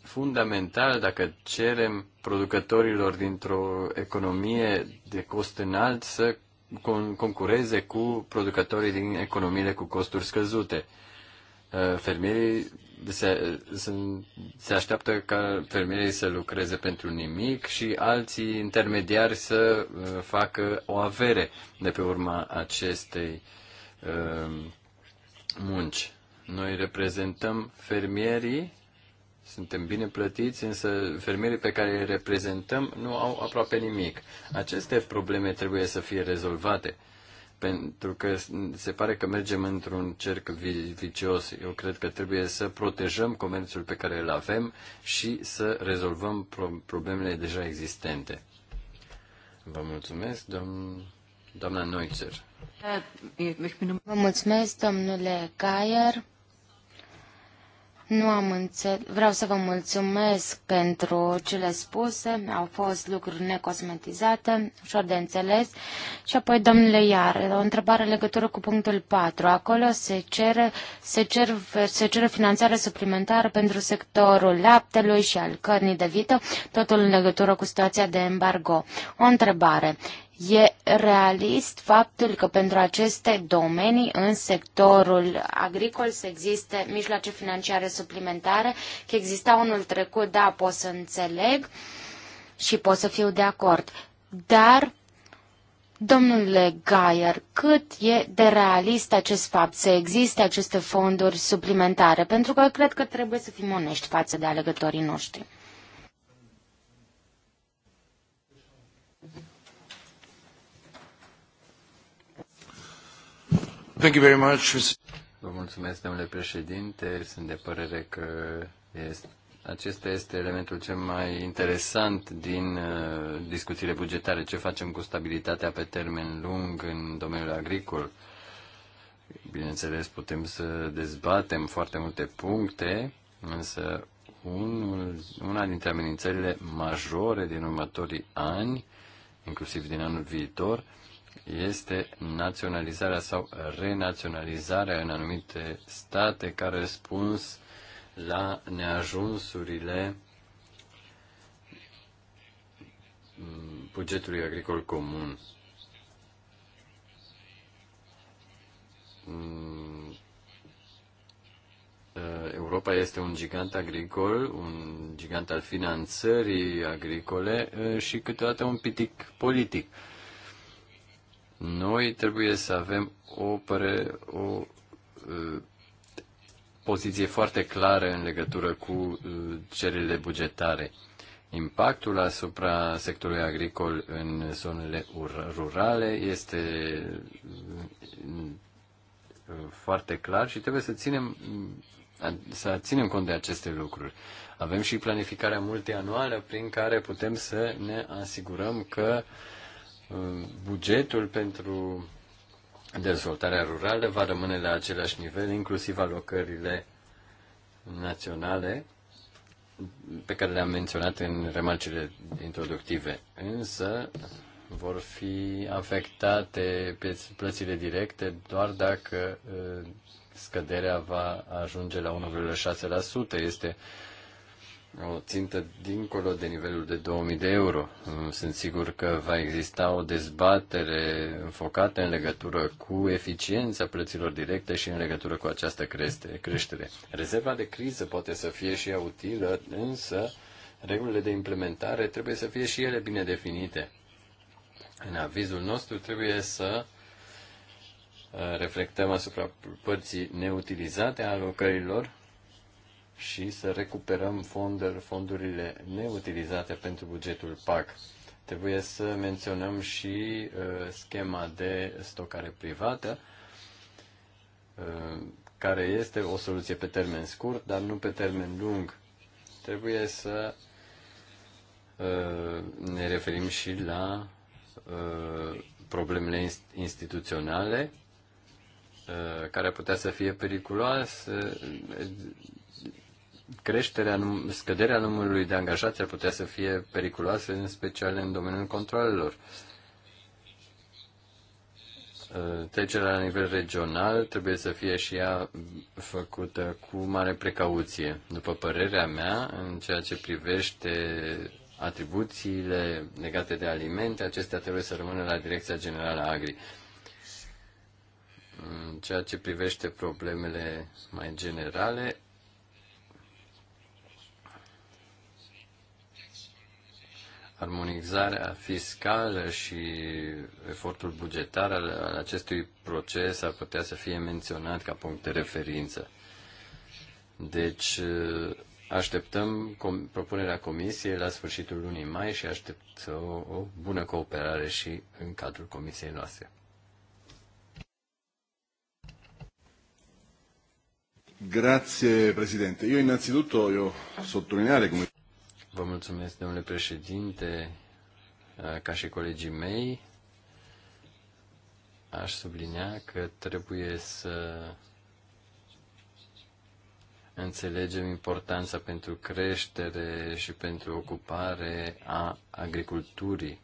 fundamental dacă cerem producătorilor dintr-o economie de cost înalt să concureze cu producătorii din economiile cu costuri scăzute. Uh, fermierii se, se, se așteaptă ca fermierii să lucreze pentru nimic și alții intermediari să uh, facă o avere de pe urma acestei uh, munci. Noi reprezentăm fermierii suntem bine plătiți, însă fermierii pe care îi reprezentăm nu au aproape nimic. Aceste probleme trebuie să fie rezolvate, pentru că se pare că mergem într-un cerc vicios. Eu cred că trebuie să protejăm comerțul pe care îl avem și să rezolvăm problemele deja existente. Vă mulțumesc, domn... doamna Neuzer. Vă mulțumesc, domnule Gaier. Nu am înțeles. Vreau să vă mulțumesc pentru cele spuse. Au fost lucruri necosmetizate, ușor de înțeles. Și apoi, domnule Iar, o întrebare în legătură cu punctul 4. Acolo se cere, se cer, se cere finanțare suplimentară pentru sectorul laptelui și al cărnii de vită, totul în legătură cu situația de embargo. O întrebare. E realist faptul că pentru aceste domenii în sectorul agricol să existe mijloace financiare suplimentare, că exista unul trecut, da, pot să înțeleg și pot să fiu de acord. Dar Domnule Gaier, cât e de realist acest fapt să existe aceste fonduri suplimentare? Pentru că cred că trebuie să fim onești față de alegătorii noștri. Vă mulțumesc, domnule președinte. Sunt de părere că este, acesta este elementul cel mai interesant din uh, discuțiile bugetare. Ce facem cu stabilitatea pe termen lung în domeniul agricol? Bineînțeles, putem să dezbatem foarte multe puncte, însă unul, una dintre amenințările majore din următorii ani, inclusiv din anul viitor, este naționalizarea sau renaționalizarea în anumite state ca răspuns la neajunsurile bugetului agricol comun. Mm, Europa este un gigant agricol, un gigant al finanțării agricole eh, și câteodată un pitic politic. Noi trebuie să avem o, păre, o poziție foarte clară în legătură cu cererile bugetare. Impactul asupra sectorului agricol în zonele rurale este foarte clar și trebuie să ținem să ținem cont de aceste lucruri. Avem și planificarea multianuală prin care putem să ne asigurăm că uh, bugetul pentru dezvoltarea rurală va rămâne la același nivel, inclusiv alocările naționale pe care le-am menționat în remarcile introductive. Însă vor fi afectate plățile directe doar dacă uh, scăderea va ajunge la 1,6%. Este o țintă dincolo de nivelul de 2000 de euro. Mm, sunt sigur că va exista o dezbatere înfocată în legătură cu eficiența plăților directe și în legătură cu această creștere. Rezerva de criză poate să fie și ea utilă, însă regulile de implementare trebuie să fie și ele bine definite. În avizul nostru trebuie să uh, reflectăm asupra părții neutilizate a alocărilor și să recuperăm fonduri, fondurile neutilizate pentru bugetul PAC. Trebuie să menționăm și uh, schema de stocare privată, uh, care este o soluție pe termen scurt, dar nu pe termen lung. Trebuie să uh, ne referim și la problemele instituționale care ar putea să fie periculoase, creșterea, scăderea numărului de angajați ar putea să fie periculoasă, în special în domeniul controlelor. Ă, trecerea la nivel regional trebuie să fie și ea făcută cu mare precauție. După părerea mea, în ceea ce privește atribuțiile legate de alimente, acestea trebuie să rămână la Direcția Generală Agri. În ceea ce privește problemele mai generale, Armonizarea fiscală și efortul bugetar al al acestui proces ar putea să fie menționat ca punct de referință. Deci, eh, așteptăm com- propunerea comisiei la sfârșitul lunii mai și aștept o, o bună cooperare și în cadrul comisiei noastre. Grazie Presidente. Io innanzitutto voglio sottolineare come... Vă mulțumesc, domnule președinte, eh, ca și colegii mei. Aș sublinia că trebuie să înțelegem importanța pentru creștere și pentru ocupare a agriculturii.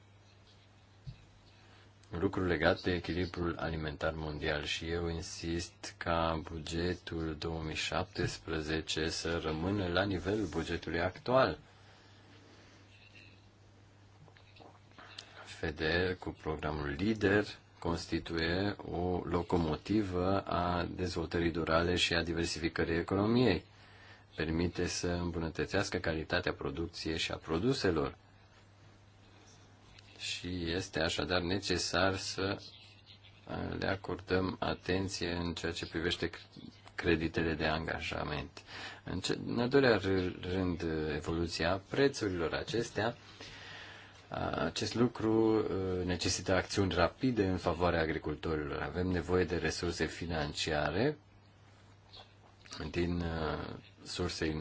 Lucru legat de echilibrul alimentar mondial și eu insist ca bugetul 2017 să rămână la nivelul bugetului actual. FEDER cu programul LIDER constituie o locomotivă a dezvoltării durale și a diversificării economiei. Permite să îmbunătățească calitatea producției și a produselor. Și este așadar necesar să le acordăm atenție în ceea ce privește creditele de angajament. În, ce, în al doilea rând, evoluția prețurilor acestea acest lucru uh, necesită acțiuni rapide în favoarea agricultorilor. Avem nevoie de resurse financiare din uh, surse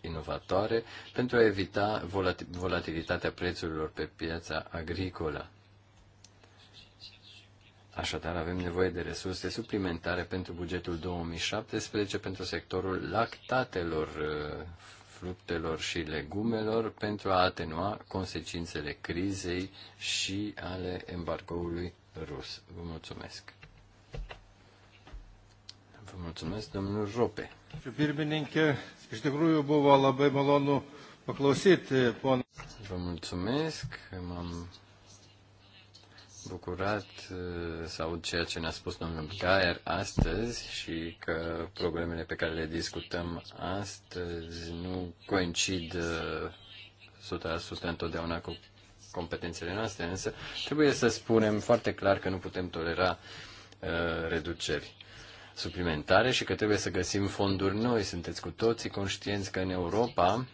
inovatoare pentru a evita volatilitatea prețurilor pe piața agricolă. Așadar, avem nevoie de resurse suplimentare pentru bugetul 2017 pentru sectorul lactatelor uh, fructelor și legumelor pentru a atenua consecințele crizei și ale embargoului rus. Vă mulțumesc. Vă mulțumesc, domnul Rope. Vă mulțumesc, m-am bucurat uh, să aud ceea ce ne-a spus domnul Gaier astăzi și că problemele pe care le discutăm astăzi nu coincid 100% uh, întotdeauna cu competențele noastre, însă trebuie să spunem foarte clar că nu putem tolera uh, reduceri suplimentare și că trebuie să găsim fonduri noi. Sunteți cu toții conștienți că în Europa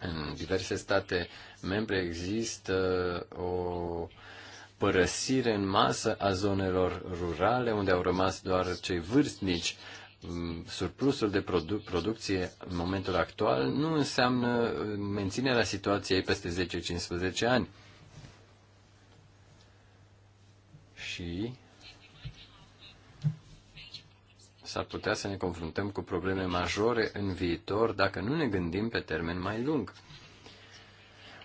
în diverse state membre există o părăsire în masă a zonelor rurale, unde au rămas doar cei vârstnici. Mm, surplusul de produ- producție în momentul actual nu înseamnă uh, menținerea situației peste 10-15 ani. Și s-ar putea să ne confruntăm cu probleme majore în viitor dacă nu ne gândim pe termen mai lung.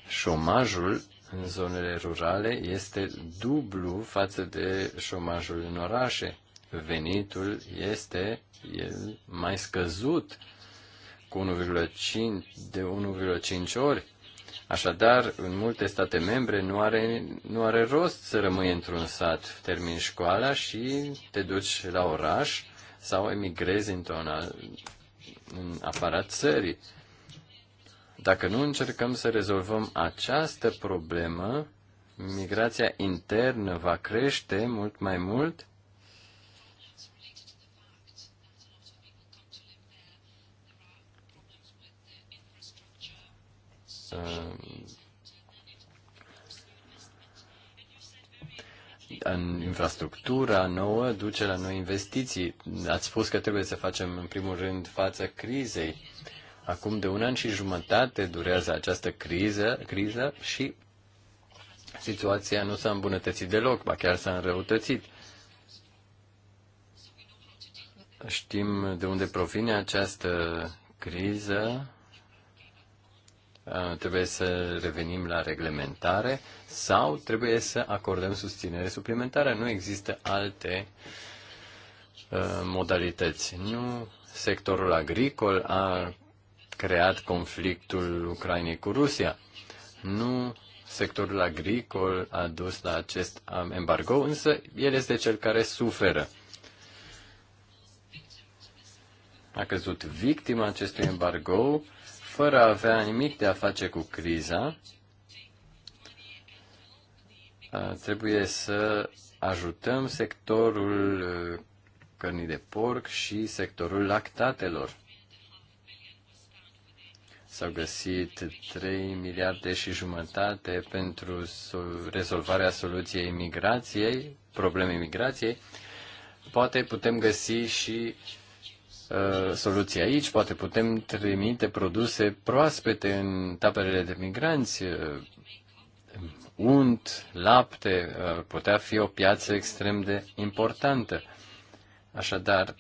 Șomajul în zonele rurale este dublu față de șomajul în orașe. Venitul este el mai scăzut cu 1,5 de 1,5 ori. Așadar, în multe state membre nu are, nu are rost să rămâi într-un sat, termini școala și te duci la oraș sau emigrezi într-un în afara țării. Dacă nu încercăm să rezolvăm această problemă, migrația internă va crește mult mai mult uh, în infrastructura nouă duce la noi investiții. Ați spus că trebuie să facem în primul rând față crizei. Acum de un an și jumătate durează această criză, criză și situația nu s-a îmbunătățit deloc, ba chiar s-a înrăutățit. Știm de unde provine această criză. Trebuie să revenim la reglementare sau trebuie să acordăm susținere suplimentară. Nu există alte modalități. Nu sectorul agricol a creat conflictul Ucrainei cu Rusia. Nu sectorul agricol a dus la acest embargo, însă el este cel care suferă. A căzut victima acestui embargo fără a avea nimic de a face cu criza. Trebuie să ajutăm sectorul cărnii de porc și sectorul lactatelor. S-au găsit 3 miliarde și jumătate pentru rezolvarea soluției migrației, problemei migrației. Poate putem găsi și uh, soluții aici, poate putem trimite produse proaspete în taberele de migranți, uh, unt, lapte, uh, putea fi o piață extrem de importantă. Așadar,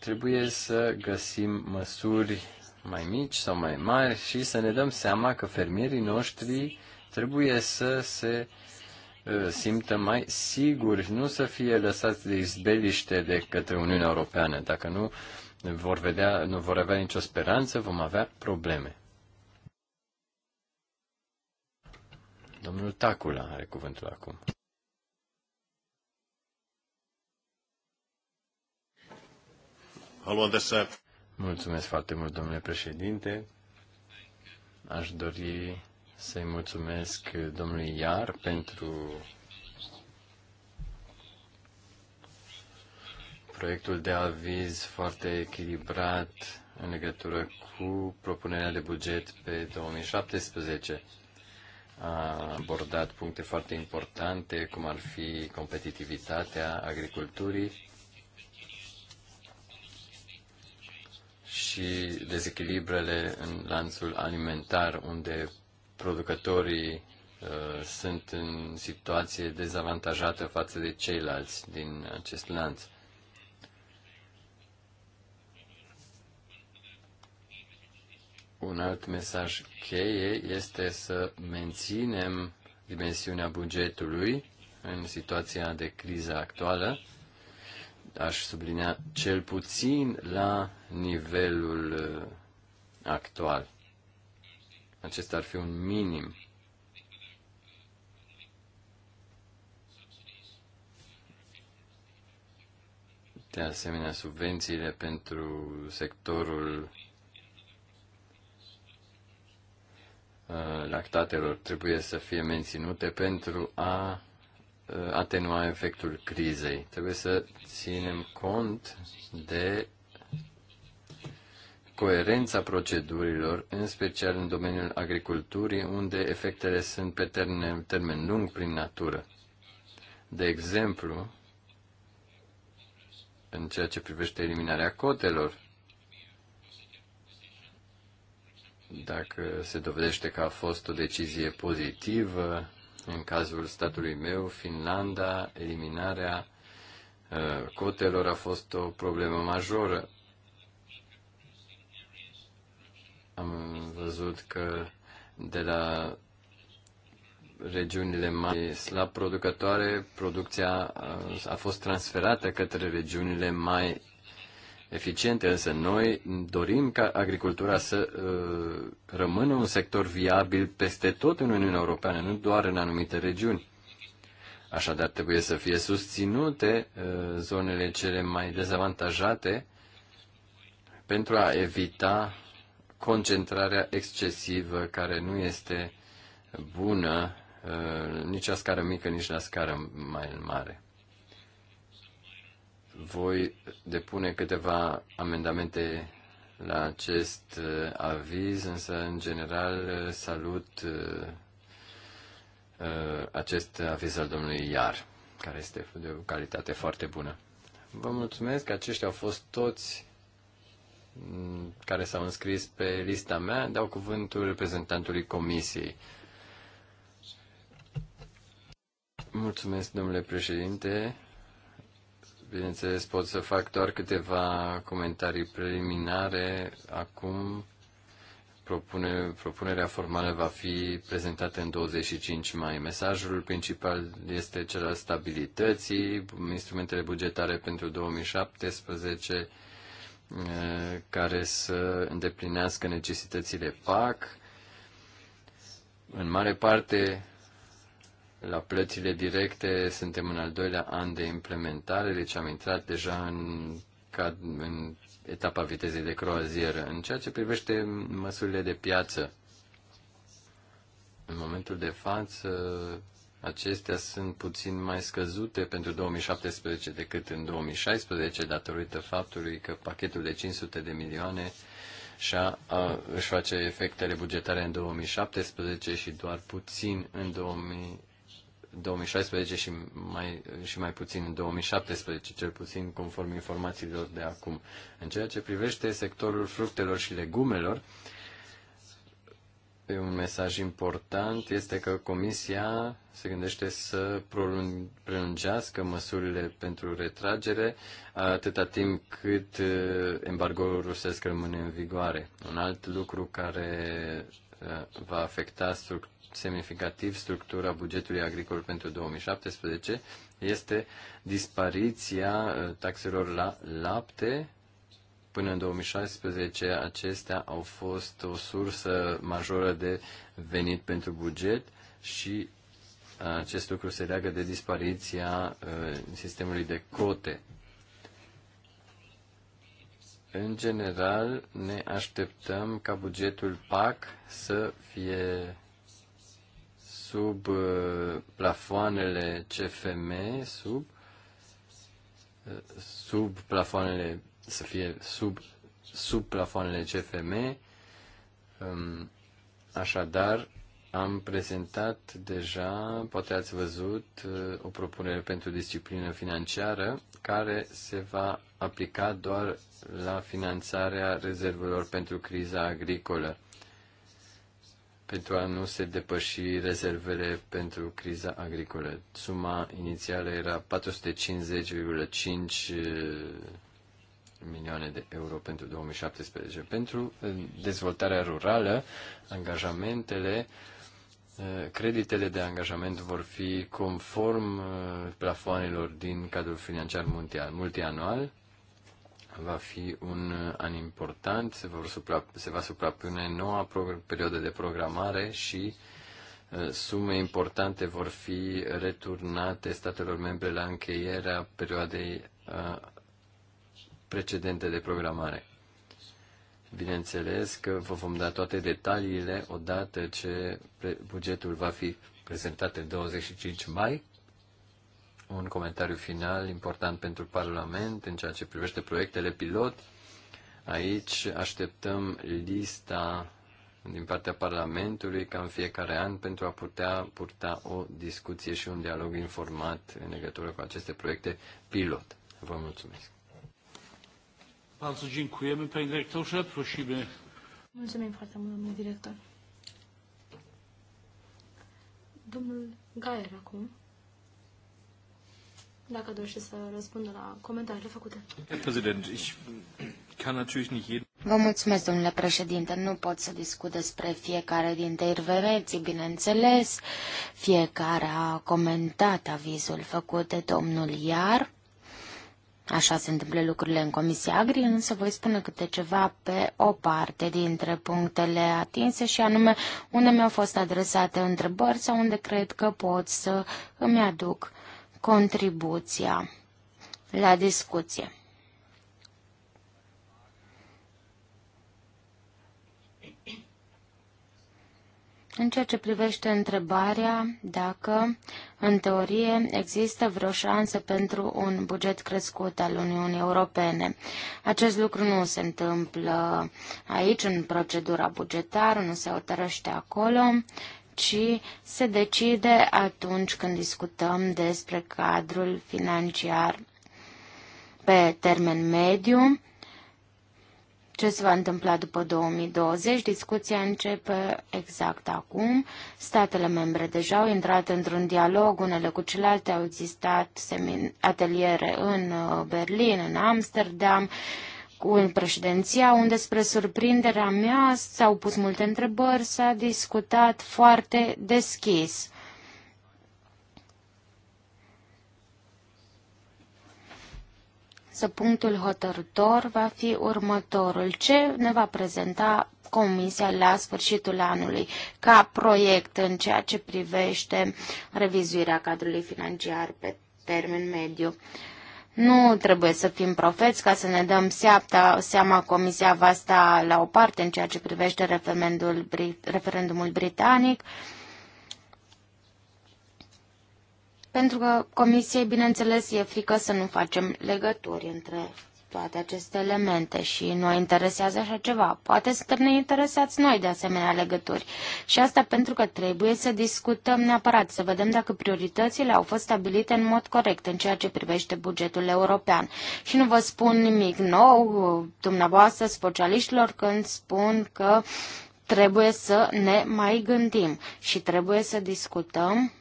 trebuie să găsim măsuri mai mici sau mai mari și să ne dăm seama că fermierii noștri trebuie să se uh, simtă mai siguri, nu să fie lăsați de izbeliște de către Uniunea Europeană. Dacă nu vor, vedea, nu vor avea nicio speranță, vom avea probleme. Domnul Tacula are cuvântul acum. Haluan tässä Mulțumesc foarte mult, domnule președinte. Aș dori să-i mulțumesc domnului Iar pentru proiectul de aviz foarte echilibrat în legătură cu propunerea de buget pe 2017. A abordat puncte foarte importante, cum ar fi competitivitatea agriculturii, și dezechilibrele în lanțul alimentar, unde producătorii uh, sunt în situație dezavantajată față de ceilalți din acest lanț. Un alt mesaj cheie este să menținem dimensiunea bugetului în situația de criză actuală aș sublinea cel puțin la nivelul uh, actual. Acesta ar fi un minim. De asemenea, subvențiile pentru sectorul uh, lactatelor trebuie să fie menținute pentru a atenua efectul crizei. Trebuie să ținem cont de coerența procedurilor, în special în domeniul agriculturii, unde efectele sunt pe termen, termen lung prin natură. De exemplu, în ceea ce privește eliminarea cotelor, dacă se dovedește că a fost o decizie pozitivă, în cazul statului meu, Finlanda, eliminarea uh, cotelor a fost o problemă majoră. Am văzut că de la regiunile mai slab producătoare, producția a fost transferată către regiunile mai eficiente, însă noi dorim ca agricultura să uh, rămână un sector viabil peste tot în Uniunea Europeană, nu doar în anumite regiuni. Așadar, trebuie să fie susținute uh, zonele cele mai dezavantajate pentru a evita concentrarea excesivă care nu este bună uh, nici la scară mică, nici la scară mai mare voi depune câteva amendamente la acest uh, aviz, însă, în general, uh, salut uh, acest aviz al domnului Iar, care este de o calitate foarte bună. Vă mulțumesc că aceștia au fost toți mm, care s-au înscris pe lista mea. Dau cuvântul reprezentantului comisiei. Mulțumesc, domnule președinte. Bineînțeles, pot să fac doar câteva comentarii preliminare. Acum, propune, propunerea formală va fi prezentată în 25 mai. Mesajul principal este cel al stabilității, instrumentele bugetare pentru 2017, eh, care să îndeplinească necesitățile PAC. În mare parte, la plățile directe suntem în al doilea an de implementare, deci am intrat deja în, ca, în etapa vitezei de croazieră. În ceea ce privește măsurile de piață, în momentul de față, acestea sunt puțin mai scăzute pentru 2017 decât în 2016, datorită faptului că pachetul de 500 de milioane și-a, a, își face efectele bugetare în 2017 și doar puțin în 2000, 2016 și mai, și mai puțin în 2017, cel puțin conform informațiilor de acum. În ceea ce privește sectorul fructelor și legumelor, un mesaj important este că Comisia se gândește să prelungească măsurile pentru retragere atâta timp cât uh, embargoul rusesc rămâne în vigoare. Un alt lucru care uh, va afecta structura semnificativ structura bugetului agricol pentru 2017 este dispariția uh, taxelor la lapte. Până în 2016 acestea au fost o sursă majoră de venit pentru buget și uh, acest lucru se leagă de dispariția uh, sistemului de cote. În general, ne așteptăm ca bugetul PAC să fie sub uh, plafoanele CFM, sub, uh, sub plafoanele, să fie sub, sub plafoanele CFM. Um, așadar, am prezentat deja, poate ați văzut, uh, o propunere pentru disciplină financiară care se va aplica doar la finanțarea rezervelor pentru criza agricolă pentru a nu se depăși rezervele pentru criza agricolă. Suma inițială era 450,5 eh, milioane de euro pentru 2017. Pentru eh, dezvoltarea rurală, angajamentele, eh, creditele de angajament vor fi conform plafoanelor din cadrul financiar multianual va fi un an important, se, vor supra, se va suprapune noua perioadă de programare și uh, sume importante vor fi returnate statelor membre la încheierea perioadei uh, precedente de programare. Bineînțeles că vă vom da toate detaliile odată ce bugetul va fi prezentat în 25 mai un comentariu final important pentru Parlament în ceea ce privește proiectele pilot. Aici așteptăm lista din partea Parlamentului ca în fiecare an pentru a putea purta o discuție și un dialog informat în legătură cu aceste proiecte pilot. Vă mulțumesc. Mulțumim foarte mult, domnule director. Domnul Gaier acum dacă dorește să răspundă la comentariile făcute. Vă mulțumesc, domnule președinte. Nu pot să discut despre fiecare dintre intervenții, bineînțeles. Fiecare a comentat avizul făcut de domnul Iar. Așa se întâmplă lucrurile în Comisia Agri, însă voi spune câte ceva pe o parte dintre punctele atinse și anume unde mi-au fost adresate întrebări sau unde cred că pot să îmi aduc contribuția la discuție. În ceea ce privește întrebarea dacă, în teorie, există vreo șansă pentru un buget crescut al Uniunii Europene. Acest lucru nu se întâmplă aici, în procedura bugetară, nu se hotărăște acolo ci se decide atunci când discutăm despre cadrul financiar pe termen mediu. Ce se va întâmpla după 2020? Discuția începe exact acum. Statele membre deja au intrat într-un dialog unele cu celelalte, au existat ateliere în uh, Berlin, în Amsterdam, uh, în președinția, unde, spre surprinderea mea, s-au pus multe întrebări, s-a discutat foarte deschis. Să punctul hotărător va fi următorul. Ce ne va prezenta Comisia la sfârșitul anului ca proiect în ceea ce privește revizuirea cadrului financiar pe termen mediu? Uh, nu trebuie să fim profeți ca să ne dăm seapta, seama comisia va sta la o parte în ceea ce privește referendumul, referendumul britanic, pentru că comisiei, bineînțeles, e frică să nu facem legături între toate aceste elemente și nu interesează așa ceva. Poate suntem neinteresați noi de asemenea legături. Și asta pentru că trebuie să discutăm neapărat, să vedem dacă prioritățile au fost stabilite în mod corect în ceea ce privește bugetul european. Și nu vă spun nimic nou dumneavoastră, specialiștilor, când spun că trebuie să ne mai gândim și trebuie să discutăm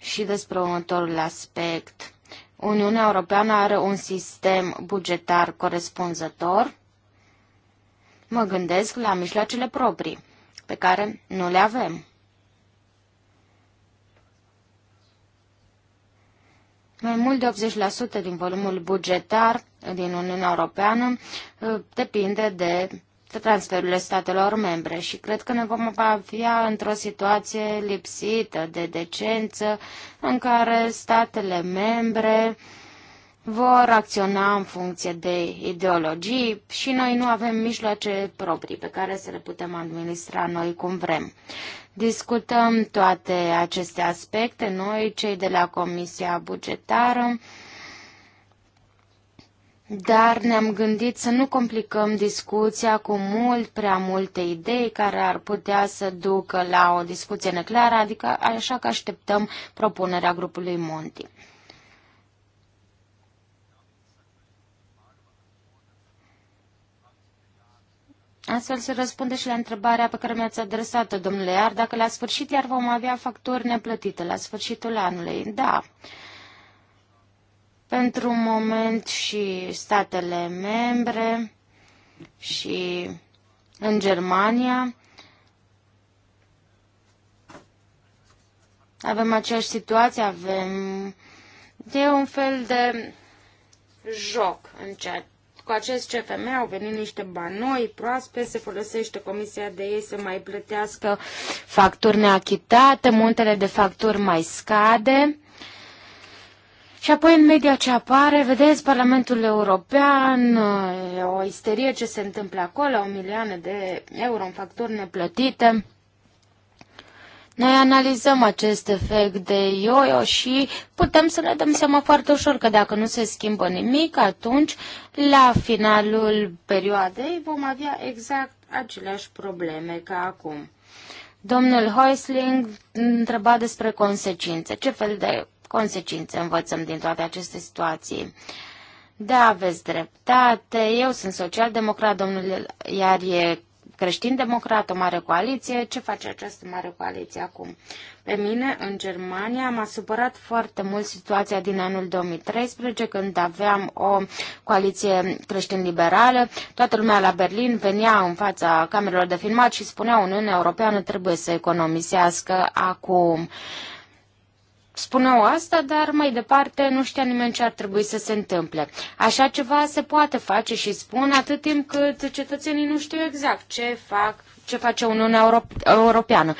și despre următorul aspect Uniunea Europeană are un sistem bugetar corespunzător. Mă gândesc la mijloacele proprii, pe care nu le avem. Mai mult de 80% din volumul bugetar din Uniunea Europeană uh, depinde de transferurile statelor membre și cred că ne vom avea într-o situație lipsită de decență în care statele membre vor acționa în funcție de ideologii și noi nu avem mijloace proprii pe care să le putem administra noi cum vrem. Discutăm toate aceste aspecte, noi, cei de la Comisia Bugetară, dar ne-am gândit să nu complicăm discuția cu mult prea multe idei care ar putea să ducă la o discuție neclară, adică așa că așteptăm propunerea grupului Monti. Astfel se răspunde și la întrebarea pe care mi-ați adresat-o, domnule Iar, dacă la sfârșit iar vom avea facturi neplătite la sfârșitul anului. Da, pentru un moment și statele membre și în Germania. Avem aceeași situație, avem de un fel de joc în ceea cu acest CFM au venit niște bani noi, proaspe, se folosește comisia de ei să mai plătească facturi neachitate, muntele de facturi mai scade. Și apoi în media ce apare, vedeți Parlamentul European, o isterie ce se întâmplă acolo, o milioane de euro în facturi neplătite. Noi analizăm acest efect de yo-yo și putem să ne dăm seama foarte ușor că dacă nu se schimbă nimic, atunci la finalul perioadei vom avea exact aceleași probleme ca acum. Domnul Heusling întreba despre consecințe. Ce fel de consecințe învățăm din toate aceste situații. Da, aveți dreptate, eu sunt social-democrat, domnul iar e creștin-democrat, o mare coaliție. Ce face această mare coaliție acum? Pe mine, în Germania, m-a supărat foarte mult situația din anul 2013, când aveam o coaliție creștin-liberală. Toată lumea la Berlin venea în fața camerelor de filmat și spunea Uniunea Europeană trebuie să economisească acum. Uh, spuneau asta, dar mai departe nu știa nimeni ce ar trebui să se întâmple. Așa ceva se poate face și spun atât timp cât cetățenii nu știu exact ce fac ce face Uniunea Europeană. 50%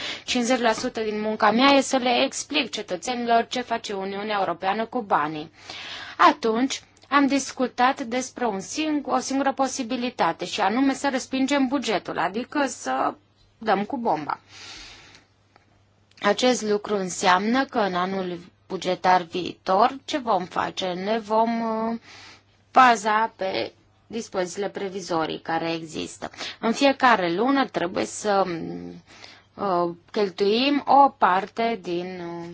din munca mea e să le explic cetățenilor ce face Uniunea Europeană cu banii. Atunci, am discutat despre un sing- o singură posibilitate și anume să respingem bugetul, adică să dăm cu bomba. Acest lucru înseamnă că în anul bugetar viitor ce vom face? Ne vom uh, baza pe dispozițiile previzorii care există. În fiecare lună trebuie să uh, cheltuim o parte din uh,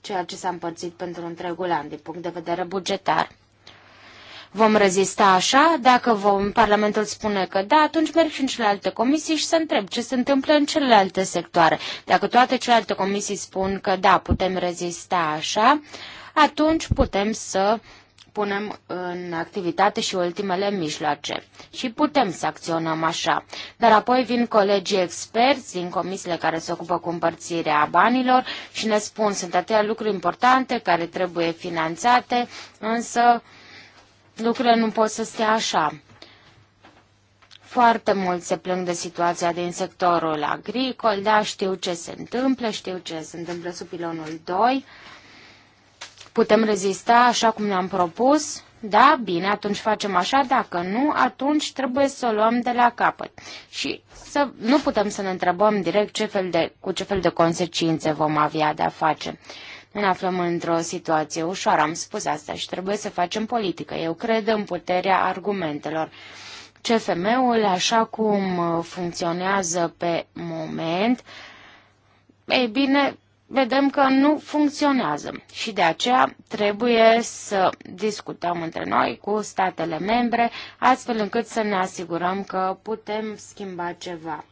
ceea ce s-a împărțit pentru întregul an din punct de vedere bugetar. Vom rezista așa? Dacă vom, Parlamentul spune că da, atunci merg și în celelalte comisii și să întreb ce se întâmplă în celelalte sectoare. Dacă toate celelalte comisii spun că da, putem rezista așa, atunci putem să punem în activitate și ultimele mijloace. Și putem să acționăm așa. Dar apoi vin colegii experți din comisiile care se ocupă cu împărțirea banilor și ne spun sunt atâtea lucruri importante care trebuie finanțate, însă uh, lucrurile nu pot să stea așa. Foarte mult se plâng de situația din sectorul agricol, da, știu ce se întâmplă, știu ce se întâmplă sub pilonul 2. Putem rezista așa cum ne-am propus? Da, bine, atunci facem așa, dacă nu, atunci trebuie să o luăm de la capăt. Și să nu putem să ne întrebăm direct ce fel de, cu ce fel de consecințe vom avea de-a face. Uh, ne aflăm într-o situație ușoară, am spus asta și trebuie să facem politică. Eu cred în puterea argumentelor. CFM-ul, așa cum uh, funcționează pe moment, ei bine, vedem că nu funcționează și de aceea trebuie să discutăm între noi cu statele membre, astfel încât să ne asigurăm că putem schimba ceva.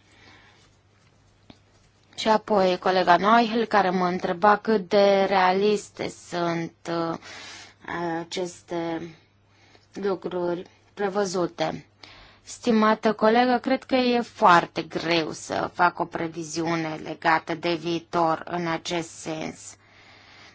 Și apoi colega Noihil care mă întreba cât de realiste sunt uh, aceste lucruri prevăzute. Stimată colegă, cred că e foarte greu să fac o previziune legată de viitor în acest sens.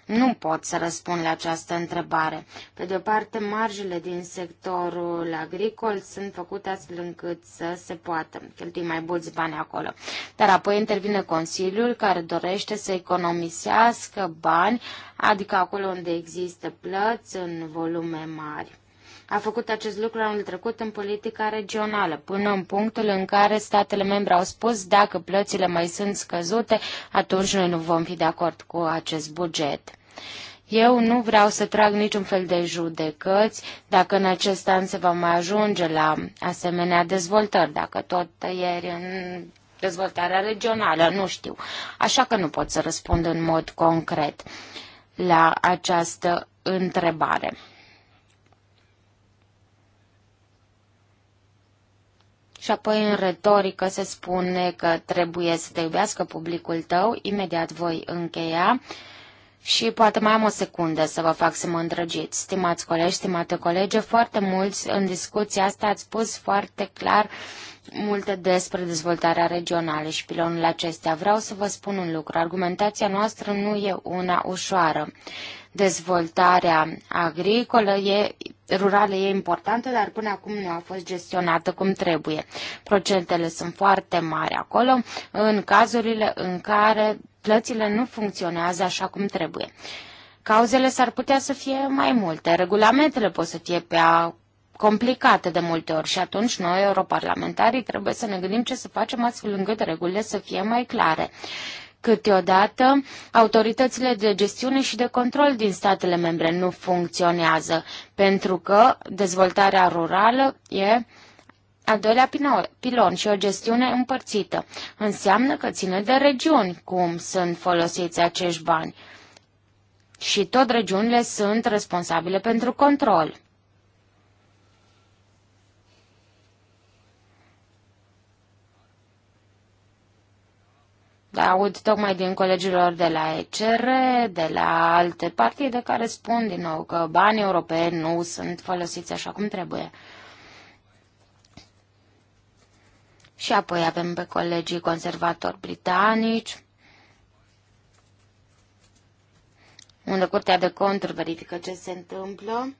Nu pot să răspund la această întrebare. Pe de o parte, marjele din sectorul agricol sunt făcute astfel încât să se poată cheltui mai mulți bani acolo. Dar apoi intervine Consiliul care dorește să economisească bani, adică acolo unde există plăți în volume mari. A făcut acest lucru anul trecut în politica regională, până în punctul în care statele membre au spus dacă plățile mai sunt scăzute, atunci noi nu vom fi de acord cu acest buget. Eu nu vreau să trag niciun fel de judecăți dacă în acest an se va mai ajunge la asemenea dezvoltări, dacă tot ieri în dezvoltarea regională, nu știu. Așa că nu pot să răspund în mod concret la această întrebare. Și apoi în retorică se spune că trebuie să te iubească publicul tău, imediat voi încheia. Uh, și poate mai am o secundă să vă fac să mă îndrăgiți. Stimați colegi, stimate colege, foarte mulți în discuția asta ați spus foarte clar multe despre dezvoltarea regională și pilonul acestea. Vreau să vă spun un lucru. Argumentația noastră nu e una ușoară. Dezvoltarea agricolă e rurală e importantă, dar până acum nu a fost gestionată cum trebuie. Procentele sunt foarte mari acolo în cazurile în care plățile nu funcționează așa cum trebuie. Cauzele s-ar putea să fie mai multe, regulamentele pot să fie pe a complicate de multe ori și atunci noi, europarlamentarii, trebuie să ne gândim ce să facem astfel încât regulile să fie mai clare. Câteodată, autoritățile de gestiune și de control din statele membre nu funcționează, pentru că dezvoltarea rurală e al doilea pilon și o gestiune împărțită. Înseamnă că ține de regiuni cum sunt folosiți acești bani. Și tot regiunile sunt responsabile pentru control. aud tocmai din colegilor de la ECR, de la alte partide care spun din nou că banii europeni nu sunt folosiți așa cum trebuie. Și apoi avem pe colegii conservatori britanici, unde Curtea de Conturi verifică ce se întâmplă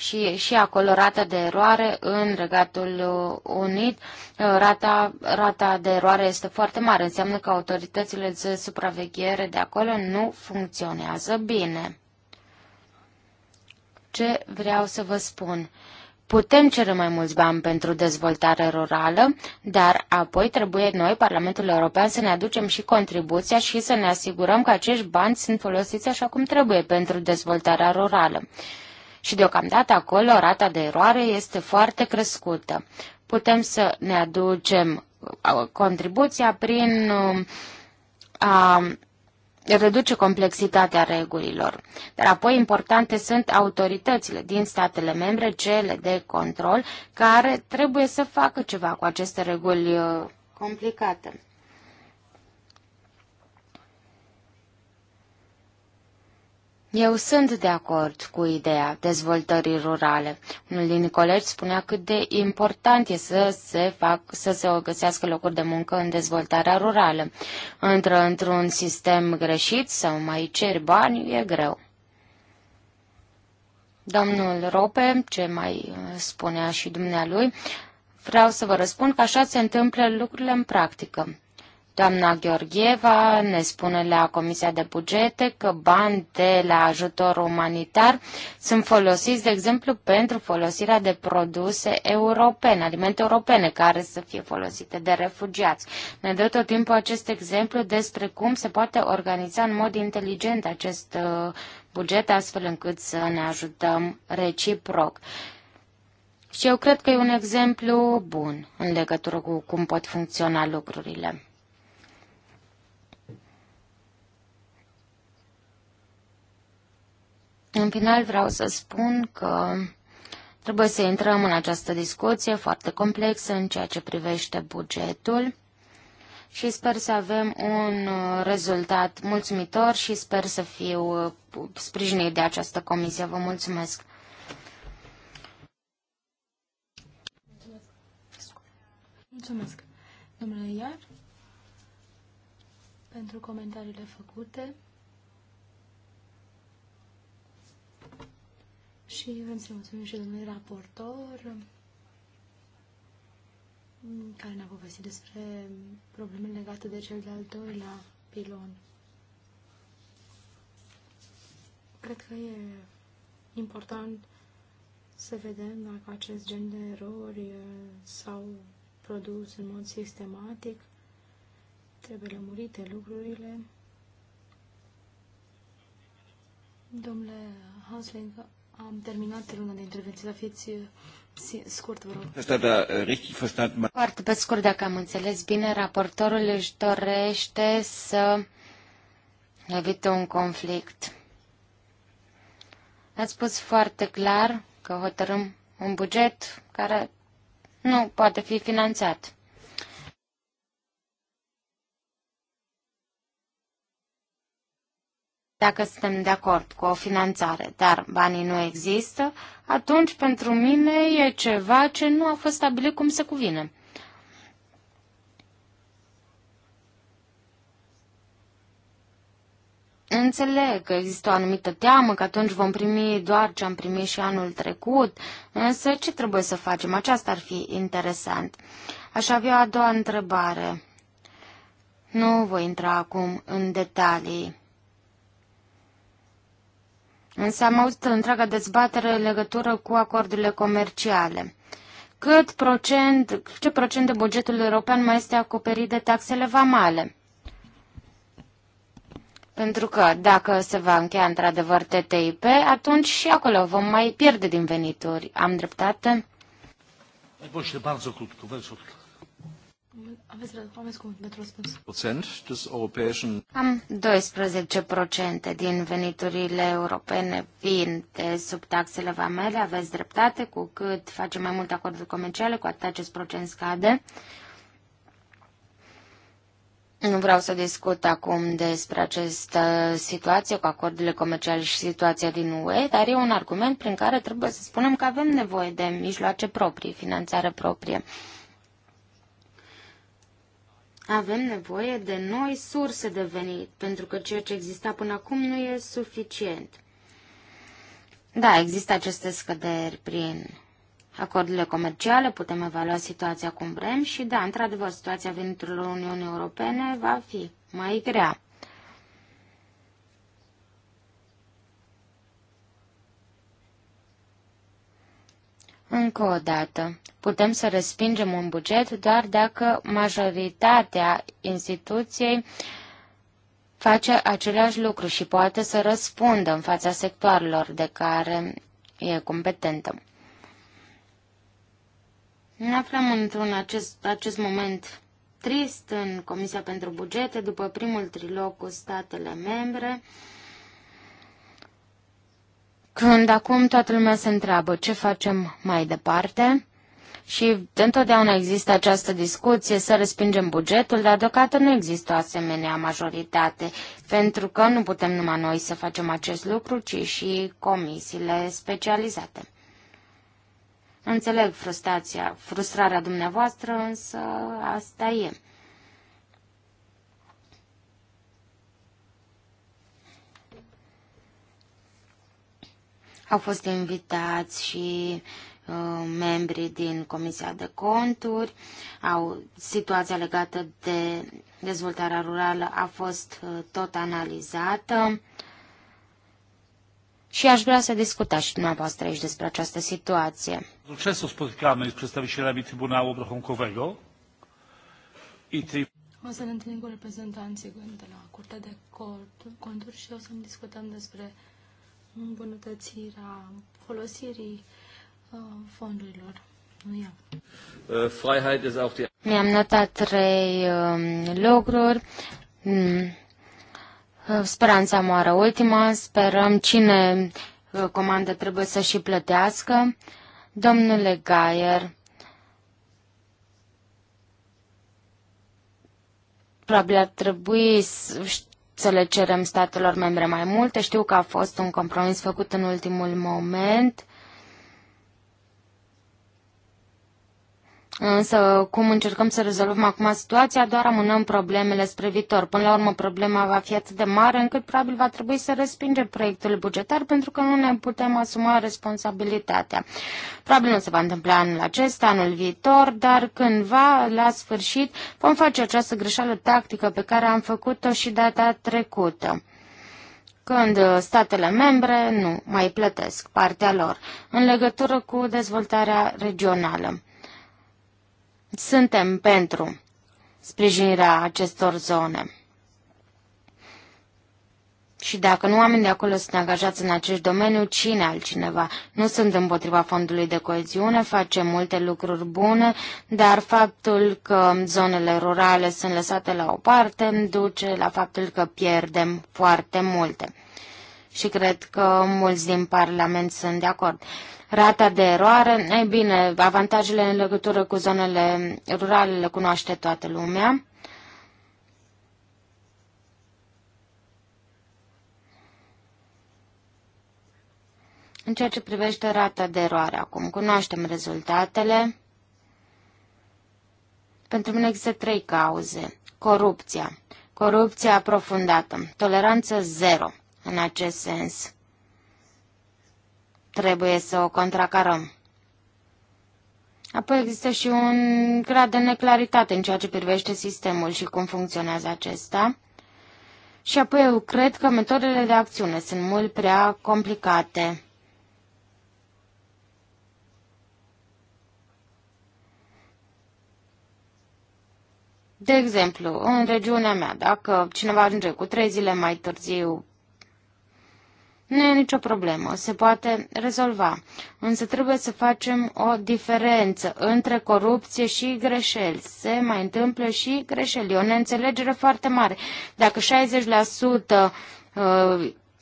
și, și acolo rata de eroare în Regatul Unit, rata, rata de eroare este foarte mare, înseamnă că autoritățile de supraveghere de acolo nu funcționează bine. Ce vreau să vă spun? Putem cere mai mulți bani pentru dezvoltare rurală, dar apoi trebuie noi, Parlamentul European, să ne aducem și contribuția și să ne asigurăm că acești bani sunt folosiți așa cum trebuie pentru dezvoltarea rurală și deocamdată acolo rata de eroare este foarte crescută. Putem să ne aducem uh, contribuția prin uh, a reduce complexitatea regulilor. Dar apoi importante sunt autoritățile din statele membre, cele de control, care trebuie să facă ceva cu aceste reguli uh, complicate. Eu sunt de acord cu ideea dezvoltării rurale. Unul din colegi spunea cât de important e să se, fac, să se găsească locuri de muncă în dezvoltarea rurală. într-un sistem greșit sau mai ceri bani, e greu. Domnul Rope, ce mai uh, spunea și dumnealui, vreau să vă răspund că așa se întâmplă lucrurile în practică. Doamna Gheorgheva ne spune la Comisia de Bugete că bani de la ajutor umanitar sunt folosiți, de exemplu, pentru folosirea de produse europene, alimente europene, care să fie folosite de refugiați. Ne dă tot timpul acest exemplu despre cum se poate organiza în mod inteligent acest uh, buget, astfel încât să ne ajutăm reciproc. Și eu cred că e un exemplu bun în legătură cu cum pot funcționa lucrurile. În final vreau să spun că trebuie să intrăm în această discuție foarte complexă în ceea ce privește bugetul și sper să avem un uh, rezultat mulțumitor și sper să fiu uh, sprijinit de această comisie. Vă mulțumesc! Mulțumesc, domnule Iar, pentru comentariile făcute. și vrem să mulțumim și domnului raportor care ne-a povestit despre probleme legate de cel de-al doilea pilon. Cred că e important să vedem dacă acest gen de erori s-au produs în mod sistematic, trebuie lămurite lucrurile. Domnule Hausling, am terminat luna de intervenție, dar fiți scurt, vă rog. Da, foarte pe scurt, dacă am înțeles bine, raportorul își dorește să evite un conflict. Ați spus foarte clar că hotărâm un buget care nu poate fi finanțat. Dacă suntem de acord cu o finanțare, dar banii nu există, atunci pentru mine e ceva ce nu a fost stabilit cum se cuvine. Înțeleg că există o anumită teamă, că atunci vom primi doar ce am primit și anul trecut, însă ce trebuie să facem? Aceasta ar fi interesant. Aș avea a doua întrebare. Nu voi intra acum în detalii. Însă am auzit întreaga dezbatere în legătură cu acordurile comerciale. Cât procent, ce procent de bugetul european mai este acoperit de taxele vamale? Pentru că dacă se va încheia într-adevăr TTIP, atunci și acolo vom mai pierde din venituri. Am dreptate? Bă, aveți, Am 12% din veniturile europene vin de sub taxele vamele. Aveți dreptate. Cu cât facem mai multe acorduri comerciale, cu atât acest procent scade. Nu vreau să discut acum despre această situație cu acordurile comerciale și situația din UE, dar e un argument prin care trebuie să spunem că avem nevoie de mijloace proprii, finanțare proprie. Avem nevoie de noi surse de venit, pentru că ceea ce exista până acum nu e suficient. Da, există aceste scăderi prin acordurile comerciale, putem evalua situația cum vrem și, da, într-adevăr, situația veniturilor Uniunii Europene va fi mai grea. Încă o dată, putem să respingem un buget doar dacă majoritatea instituției face același lucru și poate să răspundă în fața sectoarelor de care e competentă. Ne aflăm într-un acest, acest moment trist în Comisia pentru Bugete, după primul trilog cu statele membre. Când acum toată lumea se întreabă ce facem mai departe și întotdeauna există această discuție să respingem bugetul, dar deocamdată nu există o asemenea majoritate, pentru că nu putem numai noi să facem acest lucru, ci și comisiile specializate. Înțeleg frustrația, frustrarea dumneavoastră, însă asta e. Au fost invitați și uh, membrii din Comisia de Conturi, au situația legată de dezvoltarea rurală a fost uh, tot analizată și aș vrea să discutați și dumneavoastră aici despre această situație. Często spotykamy z przedstawicielami Trybunału Obrachunkowego i O să ne întâlnim cu reprezentanții de la Curtea de Conturi și o să discutăm despre îmbunătățirea folosirii uh, fondurilor. Äh, Mi-am notat trei um, lucruri. Hmm. Uh, speranța moară ultima, sperăm cine uh, comandă trebuie să și plătească. Domnule Gaier, probabil ar trebui să să le cerem statelor membre mai multe. Știu că a fost un compromis făcut în ultimul moment Însă, cum încercăm să rezolvăm acum situația, doar amânăm problemele spre viitor. Până la urmă, problema va fi atât de mare încât probabil va trebui să respingem proiectul bugetar pentru că nu ne putem asuma responsabilitatea. Probabil nu se va întâmpla anul acesta, anul viitor, dar cândva, la sfârșit, vom face această greșeală tactică pe care am făcut-o și data trecută când statele membre nu mai plătesc partea lor în legătură cu dezvoltarea regională. Suntem pentru sprijinirea acestor zone. Și dacă nu oamenii de acolo sunt angajați în acest domeniu, cine altcineva? Nu sunt împotriva fondului de coeziune, facem multe lucruri bune, dar faptul că zonele rurale sunt lăsate la o parte duce la faptul că pierdem foarte multe. Și cred că mulți din Parlament sunt de acord. Rata de eroare, ei bine, avantajele în legătură cu zonele rurale le cunoaște toată lumea. În ceea ce privește rata de eroare acum, cunoaștem rezultatele. Pentru mine există trei cauze. Corupția. Corupția aprofundată. Toleranță zero în acest sens trebuie să o contracarăm. Apoi există și un grad de neclaritate în ceea ce privește sistemul și cum funcționează acesta. Și apoi eu cred că metodele de acțiune sunt mult prea complicate. De exemplu, în regiunea mea, dacă cineva ajunge cu trei zile mai târziu nu e nicio problemă, se poate rezolva, însă trebuie să facem o diferență între corupție și greșeli. Se mai întâmplă și greșeli, o neînțelegere foarte mare. Dacă 60% uh,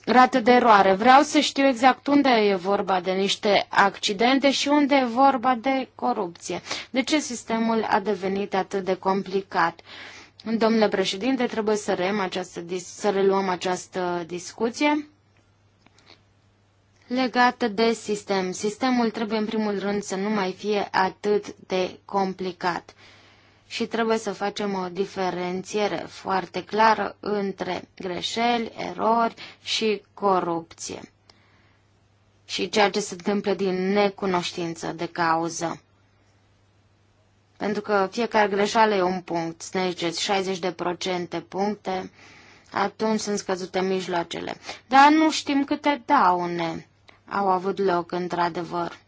rată de eroare, vreau să știu exact unde e vorba de niște accidente și unde e vorba de corupție. De ce sistemul a devenit atât de complicat? Domnule președinte, trebuie să, această, să reluăm această discuție legată de sistem. Sistemul trebuie în primul rând să nu mai fie atât de complicat și trebuie să facem o diferențiere foarte clară între greșeli, erori și corupție și ceea ce se întâmplă din necunoștință de cauză. Pentru că fiecare greșeală e un punct, snegeți 60 de procente puncte, atunci sunt scăzute mijloacele. Dar nu știm câte daune au avut loc într-adevăr.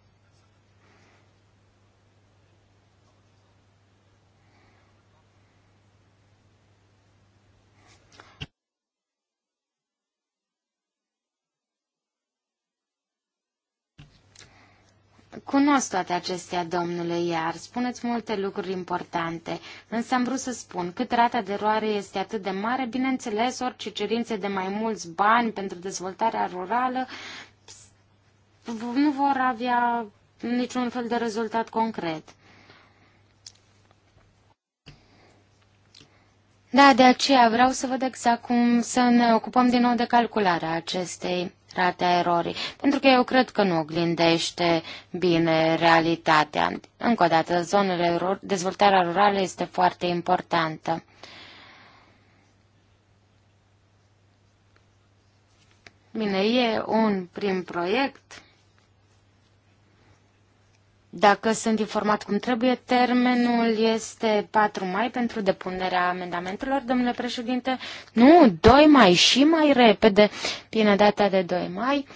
Cunosc toate acestea, domnule, iar spuneți multe lucruri importante, însă am vrut să spun, cât rata de roare este atât de mare, bineînțeles, orice cerințe de mai mulți bani pentru dezvoltarea rurală nu vor avea niciun fel de rezultat concret. Da, de aceea vreau să văd exact cum să ne ocupăm din nou de calcularea acestei rate a erorii, pentru că eu cred că nu oglindește bine realitatea. Încă o dată, zonele, dezvoltarea rurală este foarte importantă. Bine, e un prim proiect. Dacă sunt informat cum trebuie, termenul este 4 mai pentru depunerea amendamentelor, domnule președinte. Nu, 2 mai și mai repede, până data de 2 mai.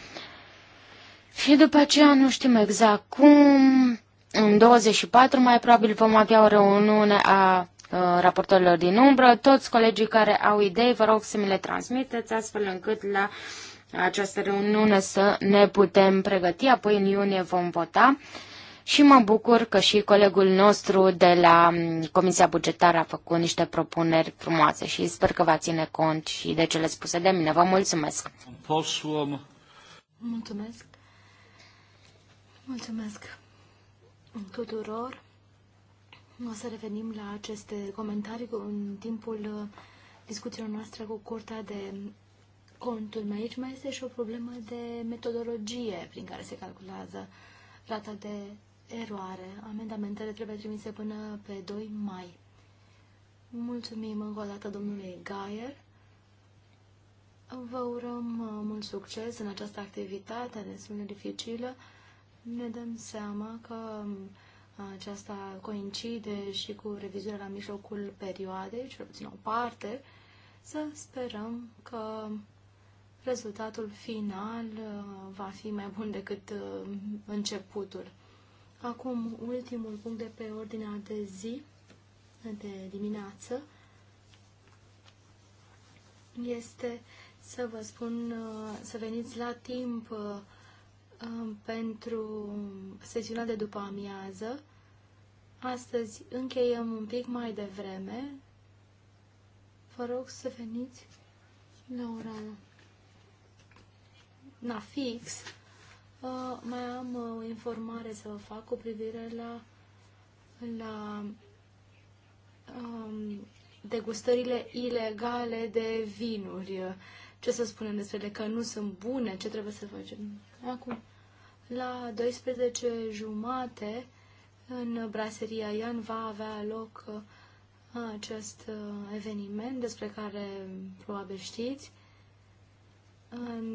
Și după aceea nu știm exact cum, în 24 mai probabil vom avea o reuniune a uh, raportorilor din umbră. Toți colegii care au idei, vă rog să mi le transmiteți astfel încât la această reuniune să ne putem pregăti. Apoi în iunie vom vota și mă bucur că și colegul nostru de la Comisia Bugetară a făcut niște propuneri frumoase și sper că va ține cont și de cele spuse de mine. Vă mulțumesc! Mulțumesc! Mulțumesc tuturor! O să revenim la aceste comentarii în timpul uh, discuțiilor noastre cu Curtea de Conturi. Aici mai este și o problemă de metodologie prin care se calculează rata de eroare. Amendamentele trebuie trimise până pe 2 mai. Mulțumim încă o dată domnului Gaier. Vă urăm uh, mult succes în această activitate destul de dificilă. Ne dăm seama că um, aceasta coincide și cu revizuirea la mijlocul perioadei, cel puțin o parte, să sperăm că rezultatul final uh, va fi mai bun decât uh, începutul. Acum, ultimul punct de pe ordinea de zi, de dimineață, este să vă spun uh, să veniți la timp uh, uh, pentru sesiunea de după amiază. Astăzi încheiem un pic mai devreme. Vă rog să veniți la ora la fix mai am uh, o informare să vă fac cu privire la, la um, degustările ilegale de vinuri. Ce să spunem despre ele? Că nu sunt bune? Ce trebuie să facem? Acum, la 12 jumate, în braseria Ian va avea loc uh, acest uh, eveniment despre care probabil știți.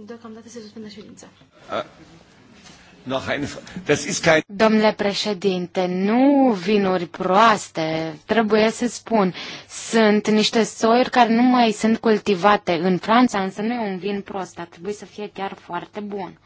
Deocamdată se suspendă ședința. Domnule președinte, nu vinuri proaste, trebuie să spun. Sunt niște soiuri care nu mai sunt cultivate în Franța, însă nu e un vin prost, ar trebui să fie chiar foarte bun.